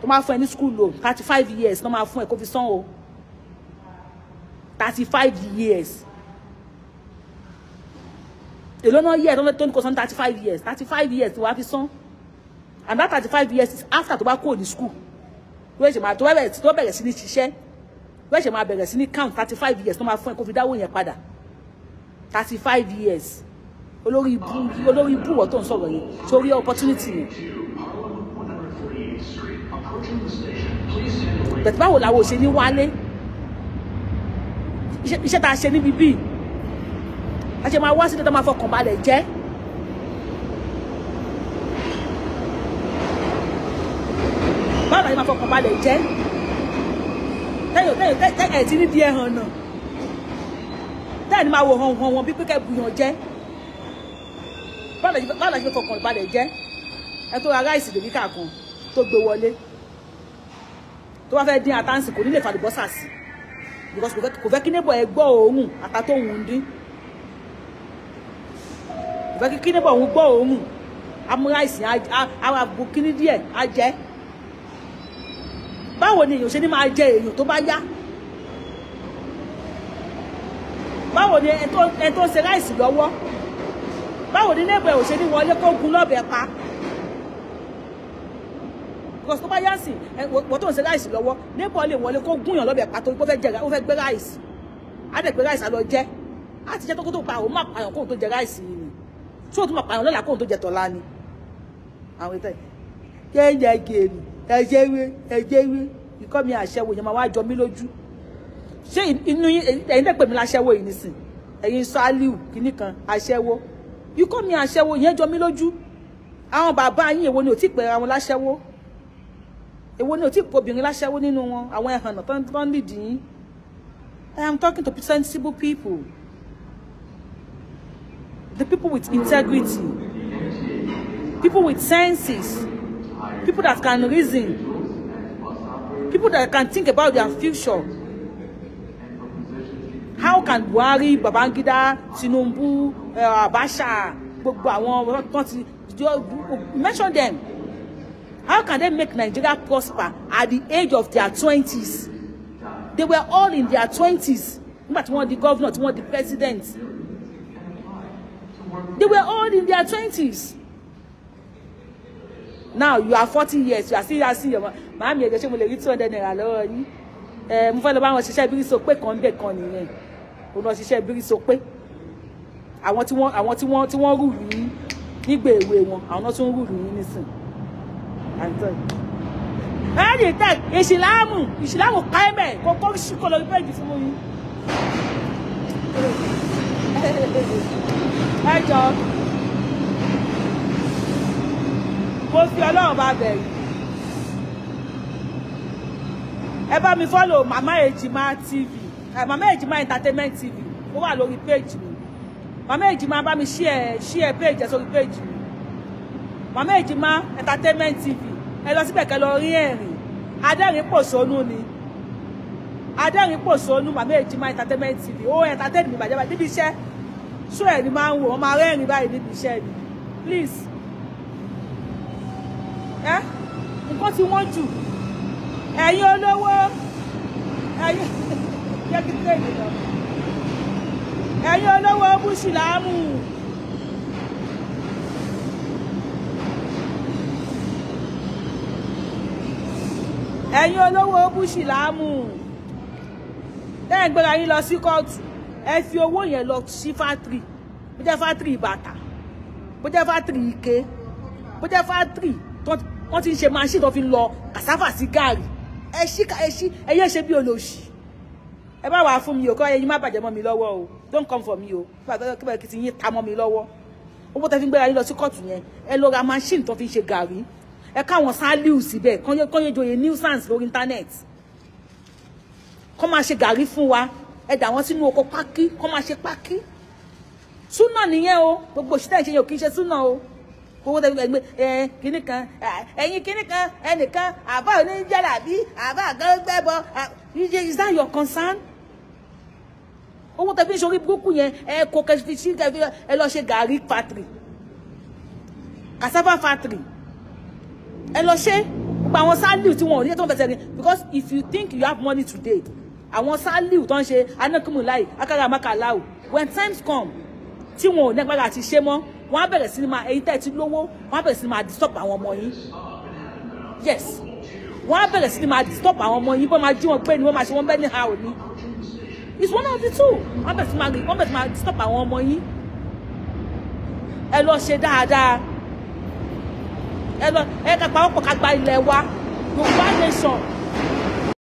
tó máa fún ẹ ní school loan thirty five years ló máa fún ẹ kó fi san o thirty five years èló náà yẹ tó ní kó san thirty five years thirty five years tí wàá fi san and that thirty five years is after tó bá kúrò ní school tó bẹ̀rẹ̀ sí ní ṣiṣẹ́ wọ́n ṣe máa bẹ̀rẹ̀ sí ní count thirty five years tó máa fún ẹ kó fi dáwó yẹn padà thirty five years olórí ibú olórí ibú wọ́n tó ń sọ̀rọ̀ yẹn torí opportunity yẹn. bẹ̀tẹ̀ báwo làwọn ò ṣe ní wálé iṣẹ́ tá a ṣe níbi bíi a ṣe máa wá sí dandan máa fọkàn balẹ̀ jẹ́. báwo la ṣe máa fọkàn balẹ̀ jẹ́ tẹ́yọ̀ tẹ́yọ̀ tẹ́yọ̀ ẹ̀ ti ní díẹ̀ hàn náà tẹ́yọ̀ ni máa wò hàn hàn wọn bí pé kẹ́ bùyàn jẹ́ báwo la ṣe kọkàn ìbalẹ̀ jẹ́ ẹ tó ra ráìsì lèmi kàkan tó gbé wọlé tó bá fẹ́ dín àtàǹsì kò ní lè fàlùbọ́sà sí because kò fẹ́ kí nébọ̀ ẹ gbọ́ òórùn ata tó ń dín kò fẹ́ kí nébọ̀ òun gbọ́ òórùn amúráìsì á bu kíní díẹ̀ á jẹ́ báwo ni èèyàn ṣe ní máa jẹ èèyàn tó bá yá báwo ni ẹ tó ṣe láìsí lọ́wọ́ báwo ni lẹ́gbẹ̀ẹ́ ò ṣe ní wọlé kó gun lọ́bẹ̀ pa because tó bá yá sí wọ́n tó ń ṣe láìsí lọ́wọ́ lẹ́gbẹ̀ẹ́ lè wọlé kó gúnyàn lọ́bẹ̀ pa torí pé ó fẹ́ jẹ ó fẹ́ gbé ráìsì á dẹ̀ gbé ráìsì á lọ jẹ á ti jẹ́ tó kó tó pa òun má pààyàn kóun tó jẹ ráìsì yìí ni tí ó tún má pààyàn lọ́la kóun tó jẹ tọ́lá ni àwọn ìtẹ́ kéèyàn gèrè ẹ̀jẹ̀ ewé ẹ̀jẹ̀ ewé ikọ́ mi àṣẹwò yẹn máa wá jọ mí lójú ṣé inú ẹ̀yin dẹ̀ pè mí láṣẹwò yìí nísìn ẹ̀yin sọ aliu kìíní kan àṣẹwò ikọ́ mi àṣẹwò yẹn jọ mí lójú àwọn bàbá yín èwo ni ò tí pè àwọn láṣẹwò èwo ni ò tí obìnrin láṣẹwò nínú wọn àwọn ẹ̀hànà tó ń lìdí yín I am talking to sensible people the people with integrity people with senses people that can reason, people that can think about their future. How can Buhari, Babangida, Tinubu, uh, Abacha, gbogbo àwọn mention them. How can they make Nigeria prosper at the age of their 20s? They were all in their 20s. Nígbà tí the governor, tí wọ́n di president. They were all in their 20s now you are forty years you are still asking your màámi ẹ̀jẹ̀ ṣé mo lè rí two hundred naira lọ́wọ́ yín ẹ̀ mo fẹ́ lọ bá wọn ṣiṣẹ́ bírí sopé kan bẹ̀ kan nìyẹn òun lọ ṣiṣẹ́ bírí sopé àwọn tí wọ́n àwọn tí wọ́n tí wọ́n rúùlù yín nígbà èwe wọn àwọn náà tún rúùlù yín nísìn àǹtọ́n. ẹ̀ẹ́dì tẹ̀ ìsìlámù ìsìlámù káyẹ̀mẹ̀ kò lórí péjì fún mi. ẹ jọ. mo fi ọlọ́run bá bẹ̀rù ẹ bá mi fọ́lọ̀ mama ejima tv mama ejima entertainment tv ó wà lórí péjì mi mama ejima bá mi ṣí ẹ ṣí ẹ péjì ẹ sórí péjì mi mama ejima entertainment tv ẹ lọ síbẹ̀ kẹ́ lọ rí ẹ̀rìn adẹ́rìn pòṣónú ni adẹ́rìn pòṣónú mama ejima entertainment tv ó entertain mi bàjẹ́ bàjẹ́ níbi iṣẹ́ sún ẹ̀ ni máa ń wò wọ́n máa rẹ́rìn báyìí níbi iṣẹ́ ni please ẹ nǹkan tí wọ́n jù ẹ̀yin olówó ẹ̀yin yẹ kí tẹ́ ìlú lọ ẹ̀yin olówó búṣì láàmú. ẹ̀yin olówó búṣì láàmú lẹ́yìn gbọ́dọ̀ yín lọ sí kóòtù ẹ fi owó yẹn lọ sí fátìrì bó jẹ́ fátìrì bàtà bó jẹ́ fátìrì ike bó jẹ́ fátìrì wọ́n ti ń ṣe machine tó fi ń lọ cassava sí gààrí ẹ ṣí ẹ ṣí ẹ yẹ ṣe bí olóṣì ẹ bá wàá fún mi o kọ́ ẹyin má bàjẹ́ mọ́ mi lọ́wọ́ o don't come for me o kí bàjẹ́ kí ti yín ta mọ́ mi lọ́wọ́ owó tẹ fi gbéra yín lọ sí kóòtù yẹn ẹ lọ ra machine tó fi ń ṣe gààrí ẹ káwọn sálíù síbẹ̀ kọ́yé joyè nuisance lórí internet. kọ́ máa ṣe gààrí fún wa ẹ dà wọ́n sínú oko pákí kọ́ máa ṣe pákí súnà nìyẹn o gbogbo òṣìṣẹ́ ìṣe yẹn ò o kówó tẹ́lẹ̀ gbẹ ẹ kínní kan ẹ̀yin kínní kan ẹnìkan àbá oníjàlábí àbá àgbẹ̀gbẹ̀bọ is that your concern? owó tẹ́lẹ̀ fi ń sori burúkú yẹn ẹ kò kẹ́sìtì sí ẹ lọ ṣe gàrí factory cassava factory ẹ lọ ṣe gbogbo àwọn sálíù tí wọn ò ní ètò ìfẹsẹ̀ rìn because if you think you have money today àwọn sálíù tó ń ṣe anákùnmù láì akára àmàkà láwù when times come tí wọn ò nẹ́gbàrà àti ṣe mọ́ wọ́n á bẹ̀rẹ̀ sí ni máa èyí tẹ́ ẹ ti lówó wọ́n á bẹ̀rẹ̀ sí ni máa disturb àwọn ọmọ yín yes wọ́n á bẹ̀rẹ̀ sí ni máa disturb àwọn ọmọ yín bọ́n máa jí wọn pé ni wọ́n máa ṣe wọ́n bẹ́ẹ̀ ní ha òní it's one of the two wọ́n bẹ̀rẹ̀ sí máa wọ́n bẹ̀rẹ̀ sí máa disturb àwọn ọmọ yín ẹ lọ ṣe dáadáa ẹ lọ ẹ ká pawọ́pọ̀ ká gba ilẹ̀ wa Yorùbá nation.